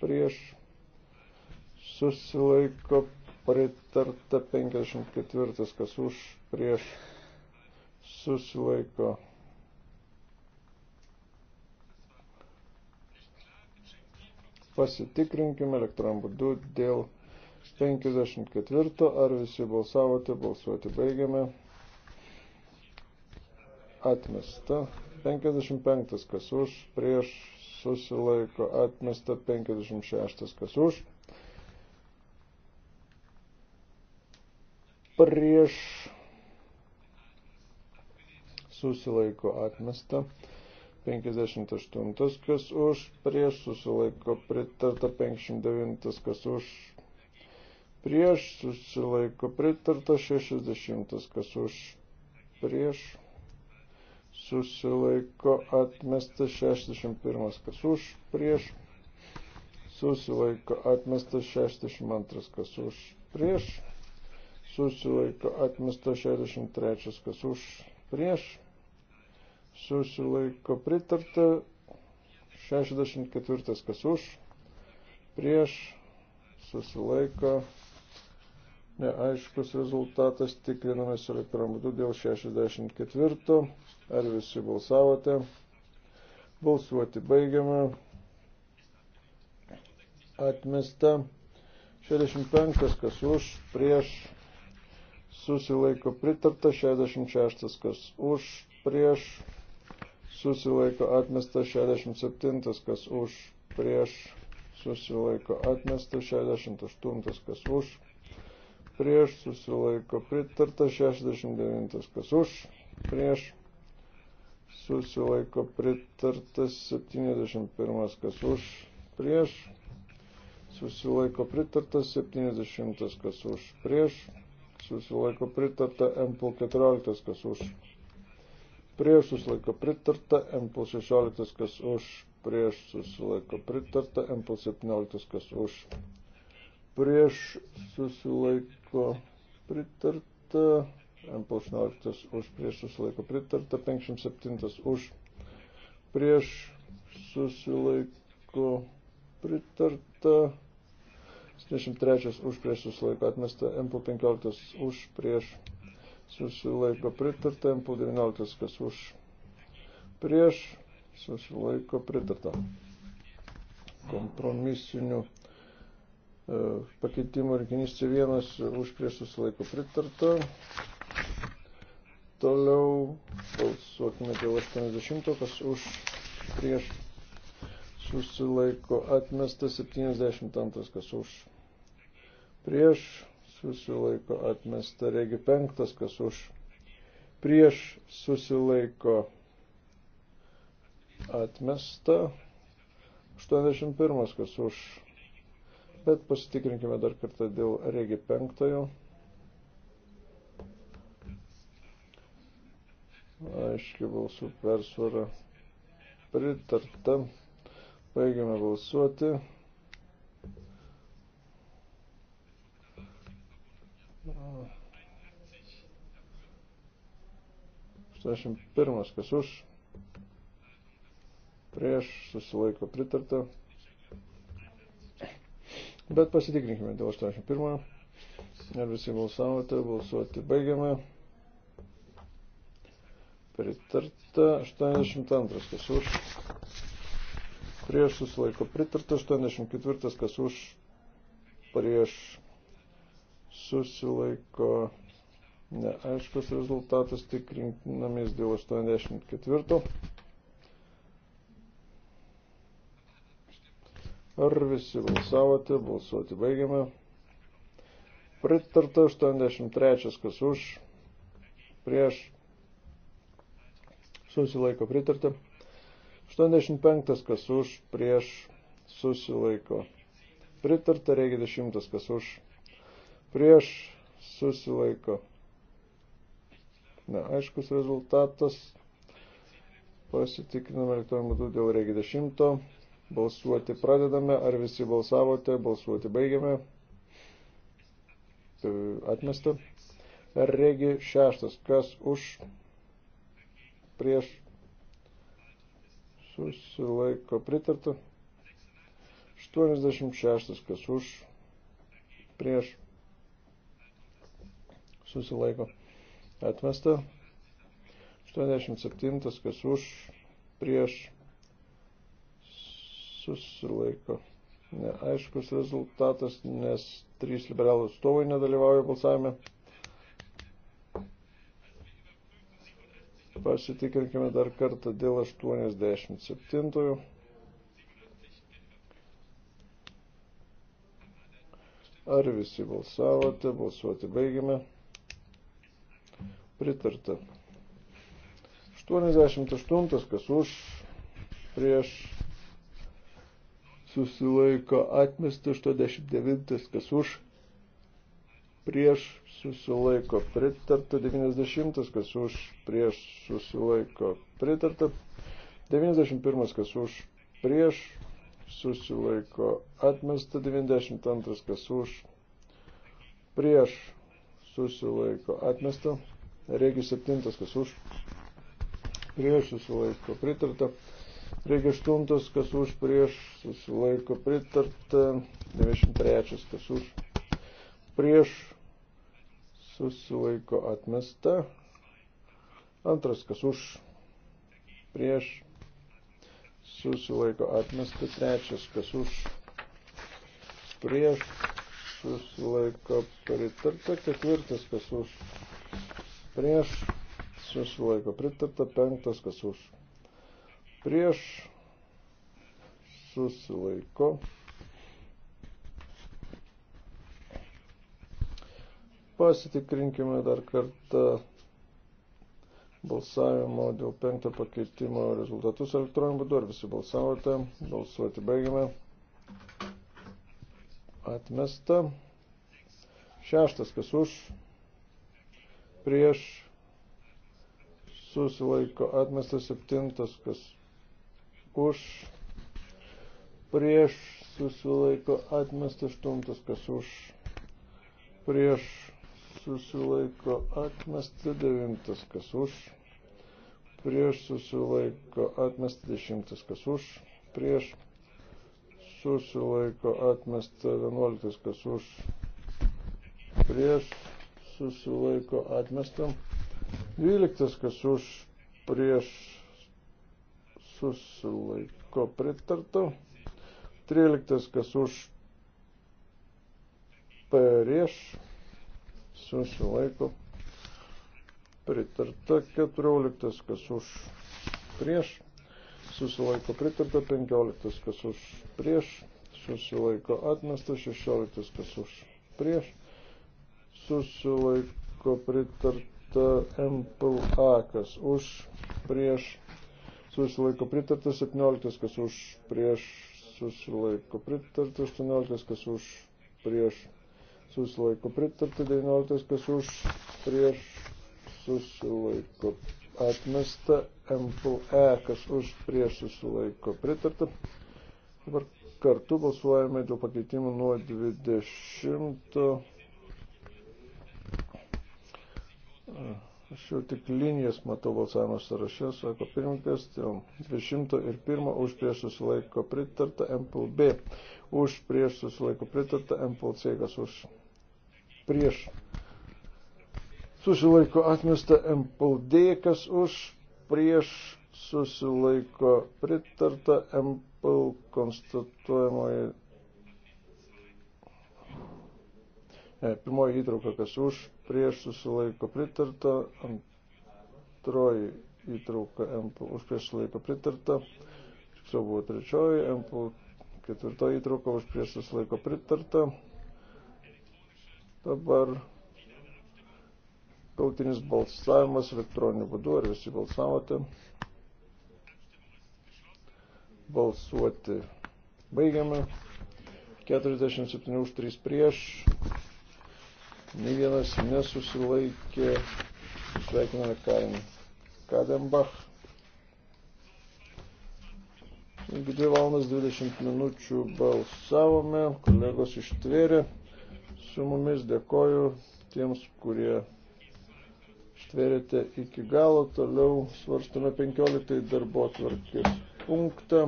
prieš susilaiko pritarta 54, kas už, prieš susilaiko pasitikrinkime elektroniniu būdu dėl 54, ar visi balsavote, balsuoti baigiame. Atmesta. 55 kas už, prieš susilaiko atmesta 56 kas už. Prieš susilaiko atmesta 58 kas už, prieš susilaiko pritarta 59 kas už, prieš susilaiko pritarta 60 kas už, prieš susilaiko atmestas 61, kas už, prieš, susilaiko atmestas 62, kas už, prieš, susilaiko atmestas 63, kas už, prieš, susilaiko pritarta 64, kas už, prieš, susilaiko atmestas Neaiškus rezultatas tikrinamės elektroniniu būdu dėl 64. Ar visi balsavote? Balsuoti baigiame. Atmesta. 65. Kas už, prieš. Susilaiko pritarta. 66. Kas už, prieš. Susilaiko atmesta. 67. Kas už, prieš. Susilaiko atmesta. 68. Kas už prieš, susilaiko pritarta, 69 kas už, prieš, susilaiko pritarta, 71 kas už, prieš, susilaiko pritarta, 70 kas už, prieš, susilaiko pritarta, MPL 14 kas už, prieš, susilaiko pritarta, MPL 16 kas už, prieš, susilaiko pritarta, MPL 17 kas už prieš susilaiko pritarta, M18 už prieš susilaiko pritarta, 57 už prieš susilaiko pritarta, 73 už prieš susilaiko atmesta, M15 už prieš susilaiko pritarta, M19 kas už prieš susilaiko pritarta kompromisinių E, pakeitimo rinkinys C1 už prieš susilaiko pritarta. Toliau balsuokime dėl 80, kas už prieš susilaiko atmestas 72, kas už prieš susilaiko atmesta regi 5, kas už prieš susilaiko atmesta 81, kas už prieš bet pasitikrinkime dar kartą dėl regi penktojo. Aiškiai balsų persvara pritarta. Baigiame balsuoti. Oh. 81 kas už, prieš susilaiko pritarta, Bet pasitikrinkime dėl 81. Ar visi balsavote, balsuoti baigiame. Pritarta 82, kas už. Prieš susilaiko pritarta 84, kas už. Prieš susilaiko neaiškus rezultatas tikrinamės dėl 84. Ar visi balsavote? Balsuoti baigiame. Pritarta 83, kas už, prieš, susilaiko pritarta. 85, kas už, prieš, susilaiko. Pritarta, reikia 10, kas už, prieš, susilaiko. Neaiškus rezultatas. Pasitikrinam elektroniniu būdu dėl reikia 10. Balsuoti pradedame, ar visi balsavote, balsuoti baigiame. Tai atmesta. Regi šeštas, kas už, prieš, susilaiko pritarta. 86, kas už, prieš, susilaiko atmesta. 87, kas už, prieš, susilaiko. Neaiškus rezultatas, nes trys liberalų atstovai nedalyvauja balsavime. Pasitikrinkime dar kartą dėl 87. Ar visi balsavote? Balsuoti baigime. Pritarta. 88. Kas už? Prieš susilaiko atmestas, 89 kas už, prieš susilaiko pritarta, 90 kas už, prieš susilaiko pritarta, 91 kas už, prieš susilaiko atmesta, 92 kas už, prieš susilaiko atmesta, regi 7 kas už, prieš susilaiko pritarta. Reikia 8, kas už prieš, susilaiko pritarta. 93, kas už prieš, susilaiko atmesta. Antras, kas už prieš, susilaiko atmesta. Trečias, kas už prieš, susilaiko pritarta. Ketvirtas, kas už prieš, susilaiko pritarta. Penktas, kas už prieš prieš susilaiko. Pasitikrinkime dar kartą balsavimo dėl penkto pakeitimo rezultatus elektroniniu būdu. Ar visi balsavote? Balsuoti baigiame. Atmesta. Šeštas, kas už, prieš, susilaiko, atmestas septintas, kas už, prieš susilaiko atmestas, aštuntas kas už, prieš susilaiko atmestas, devintas kas už, prieš susilaiko atmestas, dešimtas kas už, prieš susilaiko atmestas, vienuoliktas kas už, prieš susilaiko atmestam, dvyliktas kas už, prieš susilaiko pritarta. 13 kas už prieš susilaiko pritarta. 14 kas už prieš susilaiko pritarta. 15 kas už prieš susilaiko atmesta. 16 kas už prieš susilaiko pritarta. MPA kas už prieš susilaiko pritarta 17, kas už prieš susilaiko pritarta 18, kas už prieš susilaiko pritarta 19, kas už prieš susilaiko atmesta MPE, kas už prieš susilaiko pritarta. Dabar kartu balsuojame dėl pakeitimų nuo 20. Uh. Aš jau tik linijas matau balsavimo sąraše, sako pirmininkas, dėl 201 už prieš susilaiko pritarta MPLB, už prieš susilaiko pritarta MPLC, kas už prieš susilaiko atmesta MPLD, kas už prieš susilaiko pritarta MPL konstatuojamoji E, pirmoji įtrauka, kas už, prieš susilaiko pritarta. Antroji įtrauka, MPL už prieš susilaiko pritarta. Tiksliau buvo trečioji, MPL ketvirtoji įtrauka už prieš susilaiko pritarta. Dabar gautinis balsavimas elektroniniu būdu, ar visi balsavote. Balsuoti baigiame. 47 už 3 prieš nei vienas nesusilaikė. Sveikiname Karim Kadembach. Irgi 2 valandas 20 minučių balsavome, kolegos ištvėrė su mumis, dėkoju tiems, kurie ištvėrėte iki galo, toliau svarstame 15 darbo tvarkės punktą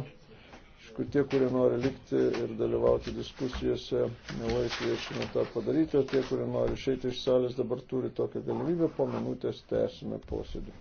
aišku, tie, kurie nori likti ir dalyvauti diskusijose, mielai kviečiame tą padaryti, o tie, kurie nori išeiti iš salės, dabar turi tokią galimybę, po minutės tęsime posėdį.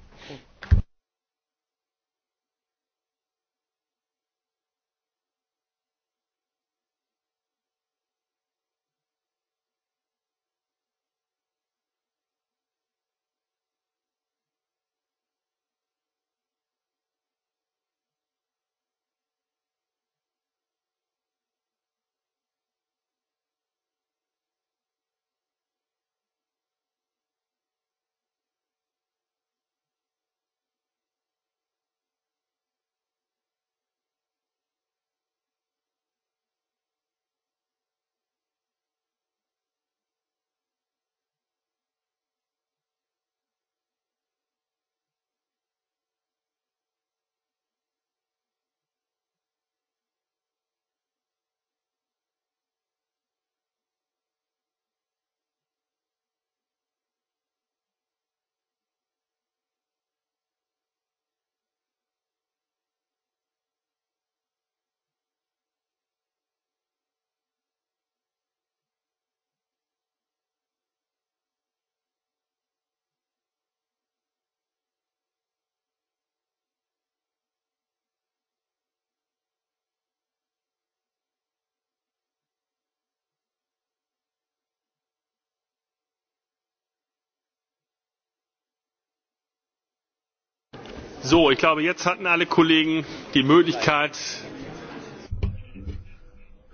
So, ich glaube, jetzt hatten alle Kollegen die Möglichkeit.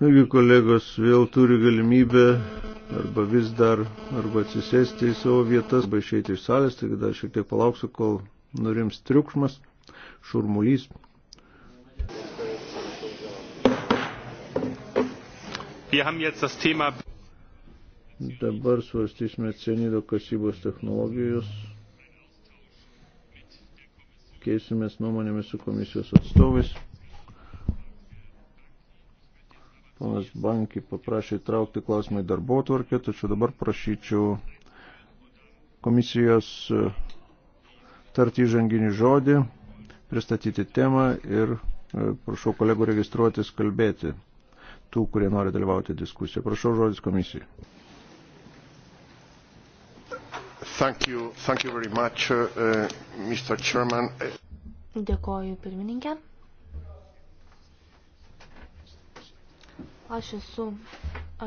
Taigi kolegos vėl turi galimybę arba vis dar arba atsisėsti į savo vietas, arba išeiti iš salės, taigi dar šiek tiek palauksiu, kol nurims triukšmas, šurmulys. Wir haben jetzt das Thema Dabar svarstysime cienido kasybos technologijos keisimės nuomonėmis su komisijos atstovais. Ponas Banki paprašė įtraukti klausimą į darbo tvarkę, tačiau dabar prašyčiau komisijos e, tarti įžanginį žodį, pristatyti temą ir e, prašau kolegų registruotis kalbėti, tų, kurie nori dalyvauti diskusiją. Prašau žodis komisijai. Thank you, thank you very much, uh, uh Mr. Chairman. Dėkoju pirmininkė. Aš esu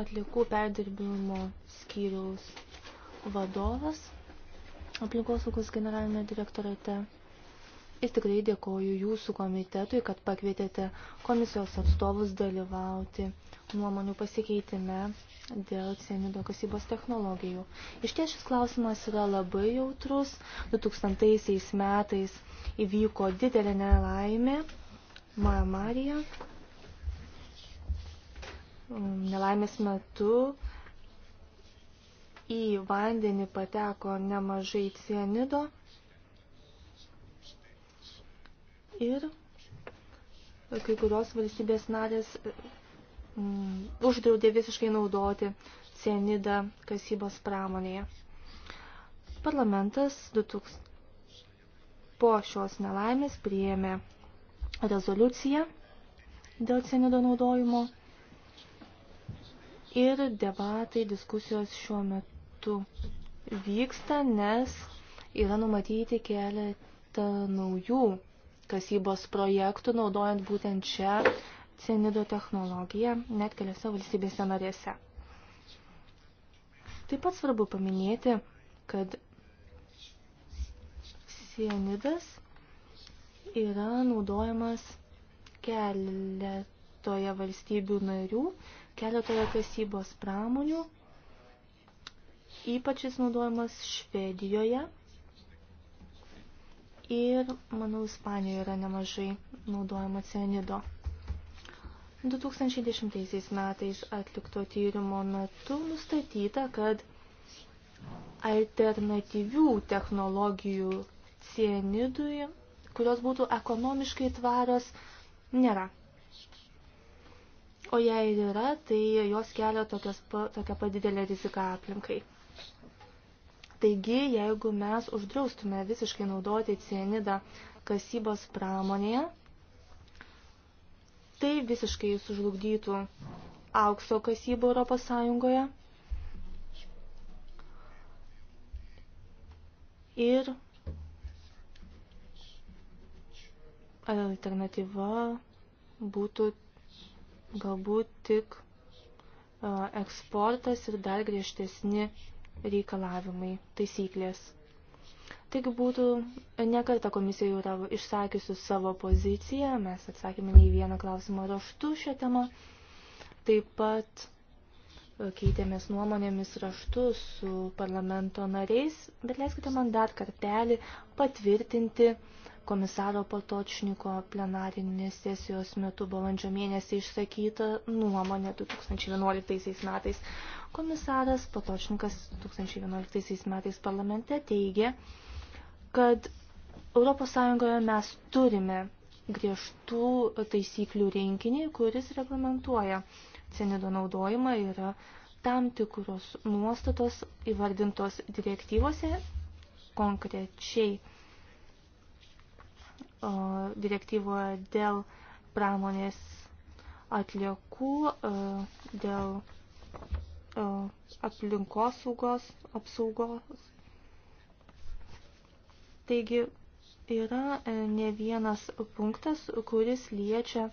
atlikų perdirbimo skyriaus vadovas aplinkosaugos generalinė direktorate. Ir tikrai dėkoju jūsų komitetui, kad pakvietėte komisijos atstovus dalyvauti nuomonių pasikeitime dėl cianido kasybos technologijų. Iš ties šis klausimas yra labai jautrus. 2000 metais įvyko didelė nelaimė Maja Marija. Mm, nelaimės metu į vandenį pateko nemažai cianido ir kai kurios valstybės narės Mm, uždraudė visiškai naudoti cianidą kasybos pramonėje. Parlamentas 2000, po šios nelaimės priėmė rezoliuciją dėl cianido naudojimo ir debatai, diskusijos šiuo metu vyksta, nes yra numatyti keletą naujų kasybos projektų, naudojant būtent čia cianido technologiją net keliose valstybėse narėse. Taip pat svarbu paminėti, kad cianidas yra naudojamas keletoje valstybių narių, keletoje kasybos pramonių, ypač jis naudojamas Švedijoje ir, manau, Ispanijoje yra nemažai naudojama cianido. 2010 metais atlikto tyrimo metu nustatyta, kad alternatyvių technologijų cienidui, kurios būtų ekonomiškai tvarios, nėra. O jei ir yra, tai jos kelia tokias, tokia padidelė rizika aplinkai. Taigi, jeigu mes uždraustume visiškai naudoti cienidą kasybos pramonėje, Tai visiškai sužlugdytų aukso kasybą Europos Sąjungoje. Ir alternatyva būtų galbūt tik eksportas ir dar griežtesni reikalavimai, taisyklės. Taigi būtų, nekarta komisija jau tavo išsakiusi savo poziciją, mes atsakėme nei vieną klausimą raštu šią temą. Taip pat e, keitėmės nuomonėmis raštu su parlamento nariais, bet leiskite man dar kartelį patvirtinti komisaro Patočniko plenarinės sesijos metu balandžio mėnesį išsakytą nuomonę 2011 metais. Komisaras Patočnikas 2011 metais parlamente teigė, kad ES mes turime griežtų taisyklių rinkinį, kuris reglamentuoja cenido naudojimą, yra tam tikros nuostatos įvardintos direktyvose, konkrečiai o, direktyvoje dėl pramonės atliekų, o, dėl aplinkosaugos apsaugos Taigi yra e, ne vienas punktas, kuris liečia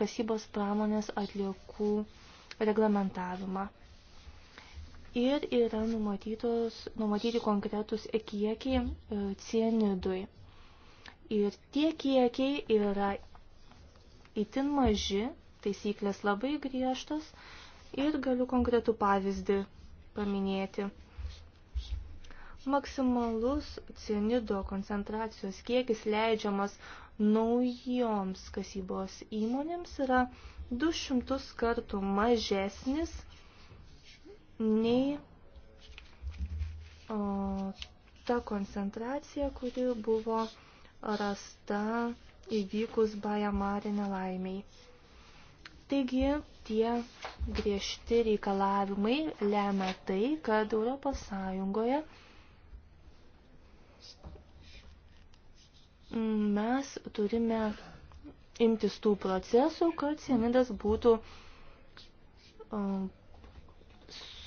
kasybos pramonės atliekų reglamentavimą. Ir yra numatyti konkretus kiekiai e, cienidui. Ir tie kiekiai yra itin maži, taisyklės labai griežtas ir galiu konkretų pavyzdį paminėti. Maksimalus cianido koncentracijos kiekis leidžiamas naujoms kasybos įmonėms yra 200 kartų mažesnis nei o, ta koncentracija, kuri buvo rasta įvykus Bajamarė nelaimiai. Taigi tie griežti reikalavimai lemia tai, kad Europos Sąjungoje mes turime imtis tų procesų, kad cianidas būtų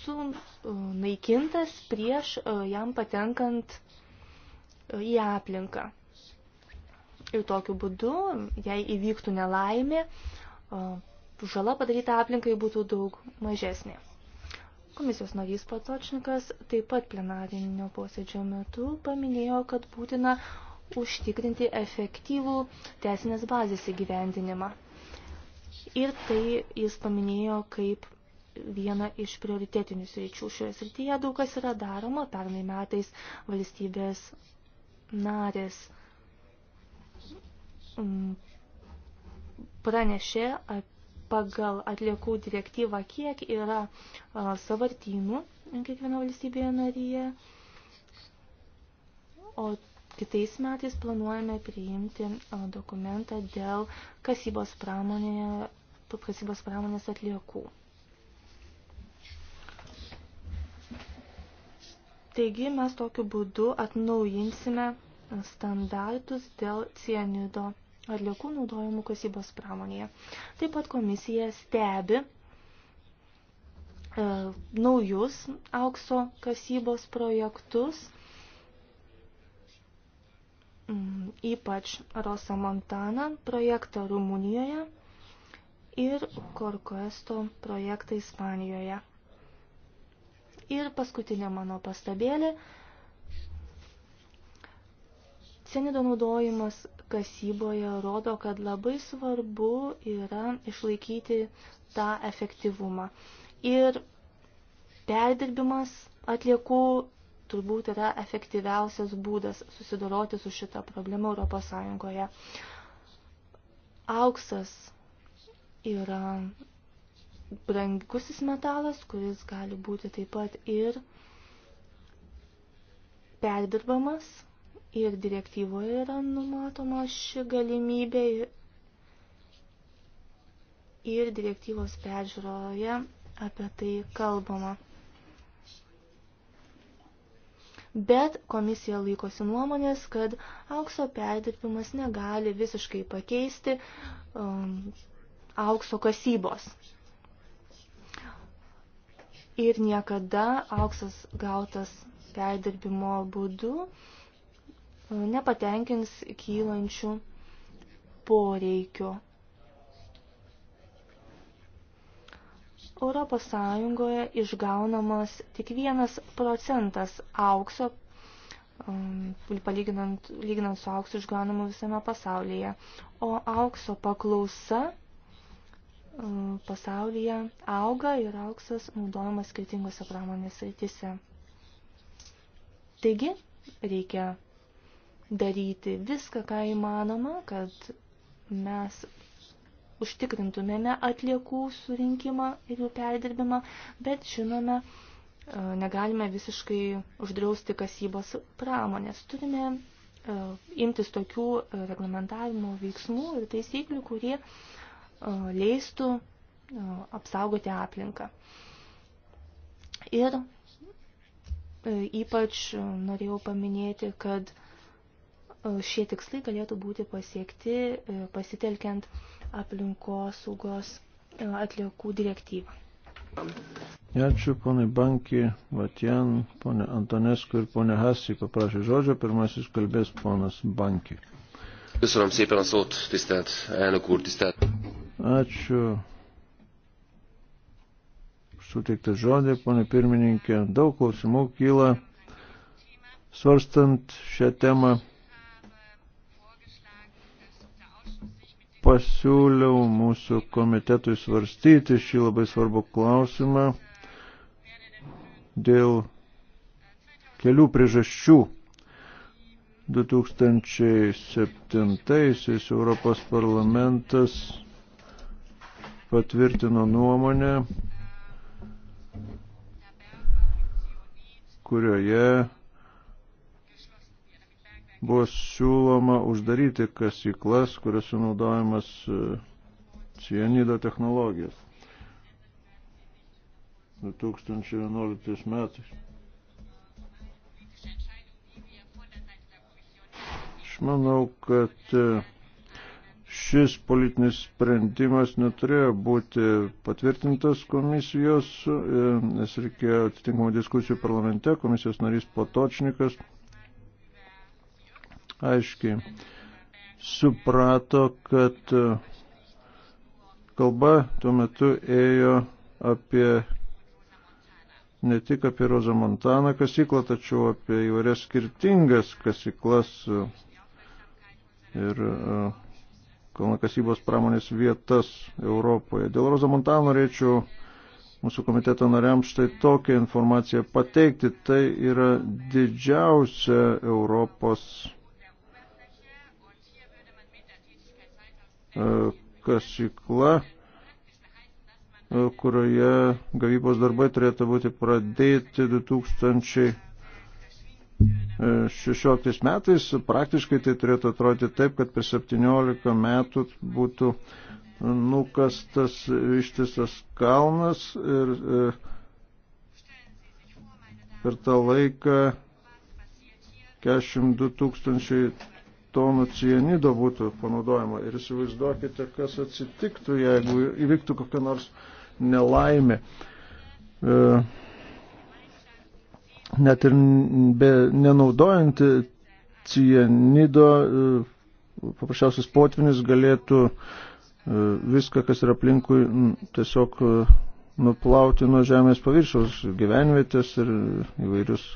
sunaikintas prieš jam patenkant į aplinką. Ir tokiu būdu, jei įvyktų nelaimė, žala padaryta aplinkai būtų daug mažesnė. Komisijos narys Patočnikas taip pat plenarinio posėdžio metu paminėjo, kad būtina užtikrinti efektyvų teisinės bazės įgyvendinimą. Ir tai jis paminėjo kaip viena iš prioritetinių sričių šioje srityje. Daug kas yra daroma pernai metais valstybės narės mm, pranešė pagal atliekų direktyvą, kiek yra savartynų kiekvieno valstybėje narėje. O Kitais metais planuojame priimti dokumentą dėl kasybos, pramonėje, kasybos pramonės atliekų. Taigi mes tokiu būdu atnaujinsime standartus dėl cienido atliekų naudojimų kasybos pramonėje. Taip pat komisija stebi e, naujus aukso kasybos projektus – Mm, ypač Rosa Montana projektą Rumunijoje ir Korkoesto projektą Ispanijoje. Ir paskutinė mano pastabėlė. Cenido naudojimas kasyboje rodo, kad labai svarbu yra išlaikyti tą efektyvumą. Ir perdirbimas atliekų turbūt yra efektyviausias būdas susidoroti su šita problema Europos Sąjungoje. Auksas yra brangusis metalas, kuris gali būti taip pat ir perdirbamas ir direktyvoje yra numatoma ši galimybė ir direktyvos peržiūroje apie tai kalbama bet komisija laikosi nuomonės, kad aukso perdirbimas negali visiškai pakeisti um, aukso kasybos. Ir niekada auksas gautas perdirbimo būdu uh, nepatenkins kylančių poreikių. Europos Sąjungoje išgaunamas tik vienas procentas aukso, um, palyginant lyginant su auksu išgaunamu visame pasaulyje, o aukso paklausa um, pasaulyje auga ir auksas naudojamas skirtingose pramonės rytise. Taigi, reikia daryti viską, ką įmanoma, kad mes užtikrintumėme atliekų surinkimą ir jų perdirbimą, bet žinome, e, negalime visiškai uždrausti kasybos pramonės. Turime e, imtis tokių e, reglamentavimo veiksmų ir taisyklių, kurie leistų apsaugoti aplinką. Ir ypač norėjau paminėti, kad šie tikslai galėtų būti pasiekti pasitelkiant aplinkosaugos e, atliekų direktyvą. Ačiū, ponai Banki, Vatian, ponė Antonesku ir ponė Hasi paprašė žodžio, pirmasis kalbės ponas Banki. Köszönöm szépen a szót, tisztelt elnök úr, tisztelt. Ačiū. Suteiktas žodė, ponė pirmininkė, daug klausimų kyla svarstant šią temą. pasiūliau mūsų komitetui svarstyti šį labai svarbų klausimą dėl kelių priežasčių. 2007 Europos parlamentas patvirtino nuomonę, kurioje buvo siūloma uždaryti kasyklas, kuriuose naudojamas e, cienido technologijas 2011 metais. Aš manau, kad e, šis politinis sprendimas neturėjo būti patvirtintas komisijos, e, nes reikėjo atitinkamų diskusijų parlamente, komisijos narys Patočnikas aiškiai suprato, kad kalba tuo metu ėjo apie ne tik apie Rozą Montaną kasyklą, tačiau apie įvairias skirtingas kasyklas ir e, kalnakasybos pramonės vietas Europoje. Dėl Rozą Montaną norėčiau mūsų komiteto nariams štai tokią informaciją pateikti. Tai yra didžiausia Europos E, kasykla, e, kurioje gavybos darbai turėtų būti pradėti 2000. 16 metais praktiškai tai turėtų atrodyti taip, kad per 17 metų būtų nukastas ištisas kalnas ir e, per tą laiką 42 tūkstančiai tonų cianido būtų panaudojama. Ir įsivaizduokite, kas atsitiktų, jeigu įvyktų kokia nors nelaimė. E, net ir be nenaudojant cianido, e, paprasčiausias potvinis galėtų e, viską, kas yra aplinkui, tiesiog nuplauti nuo žemės paviršiaus gyvenvietės ir įvairius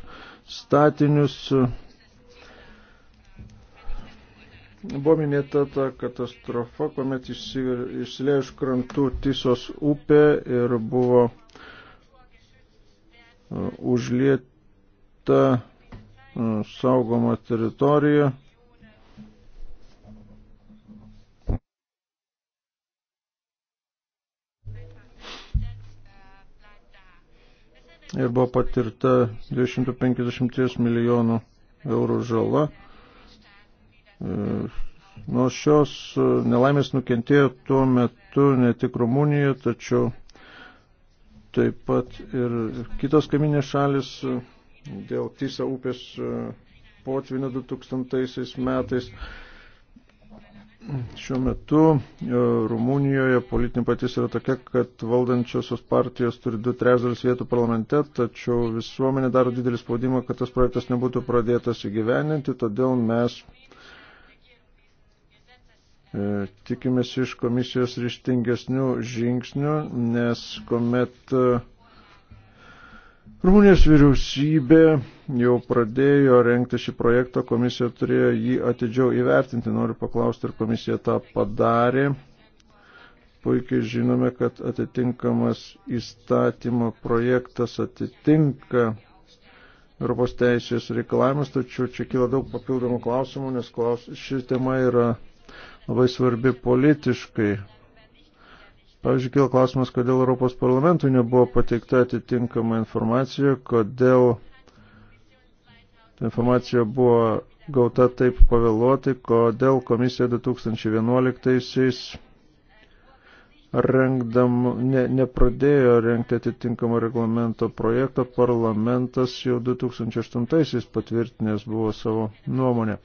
statinius. Buvo minėta ta katastrofa, kuomet išsilėjo iš krantų Tisos upė ir buvo e, užlieta e, saugoma teritorija. Ir buvo patirta 250 milijonų eurų žala. E, nuo šios e, nelaimės nukentėjo tuo metu ne tik Rumunija, tačiau taip pat ir kitos kaiminės šalis e, dėl Tisa upės potvinio 2000 metais. Šiuo metu Rumunijoje politinė patys yra tokia, kad valdančiosios partijos turi du trečdalis vietų parlamente, tačiau visuomenė daro didelį spaudimą, kad tas projektas nebūtų pradėtas įgyveninti, todėl mes E, tikimės iš komisijos ryštingesnių žingsnių, nes kuomet e, Rumunijos vyriausybė jau pradėjo renkti šį projektą, komisija turėjo jį atidžiau įvertinti. Noriu paklausti, ar komisija tą padarė. Puikiai žinome, kad atitinkamas įstatymo projektas atitinka Europos teisės reikalavimus, tačiau čia kyla daug papildomų klausimų, nes klaus... ši tema yra labai svarbi politiškai. Pavyzdžiui, kilo klausimas, kodėl Europos parlamentui nebuvo pateikta atitinkama informacija, kodėl ta informacija buvo gauta taip pavėluotai, kodėl komisija 2011-aisiais rengdam, ne, nepradėjo rengti atitinkamo reglamento projekto, parlamentas jau 2008-aisiais patvirtinęs buvo savo nuomonę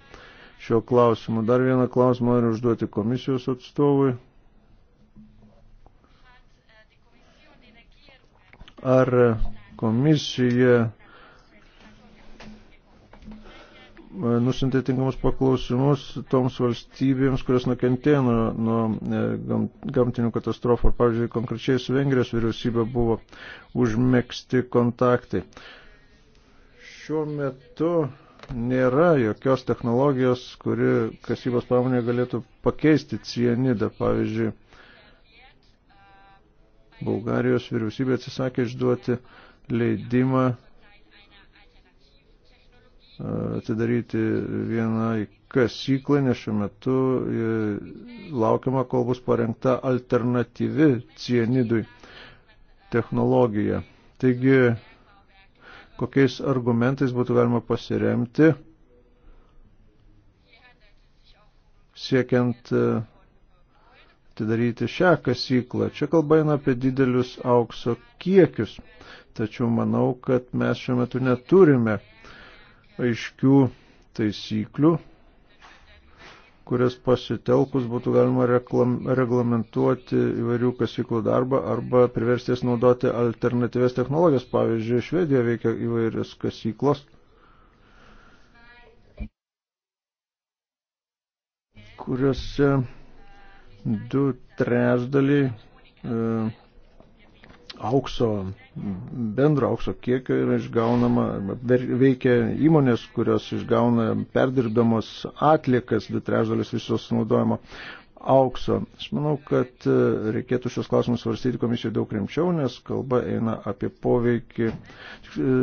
šio klausimu. Dar vieną klausimą noriu užduoti komisijos atstovui. Ar komisija nusintė tinkamus paklausimus toms valstybėms, kurios nukentėjo nuo, nuo e, gam, gamtinių katastrofų. Ar, pavyzdžiui, konkrečiai su Vengrijos vyriausybė buvo užmėgsti kontaktai. Šiuo metu nėra jokios technologijos, kuri kasybos pramonė galėtų pakeisti cianidą. Pavyzdžiui, Bulgarijos vyriausybė atsisakė išduoti leidimą e, atidaryti vieną kasyklą, nes šiuo metu e, laukiama, kol bus parengta alternatyvi cienidui technologija. Taigi kokiais argumentais būtų galima pasiremti, siekiant e, atidaryti šią kasyklą. Čia kalba eina apie didelius aukso kiekius, tačiau manau, kad mes šiuo metu neturime aiškių taisyklių, kurias pasitelkus būtų galima reklam, reglamentuoti įvairių kasyklų darbą arba priversties naudoti alternatyvės technologijas. Pavyzdžiui, Švedijoje veikia įvairias kasyklos, kuriuose du trešdaliai e, aukso, bendro aukso kiekio yra išgaunama, veikia įmonės, kurios išgauna perdirbdamos atliekas, du trešdalis visos naudojimo aukso. Aš manau, kad e, reikėtų šios klausimus svarstyti komisijai daug rimčiau, nes kalba eina apie poveikį. E,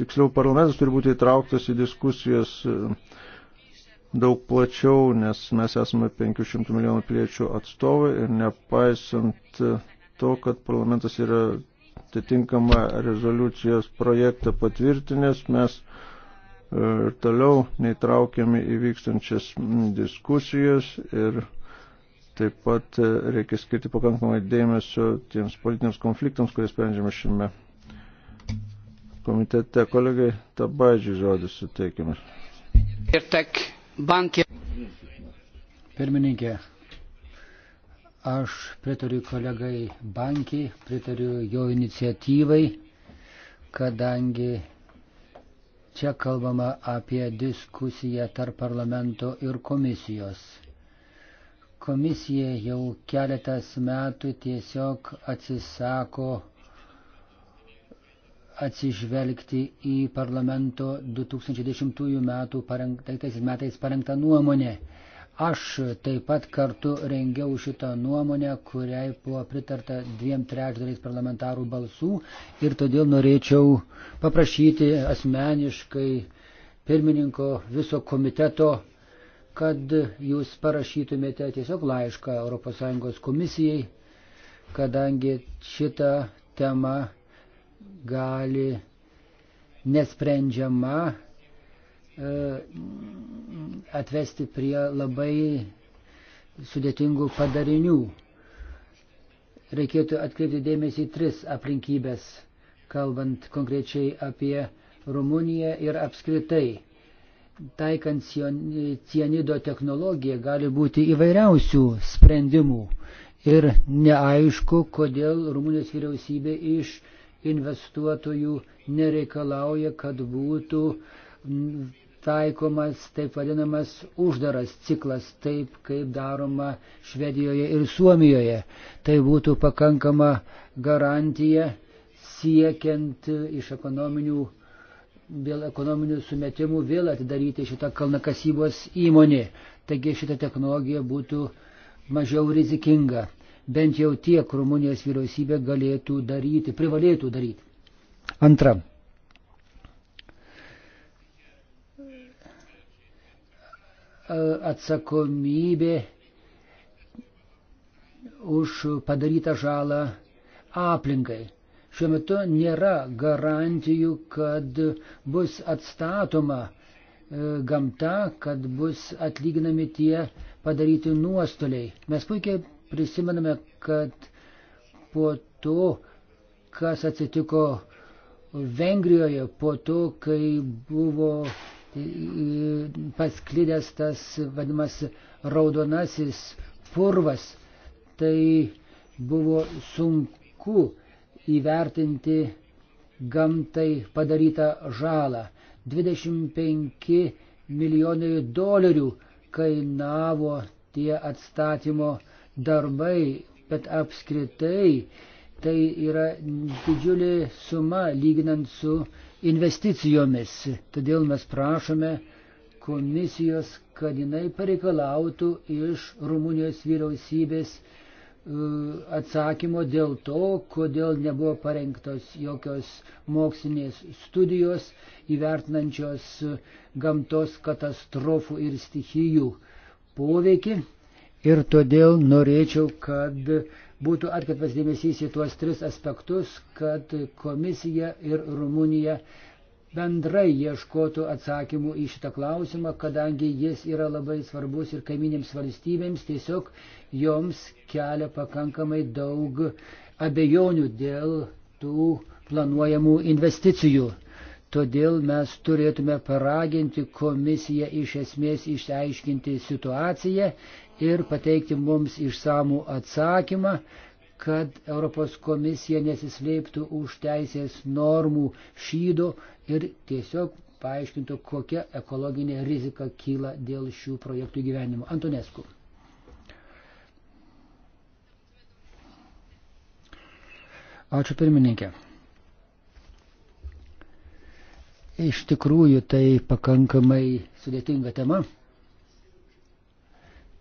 tiksliau, parlamentas turi būti įtrauktas į diskusijas e, daug plačiau, nes mes esame 500 milijonų piliečių atstovai ir nepaisant to, kad parlamentas yra atitinkamą rezoliucijos projektą patvirtinęs, mes e, ir toliau neįtraukiami įvykstančias diskusijas ir taip pat e, reikia skirti pakankamai dėmesio tiems politiniams konfliktams, kurie sprendžiame šiame komitete. Kolegai Tabadžiui žodis suteikimas. Ir tek bankė. Pirmininkė, Aš pritariu kolegai Bankį, pritariu jo iniciatyvai, kadangi čia kalbama apie diskusiją tarp parlamento ir komisijos. Komisija jau keletas metų tiesiog atsisako atsižvelgti į parlamento 2010 metų parengtais metais parengtą nuomonę. Aš taip pat kartu rengiau šitą nuomonę, kuriai buvo pritarta dviem trečdaliais parlamentarų balsų ir todėl norėčiau paprašyti asmeniškai pirmininko viso komiteto kad jūs parašytumėte tiesiog laišką ES komisijai, kadangi šita tema gali nesprendžiama E, atvesti prie labai sudėtingų padarinių. Reikėtų atkreipti dėmesį į tris aplinkybės, kalbant konkrečiai apie Rumuniją ir apskritai. Taikant cianido technologiją gali būti įvairiausių sprendimų ir neaišku, kodėl Rumunijos vyriausybė iš investuotojų nereikalauja, kad būtų taikomas taip vadinamas uždaras ciklas, taip kaip daroma Švedijoje ir Suomijoje. Tai būtų pakankama garantija siekiant iš ekonominių, dėl ekonominių sumetimų vėl atidaryti šitą kalnakasybos įmonį. Taigi šita technologija būtų mažiau rizikinga. Bent jau tiek Rumunijos vyriausybė galėtų daryti, privalėtų daryti. Antra. atsakomybė už padarytą žalą aplinkai. Šiuo metu nėra garantijų, kad bus atstatoma e, gamta, kad bus atlyginami tie padaryti nuostoliai. Mes puikiai prisimename, kad po to, kas atsitiko Vengrijoje, po to, kai buvo pasklidęs tas vadinamas raudonasis purvas. Tai buvo sunku įvertinti gamtai padarytą žalą. 25 milijonai dolerių kainavo tie atstatymo darbai, bet apskritai tai yra didžiulė suma lyginant su investicijomis. Todėl mes prašome komisijos, kad jinai pareikalautų iš Rumunijos vyriausybės e, atsakymo dėl to, kodėl nebuvo parengtos jokios mokslinės studijos įvertinančios gamtos katastrofų ir stichijų poveikį. Ir todėl norėčiau, kad būtų atkreiptas dėmesys į tuos tris aspektus, kad komisija ir Rumunija bendrai ieškotų atsakymų į šitą klausimą, kadangi jis yra labai svarbus ir kaiminėms valstybėms, tiesiog joms kelia pakankamai daug abejonių dėl tų planuojamų investicijų. Todėl mes turėtume paraginti komisiją iš esmės išsiaiškinti situaciją ir pateikti mums išsamų atsakymą, kad Europos komisija nesislėptų už teisės normų šydo ir tiesiog paaiškintų, kokia ekologinė rizika kyla dėl šių projektų gyvenimo. Antonesku. Ačiū pirmininkė. Iš tikrųjų tai pakankamai sudėtinga tema.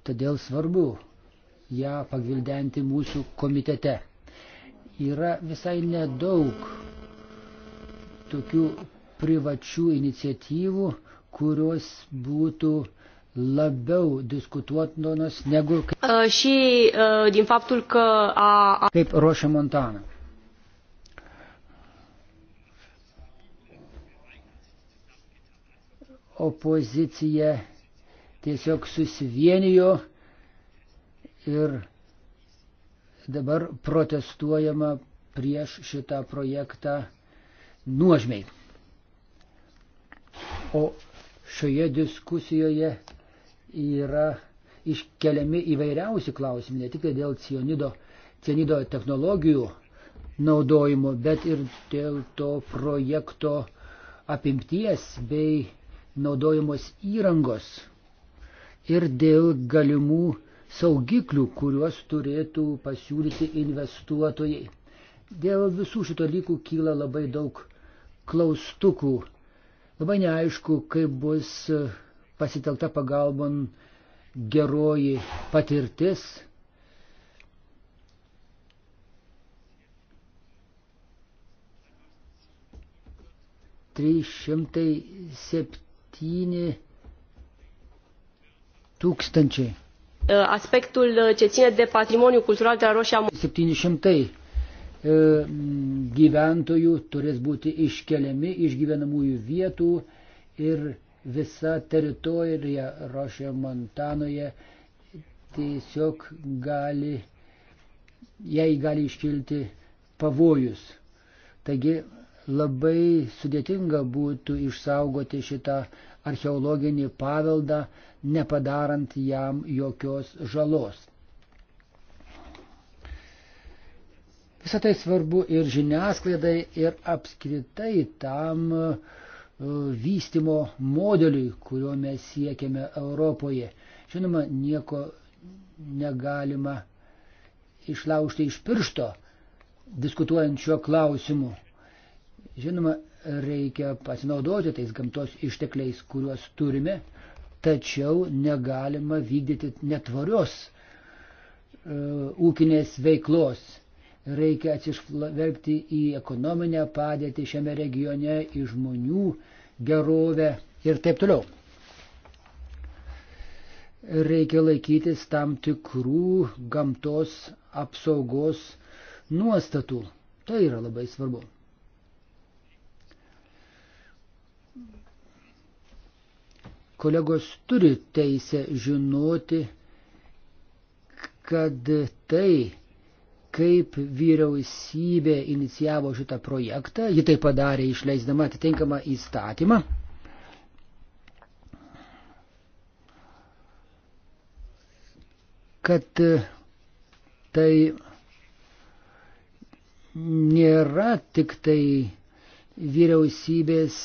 Todėl svarbu ją pagvildenti mūsų komitete. Yra visai nedaug tokių privačių iniciatyvų, kurios būtų labiau diskutuotinos negu kaip, uh, și, uh, din faptul că a, a... kaip Roša Montana. Opozicija tiesiog susivienijo ir dabar protestuojama prieš šitą projektą nuožmiai. O šioje diskusijoje yra iškeliami įvairiausi klausimai, ne tik tai dėl cionido, cionido technologijų naudojimo, bet ir dėl to projekto apimties bei naudojamos įrangos ir dėl galimų saugiklių, kuriuos turėtų pasiūlyti investuotojai. Dėl visų šito dalykų kyla labai daug klaustukų. Labai neaišku, kaip bus pasitelta pagalbon geroji patirtis. Trys šimtai septyni Tūkstančiai. E, Aspektul e, ce ține de patrimoniul cultural de la Roșia Montană. 700 e, gyventojų turės būti iškeliami iš gyvenamųjų vietų ir visa teritorija Rošio Montanoje tiesiog gali, jai gali iškilti pavojus. Taigi labai sudėtinga būtų išsaugoti šitą uh, archeologinį paveldą, nepadarant jam jokios žalos. Visą tai svarbu ir žiniasklaidai, ir apskritai tam e, vystimo modeliui, kuriuo mes siekiame Europoje. Žinoma, nieko negalima išlaužti iš piršto, diskutuojant šiuo klausimu. Žinoma, reikia pasinaudoti tais gamtos ištekliais, kuriuos turime, tačiau negalima vykdyti netvarios e, ūkinės veiklos. Reikia atsižvelgti į ekonominę padėtį šiame regione, į žmonių gerovę ir taip toliau. Reikia laikytis tam tikrų gamtos apsaugos nuostatų. Tai yra labai svarbu. Kolegos turi teisę žinoti, kad tai, kaip vyriausybė inicijavo šitą projektą, ji tai padarė išleisdama atitinkamą įstatymą. kad tai nėra tik tai vyriausybės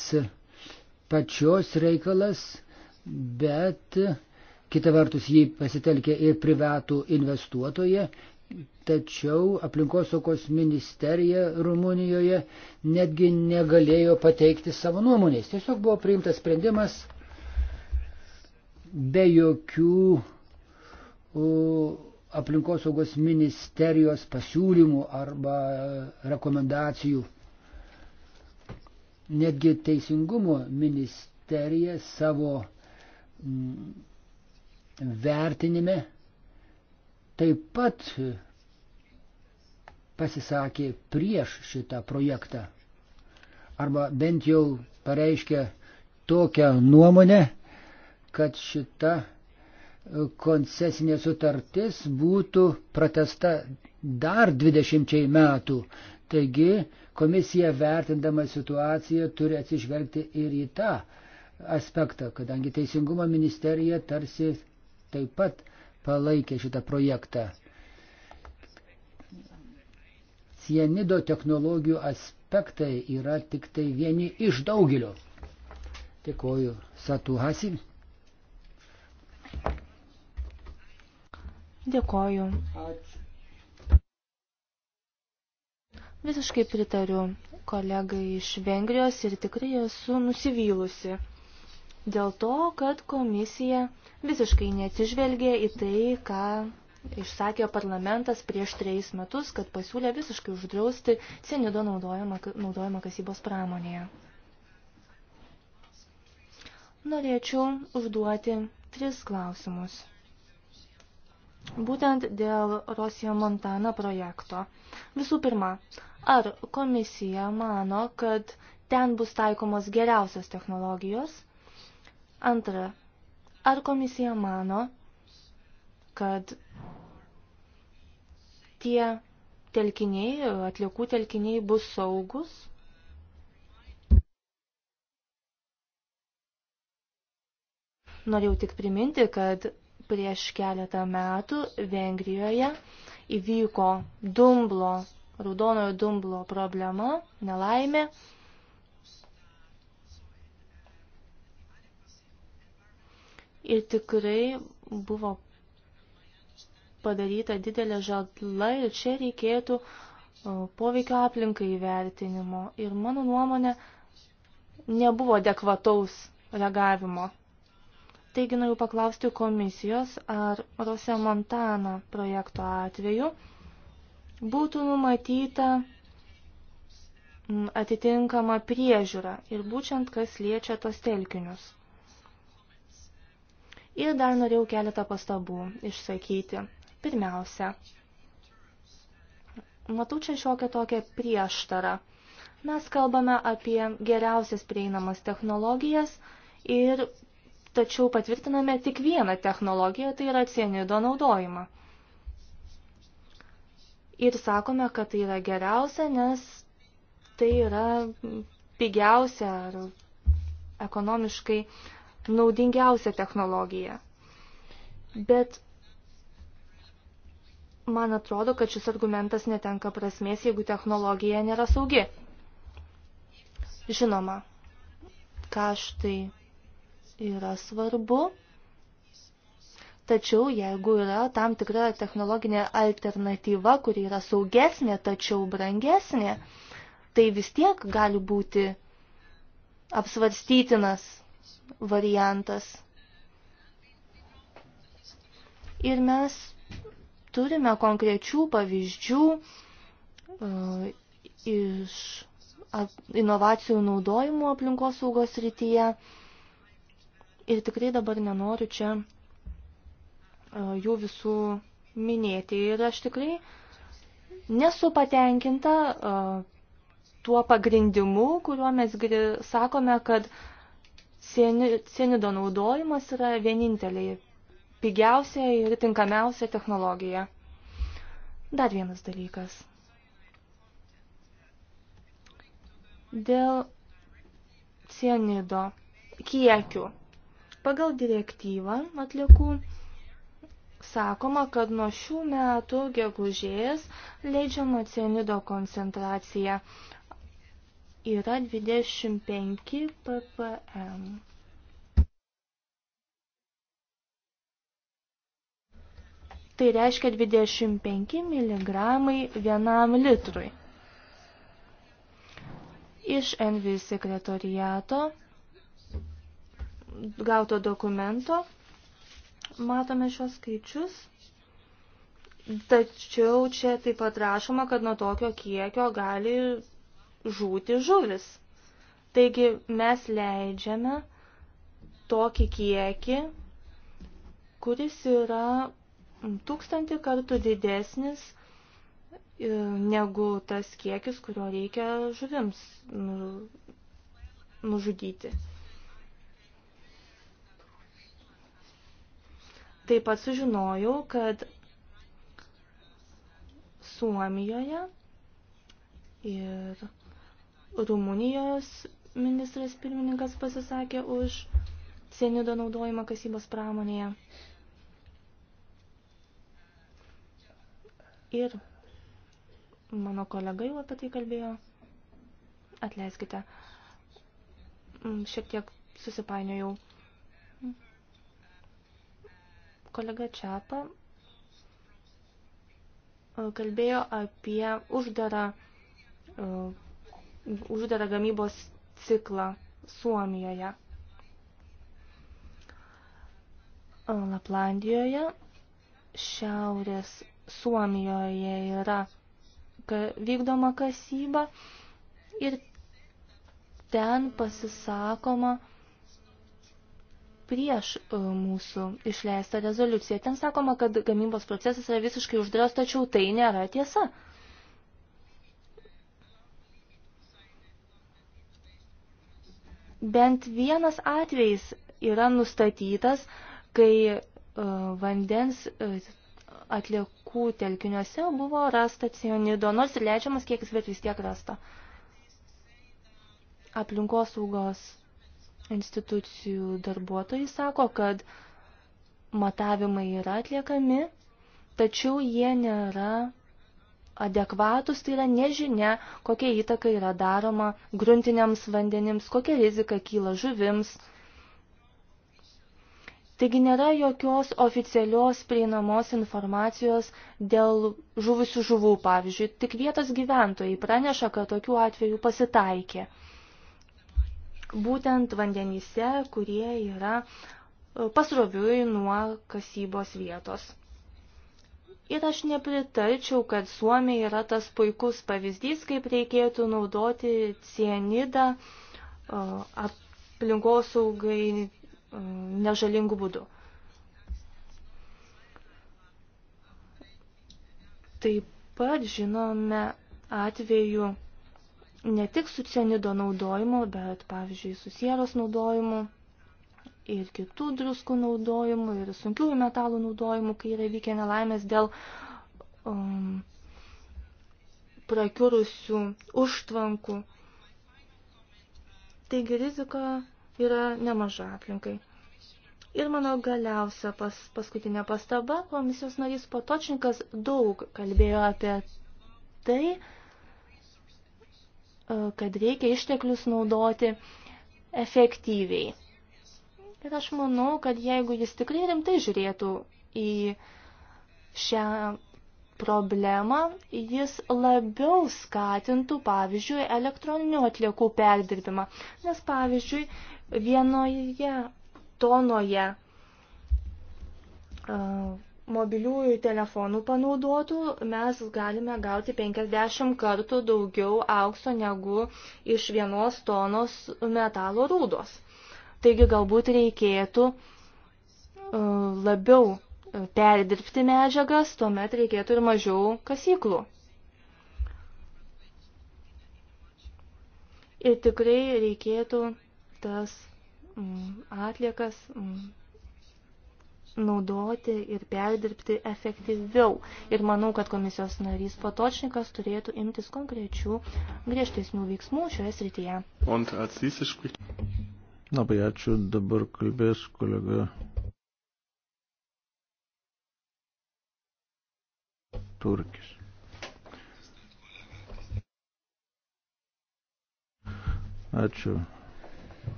pačios reikalas, bet kita vertus jį pasitelkė ir privatų investuotoje, tačiau aplinkosaugos ministerija Rumunijoje netgi negalėjo pateikti savo nuomonės. Tiesiog buvo priimtas sprendimas be jokių aplinkosaugos ministerijos pasiūlymų arba rekomendacijų. Netgi teisingumo ministerija savo Mm, vertinime taip pat pasisakė prieš šitą projektą. Arba bent jau pareiškė tokią nuomonę, kad šita e, koncesinė sutartis būtų pratesta dar 20 metų. Taigi komisija vertindama situaciją turi atsižvelgti ir į tą aspektą, kadangi Teisingumo ministerija tarsi taip pat palaikė šitą projektą. Cienido technologijų aspektai yra tik tai vieni iš daugelio. Dėkoju, Satuhasi. Dėkoju. Ačiū. Visiškai pritariu kolegai iš Vengrijos ir tikrai esu nusivylusi dėl to, kad komisija visiškai neatsižvelgė į tai, ką išsakė parlamentas prieš trejus metus, kad pasiūlė visiškai uždrausti cianido naudojimą, naudojimą kasybos pramonėje. Norėčiau užduoti tris klausimus. Būtent dėl Rosija Montana projekto. Visų pirma, ar komisija mano, kad ten bus taikomos geriausios technologijos Antra, ar komisija mano, kad tie telkiniai, atliekų telkiniai bus saugus? Norėjau tik priminti, kad prieš keletą metų Vengrijoje įvyko dumblo, raudonojo dumblo problema, nelaimė. ir tikrai buvo padaryta didelė žadla ir čia reikėtų poveikio aplinkai įvertinimo. Ir mano nuomonė nebuvo adekvataus reagavimo. Taigi noriu paklausti komisijos, ar Rose Montana projekto atveju būtų numatyta atitinkama priežiūra ir būtent kas liečia tos telkinius. Ir dar norėjau keletą pastabų išsakyti. Pirmiausia, matau čia šiokią tokią prieštarą. Mes kalbame apie geriausias prieinamas technologijas ir tačiau patvirtiname tik vieną technologiją, tai yra cienido naudojimą. Ir sakome, kad tai yra geriausia, nes tai yra pigiausia ar ekonomiškai uh, naudingiausia technologija. Bet man atrodo, kad šis argumentas netenka prasmės, jeigu technologija nėra saugi. Žinoma, kaštai yra svarbu, tačiau jeigu yra tam tikra technologinė alternatyva, kuri yra saugesnė, tačiau brangesnė, tai vis tiek gali būti apsvarstytinas variantas. Ir mes turime konkrečių pavyzdžių uh, iš inovacijų naudojimo aplinkos saugos rytyje. Ir tikrai dabar nenoriu čia uh, jų visų minėti. Ir aš tikrai nesu patenkinta uh, tuo pagrindimu, kuriuo mes sakome, kad uh, cienido naudojimas yra vienintelė pigiausia ir tinkamiausia technologija. Dar vienas dalykas. Dėl cienido kiekių. Pagal direktyvą atliekų sakoma, kad nuo šių metų gegužės leidžiama cienido koncentracija yra 25 ppm. Tai reiškia 25 mg vienam litrui. Iš NV sekretoriato gauto dokumento matome šios skaičius. Tačiau čia taip pat rašoma, kad nuo tokio kiekio gali žūti žuvis. Taigi mes leidžiame tokį kiekį, kuris yra tūkstantį kartų didesnis e, negu tas kiekis, kurio reikia žuvims nu, nužudyti. Taip pat sužinojau, kad Suomijoje ir Rumunijos ministras pirmininkas pasisakė už cienido naudojimą kasybos pramonėje. Ir mano kolega jau apie tai kalbėjo. Atleiskite, mm, šiek tiek susipainiojau. Kolega Čiapa e, kalbėjo apie uždarą e, uždeda gamybos ciklą Suomijoje. Laplandijoje, šiaurės Suomijoje yra vykdoma kasyba ir ten pasisakoma prieš e, mūsų išleistą rezoliuciją. Ten sakoma, kad gamybos procesas yra visiškai uždaras, tačiau tai nėra tiesa. Bent vienas atvejis yra nustatytas, kai e, vandens e, atliekų telkiniuose buvo rasta cianido, nors ir leidžiamas kiekis, bet vis tiek rasta. Aplinkosaugos institucijų darbuotojai sako, kad matavimai yra atliekami, tačiau jie nėra adekvatus, tai yra nežinia, kokia įtaka yra daroma gruntiniams vandenims, kokia rizika kyla žuvims. Taigi nėra jokios oficialios prieinamos informacijos dėl žuvusių žuvų, pavyzdžiui, tik vietos gyventojai praneša, kad tokių atvejų pasitaikė. Būtent vandenyse, kurie yra pasroviui nuo kasybos vietos. Ir aš nepritarčiau, kad Suomija yra tas puikus pavyzdys, kaip reikėtų naudoti cienidą aplinkosaugai nežalingų būdų. Taip pat žinome atveju ne tik su cienido naudojimu, bet pavyzdžiui su sieros naudojimu ir kitų druskų naudojimu, ir sunkiųjų metalų naudojimu, kai yra vykę nelaimės dėl um, prakiurusių užtvankų. Taigi rizika yra nemaža aplinkai. Ir mano galiausia pas, paskutinė pastaba, komisijos narys Potočinkas daug kalbėjo apie tai, uh, kad reikia išteklius naudoti efektyviai. Ir aš manau, kad jeigu jis tikrai rimtai žiūrėtų į šią problemą, jis labiau skatintų, pavyzdžiui, elektroninių atliekų perdirbimą. Nes, pavyzdžiui, vienoje tonoje uh, mobiliųjų telefonų panaudotų, mes galime gauti 50 kartų daugiau aukso negu iš vienos tonos metalo rūdos. Taigi galbūt reikėtų e, labiau e, perdirbti medžiagas, tuomet reikėtų ir mažiau kasyklų. Ir tikrai reikėtų tas atliekas naudoti ir perdirbti efektyviau. Ir manau, kad komisijos narys Patočnikas turėtų imtis konkrečių griežtesnių veiksmų šioje srityje. Labai ačiū, dabar kalbės kolega Turkis. Ačiū.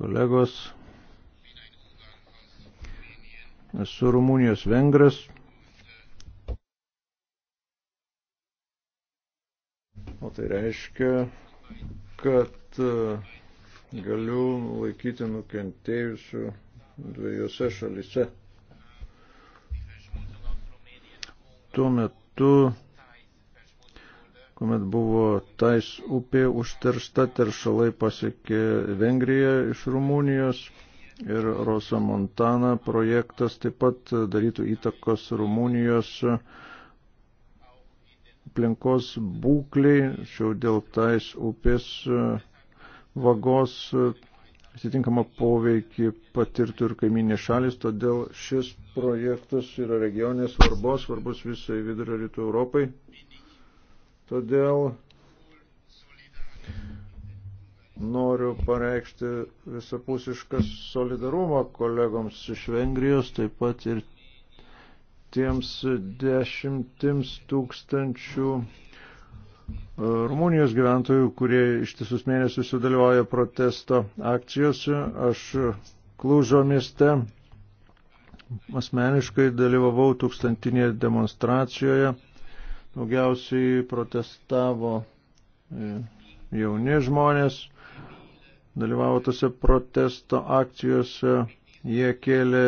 Kolegos, esu Rumunijos vengras. O tai reiškia, kad uh, galiu laikyti nukentėjusių dviejose šalyse. Tuo metu, kuomet buvo Tais upė užteršta, teršalai pasiekė Vengriją iš Rumunijos ir Rosa Montana projektas taip pat darytų įtakos Rumunijos aplinkos būkliai, šiaudėl Tais upės vagos e, atitinkamą poveikį patirtų ir kaiminė šalis, todėl šis projektas yra regionės svarbos, svarbus visai vidurio rytų Europai. Todėl noriu pareikšti visapusišką solidarumą kolegoms iš Vengrijos, taip pat ir tiems dešimtims tūkstančių E, Rumunijos gyventojų, kurie ištisus mėnesius sudalyvauja protesto akcijose. Aš Klūžo mieste asmeniškai dalyvavau tūkstantinėje demonstracijoje. Daugiausiai protestavo e, jauni žmonės, dalyvavo tose protesto akcijose, jie kėlė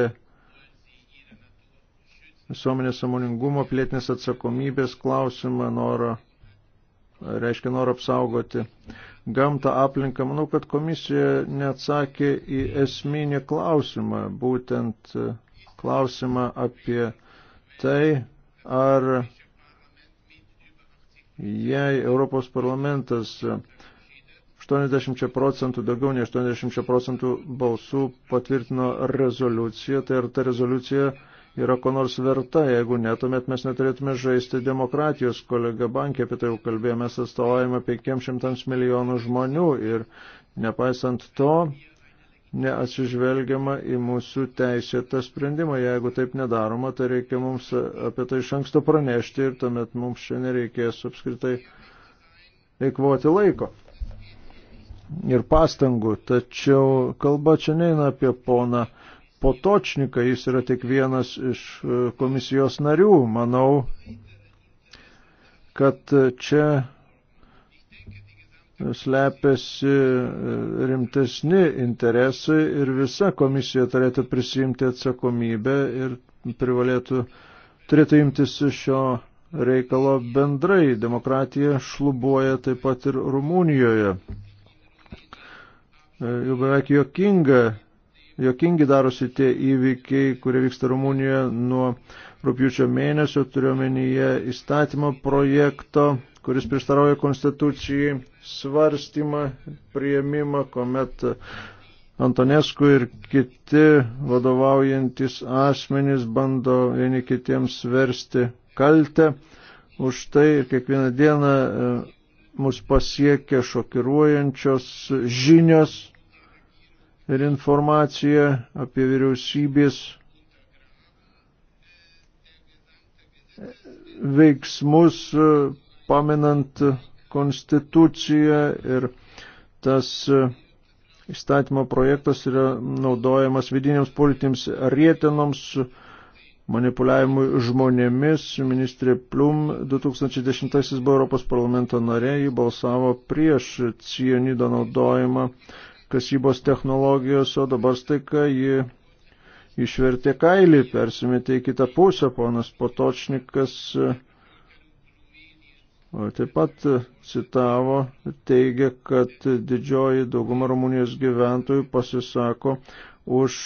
visuomenės samoningumo, plėtinės atsakomybės klausimą, norą reiškia norą apsaugoti gamtą, aplinką. Manau, kad komisija neatsakė į esminį klausimą, būtent e, klausimą apie tai, ar jei Europos parlamentas 80 procentų, daugiau nei 80 procentų balsų patvirtino rezoliuciją, tai ar ta rezoliucija yra ko nors verta. Jeigu netumėt, mes neturėtume žaisti demokratijos. Kolega bankė apie tai jau kalbėjome, mes atstovaujame 500 milijonų žmonių ir nepaisant to neatsižvelgiama į mūsų teisėtą sprendimą. Jeigu taip nedaroma, tai reikia mums apie tai iš anksto pranešti ir tuomet mums čia nereikės apskritai eikvoti laiko ir pastangų. Tačiau kalba čia neina apie poną Potočniką, jis yra tik vienas iš e, komisijos narių. Manau, kad čia slepiasi e, rimtesni interesai ir visa komisija turėtų prisimti atsakomybę ir privalėtų, turėtų imtis šio reikalo bendrai. Demokratija šlubuoja taip pat ir Rumunijoje. E, jau beveik jokinga jokingi darosi tie įvykiai, kurie vyksta Rumunijoje nuo rūpjūčio mėnesio, turiuomenyje įstatymo projekto, kuris prieštarauja konstitucijai, svarstymą, prieimimą, kuomet Antonesku ir kiti vadovaujantis asmenys bando vieni kitiems versti kaltę už tai ir kiekvieną dieną e, mus pasiekia šokiruojančios žinios ir informacija apie vyriausybės veiksmus, paminant konstituciją ir tas įstatymo projektas yra naudojamas vidiniams politiniams rietenoms, manipuliavimui žmonėmis. Ministrė Plum 2010 buvo Europos parlamento narė, ji balsavo prieš cienido naudojimą kasybos technologijos, o dabar staiga ji išvertė kailį, persimetė į kitą pusę, ponas Potočnikas taip pat citavo, teigia, kad didžioji dauguma Rumunijos gyventojų pasisako už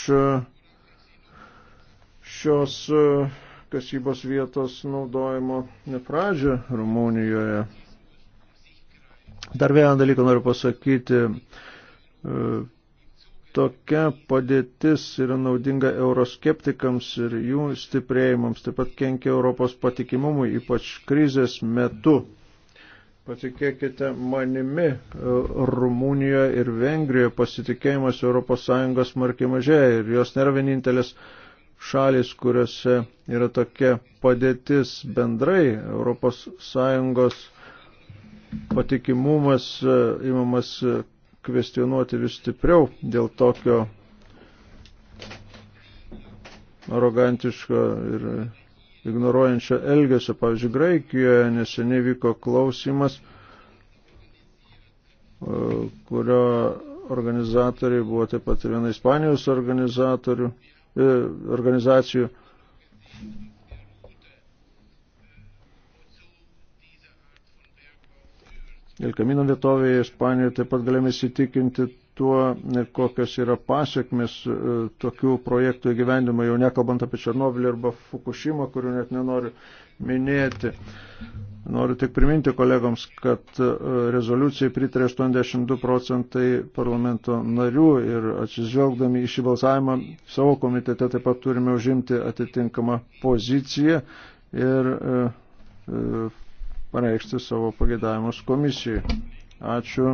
šios kasybos vietos naudojimo pradžią Rumunijoje. Dar vieną dalyką noriu pasakyti. E, tokia padėtis yra naudinga euroskeptikams ir jų stiprėjimams, taip pat kenkia Europos patikimumui, ypač krizės metu. Patikėkite manimi, e, Rumunijoje ir Vengrijoje pasitikėjimas ES markiai mažėja ir jos nėra vienintelės šalis, kuriuose yra tokia padėtis bendrai ES patikimumas e, imamas kvestionuoti vis stipriau dėl tokio arogantiško ir ignoruojančio elgesio. Pavyzdžiui, Graikijoje neseniai vyko klausimas, e, kurio organizatoriai buvo taip pat viena Ispanijos organizatorių, e, organizacijų. El Kamino vietovėje Ispanijoje taip pat galėjome įsitikinti tuo, kokios yra pasiekmes e, tokių projektų įgyvendimo, jau nekalbant apie Černobilį arba Fukushimą, kurių net nenoriu minėti. Noriu tik priminti kolegoms, kad e, rezoliucijai pritarė 82 procentai parlamento narių ir atsižvelgdami į šį balsavimą savo komitete taip pat turime užimti atitinkamą poziciją ir e, e, pareikšti savo pagėdavimus komisijai. Ačiū.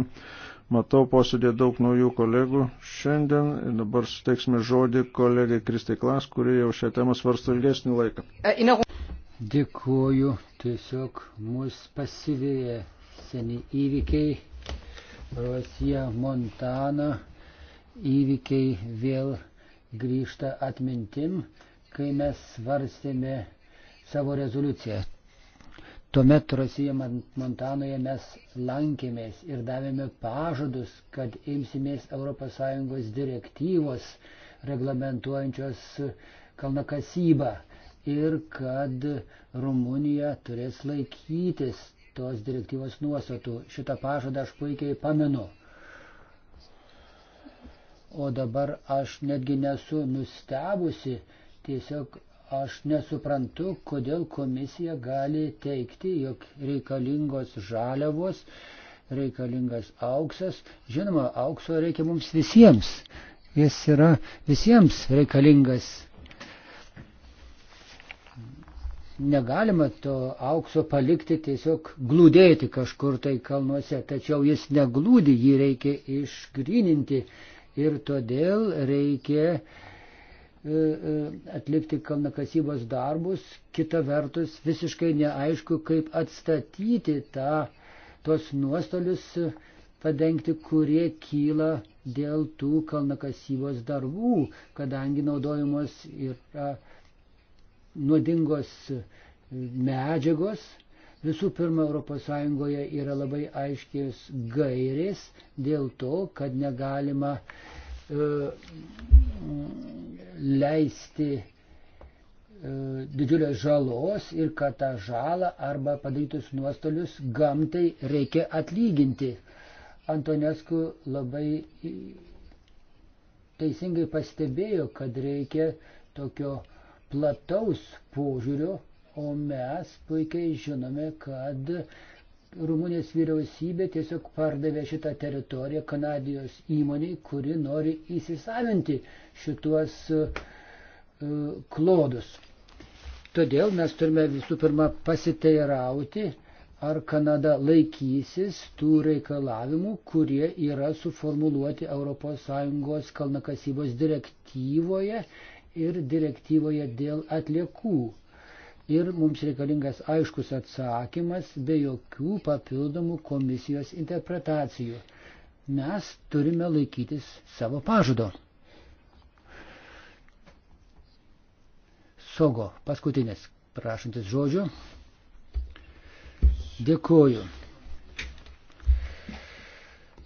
Matau posėdė daug naujų kolegų šiandien ir dabar suteiksime žodį kolegai Kristai Klas, kuri jau šią temą svarsto ilgesnį laiką. Dėkuoju, tiesiog mus pasivėja seni įvykiai. Rusija, Montana įvykiai vėl grįžta atmintim, kai mes svarstėme savo rezoliuciją. Tuomet Rusija Montanoje mes lankėmės ir davėme pažadus, kad imsimės ES direktyvos reglamentuojančios kalnakasybą ir kad Rumunija turės laikytis tos direktyvos nuostatų. Šitą pažadą aš puikiai pamenu. O dabar aš netgi nesu nustebusi, tiesiog Aš nesuprantu, kodėl komisija gali teikti, jog reikalingos žaliavos, reikalingas auksas. Žinoma, aukso reikia mums visiems. Jis yra visiems reikalingas. Negalima to aukso palikti tiesiog glūdėti kažkur tai kalnuose, tačiau jis neglūdi, jį reikia išgrininti ir todėl reikia uh, E, e, atlikti kalnakasybos darbus, kita vertus visiškai neaišku, kaip atstatyti tą, tos nuostolius padengti, kurie kyla dėl tų kalnakasybos darbų, kadangi naudojamos yra nuodingos medžiagos. Visų pirma, ES yra labai aiškės gairės dėl to, kad negalima e, leisti e, didžiulės žalos ir kad tą žalą arba padarytus nuostolius gamtai reikia atlyginti. Antonesku labai teisingai pastebėjo, kad reikia tokio plataus požiūrio, o mes puikiai žinome, kad Rumunijos vyriausybė tiesiog pardavė šitą teritoriją Kanadijos įmoniai, kuri nori įsisavinti šituos uh, klodus. Todėl mes turime visų pirma pasiteirauti, ar Kanada laikysis tų reikalavimų, kurie yra suformuluoti ES kalnakasybos direktyvoje ir direktyvoje dėl atliekų ir mums reikalingas aiškus atsakymas be jokių papildomų komisijos interpretacijų. Mes turime laikytis savo pažado. Sogo, paskutinis, prašantis žodžio. Dėkuoju.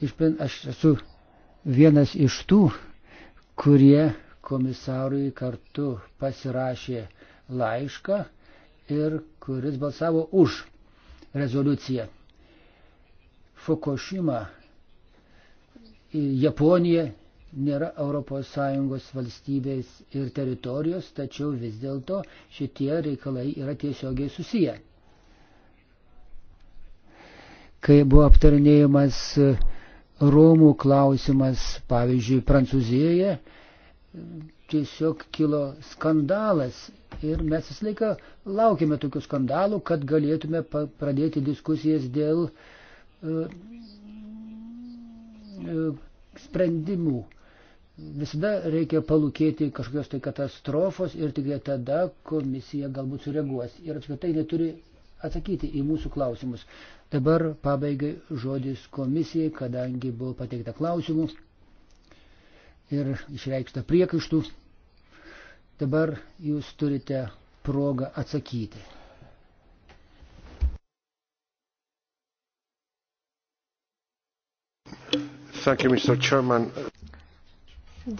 Išpien, aš esu vienas iš tų, kurie komisarui kartu pasirašė laišką ir kuris balsavo už rezoliuciją. Fukushima Japonija nėra ES valstybės ir teritorijos, tačiau vis dėlto šitie reikalai yra tiesiogiai susiję. Kai buvo aptarinėjimas Romų klausimas, pavyzdžiui, Prancūzijoje, tiesiog kilo skandalas ir mes visą laiką laukiame tokių skandalų, kad galėtume pradėti diskusijas dėl uh, uh, sprendimų. Visada reikia palūkėti kažkokios tai katastrofos ir tik tada komisija galbūt sureaguos ir apskritai neturi atsakyti į mūsų klausimus. Dabar pabaigai žodis komisijai, kadangi buvo pateikta klausimų ir išreikšta priekaištų. Dabar jūs turite progą atsakyti. Thank you, Mr. Chairman.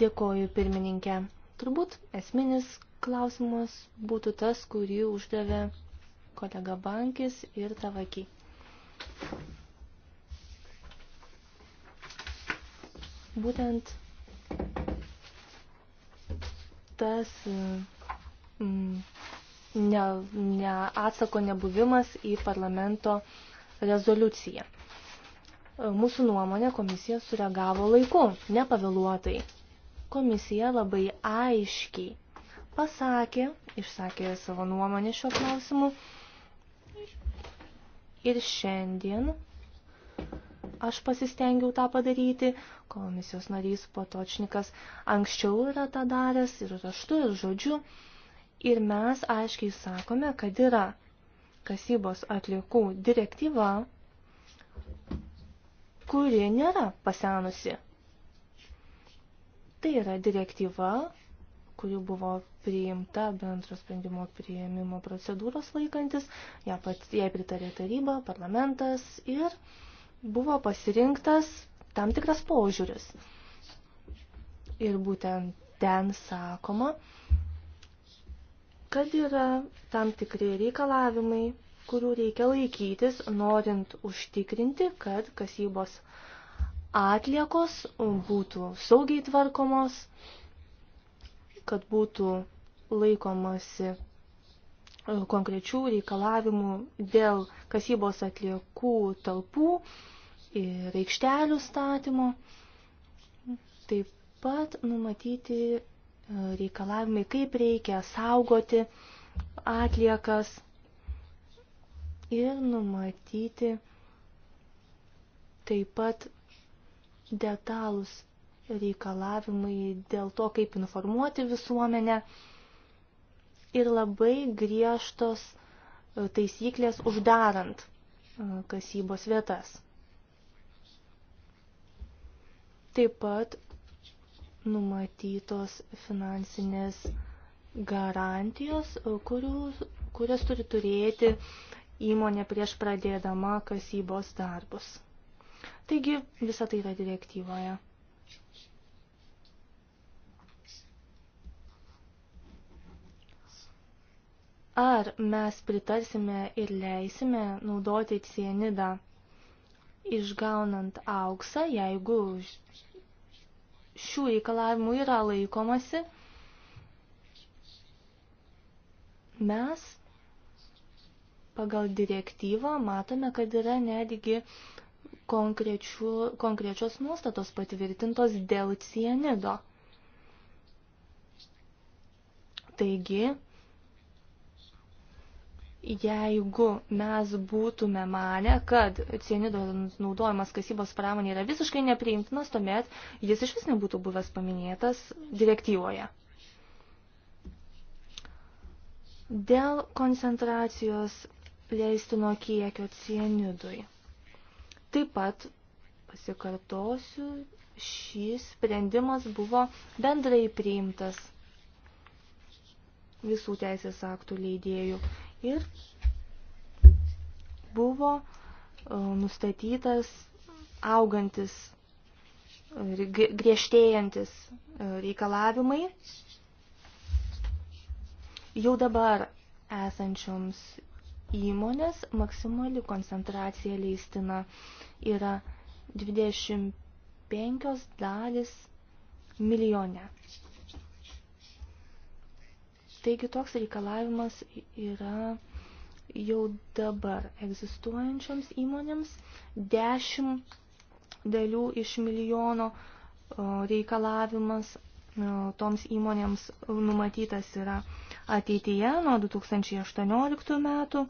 Dėkoju, pirmininkė. Turbūt esminis klausimas būtų tas, kurį uždavė kolega Bankis ir Tavaki. Būtent tas mm, mm, ne, ne atsako nebuvimas į parlamento rezoliuciją. Mūsų nuomonė komisija sureagavo laiku, nepavėluotai. Komisija labai aiškiai pasakė, išsakė savo nuomonę šiuo klausimu. Ir šiandien aš pasistengiau tą padaryti, komisijos narys Potočnikas anksčiau yra tą daręs ir raštu, ir žodžiu. Ir mes aiškiai sakome, kad yra kasybos atliekų direktyva, kuri nėra pasenusi. Tai yra direktyva, kuri buvo priimta bendro sprendimo prieimimo procedūros laikantis, ją, pat, ją pritarė taryba, parlamentas ir uh, buvo pasirinktas tam tikras požiūris. Ir būtent ten sakoma, kad yra tam tikri reikalavimai, kurių reikia laikytis, norint užtikrinti, kad kasybos atliekos būtų saugiai tvarkomos, kad būtų laikomasi konkrečių reikalavimų dėl kasybos atliekų talpų ir aikštelių statymo. Taip pat numatyti e, reikalavimai, kaip reikia saugoti atliekas ir numatyti taip pat detalus reikalavimai dėl to, kaip informuoti visuomenę ir labai griežtos e, taisyklės uždarant e, kasybos vietas. Taip pat numatytos finansinės garantijos, e, kurių, kurias turi turėti įmonė prieš pradėdama kasybos darbus. Taigi, visa tai yra direktyvoje. ar mes pritarsime ir leisime naudoti cienidą išgaunant auksą, jeigu šių reikalavimų yra laikomasi, mes pagal direktyvą matome, kad yra netgi konkrečios nuostatos patvirtintos dėl cienido. Taigi, jeigu mes būtume mane, kad cienido naudojimas kasybos pramonė yra visiškai nepriimtinas, tuomet jis iš vis nebūtų buvęs paminėtas direktyvoje. Dėl koncentracijos leistino kiekio cienidui. Taip pat pasikartosiu, šis sprendimas buvo bendrai priimtas visų teisės aktų leidėjų ir buvo e, nustatytas augantis, e, griežtėjantis e, reikalavimai jau dabar esančioms įmonės maksimali koncentracija leistina yra 25 dalis milijone. Taigi toks reikalavimas yra jau dabar egzistuojančioms įmonėms 10 dalių iš milijono reikalavimas toms įmonėms numatytas yra ateityje nuo 2018 metų,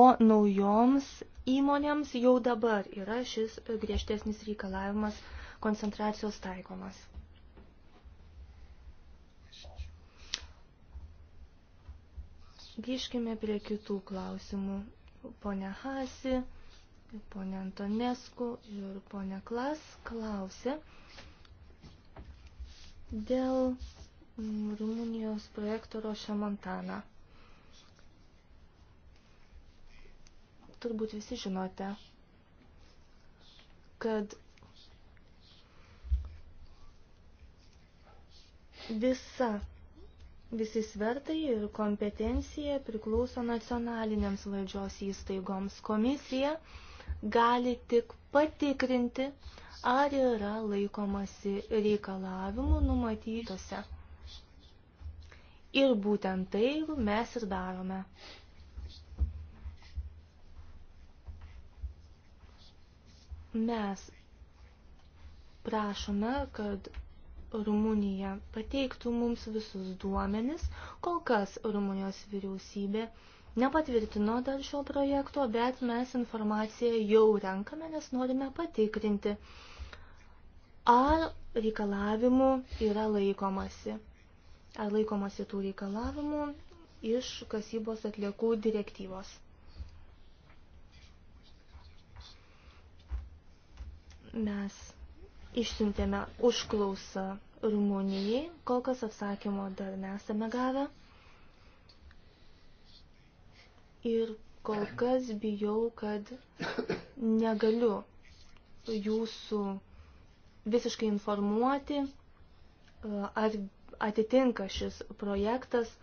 o naujoms įmonėms jau dabar yra šis griežtesnis reikalavimas koncentracijos taikomas. Grįžkime prie kitų klausimų. Pone Hasi, pone Antonesku ir pone Klas klausė dėl Rumunijos projekto Rošia Montana. Turbūt visi žinote, kad visa Visi svertai ir kompetencija priklauso nacionalinėms valdžios įstaigoms. Komisija gali tik patikrinti, ar yra laikomasi reikalavimų numatytose. Ir būtent tai mes ir darome. Mes prašome, kad Rumunija pateiktų mums visus duomenis, kol kas Rumunijos vyriausybė nepatvirtino dar šio projekto, bet mes informaciją jau renkame, nes norime patikrinti, ar reikalavimų yra laikomasi. Ar laikomasi tų reikalavimų iš kasybos atliekų direktyvos. Mes Išsiuntėme užklausą Rumunijai, kol kas atsakymo dar nesame gavę. Ir kol kas bijau, kad negaliu jūsų visiškai informuoti, ar atitinka šis projektas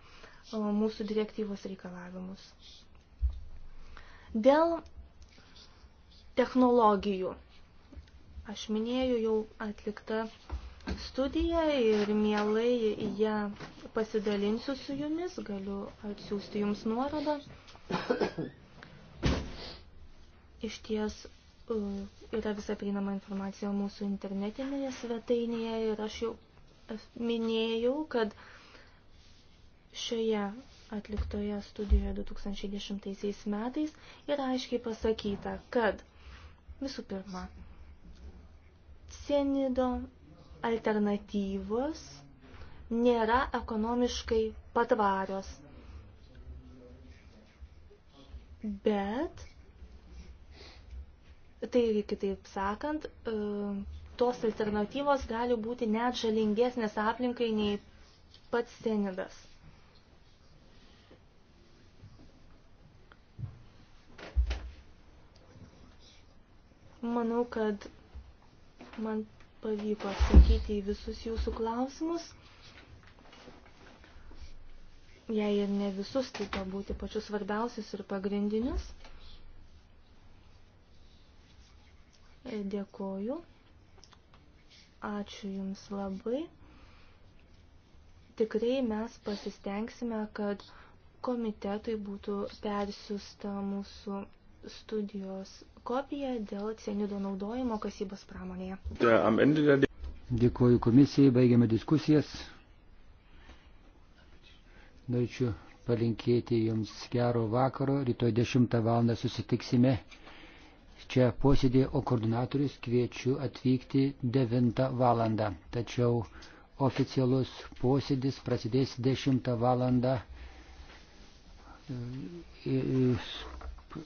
mūsų direktyvos reikalavimus. Dėl technologijų Aš minėjau jau atliktą studiją ir mielai ją pasidalinsiu su jumis, galiu atsiųsti jums nuorodą. Iš ties e, yra visa prieinama informacija mūsų internetinėje svetainėje ir aš jau minėjau, kad šioje atliktoje studijoje 2010 metais yra aiškiai pasakyta, kad visų pirma, Sienido alternatyvos nėra ekonomiškai patvarios, bet tai kitaip sakant, e, tos alternatyvos gali būti net žalingesnės aplinkai nei pats senidas. Manau, kad man pavyko atsakyti į visus jūsų klausimus. Jei ir ne visus, tai pabūti pačius svarbiausius ir pagrindinius. Dėkoju. Ačiū Jums labai. Tikrai mes pasistengsime, kad komitetui būtų persiusta mūsų studijos kopiją dėl cianido naudojimo kasybos pramonėje. Dėkuoju komisijai, baigiame diskusijas. Norėčiau palinkėti Jums gero vakaro. Rytoj 10 val. susitiksime čia posėdėje, o koordinatorius kviečiu atvykti 9 val. Tačiau oficialus posėdis prasidės 10 val. E, e,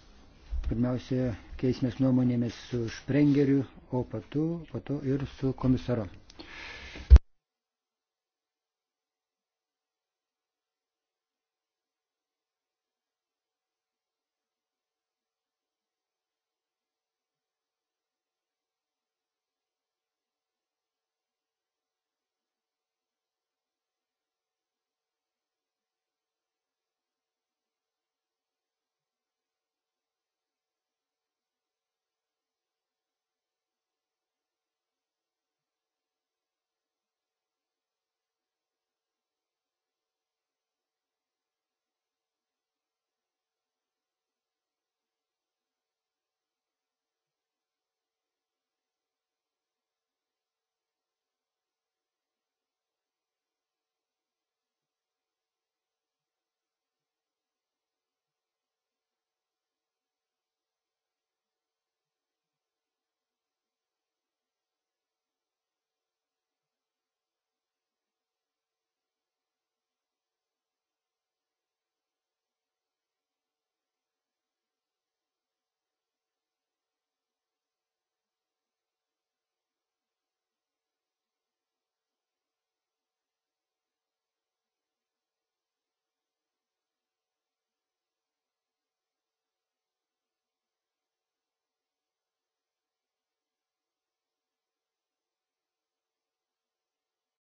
pirmiausia, keisimės nuomonėmis su Šprengeriu, o patu, po to ir su komisaru.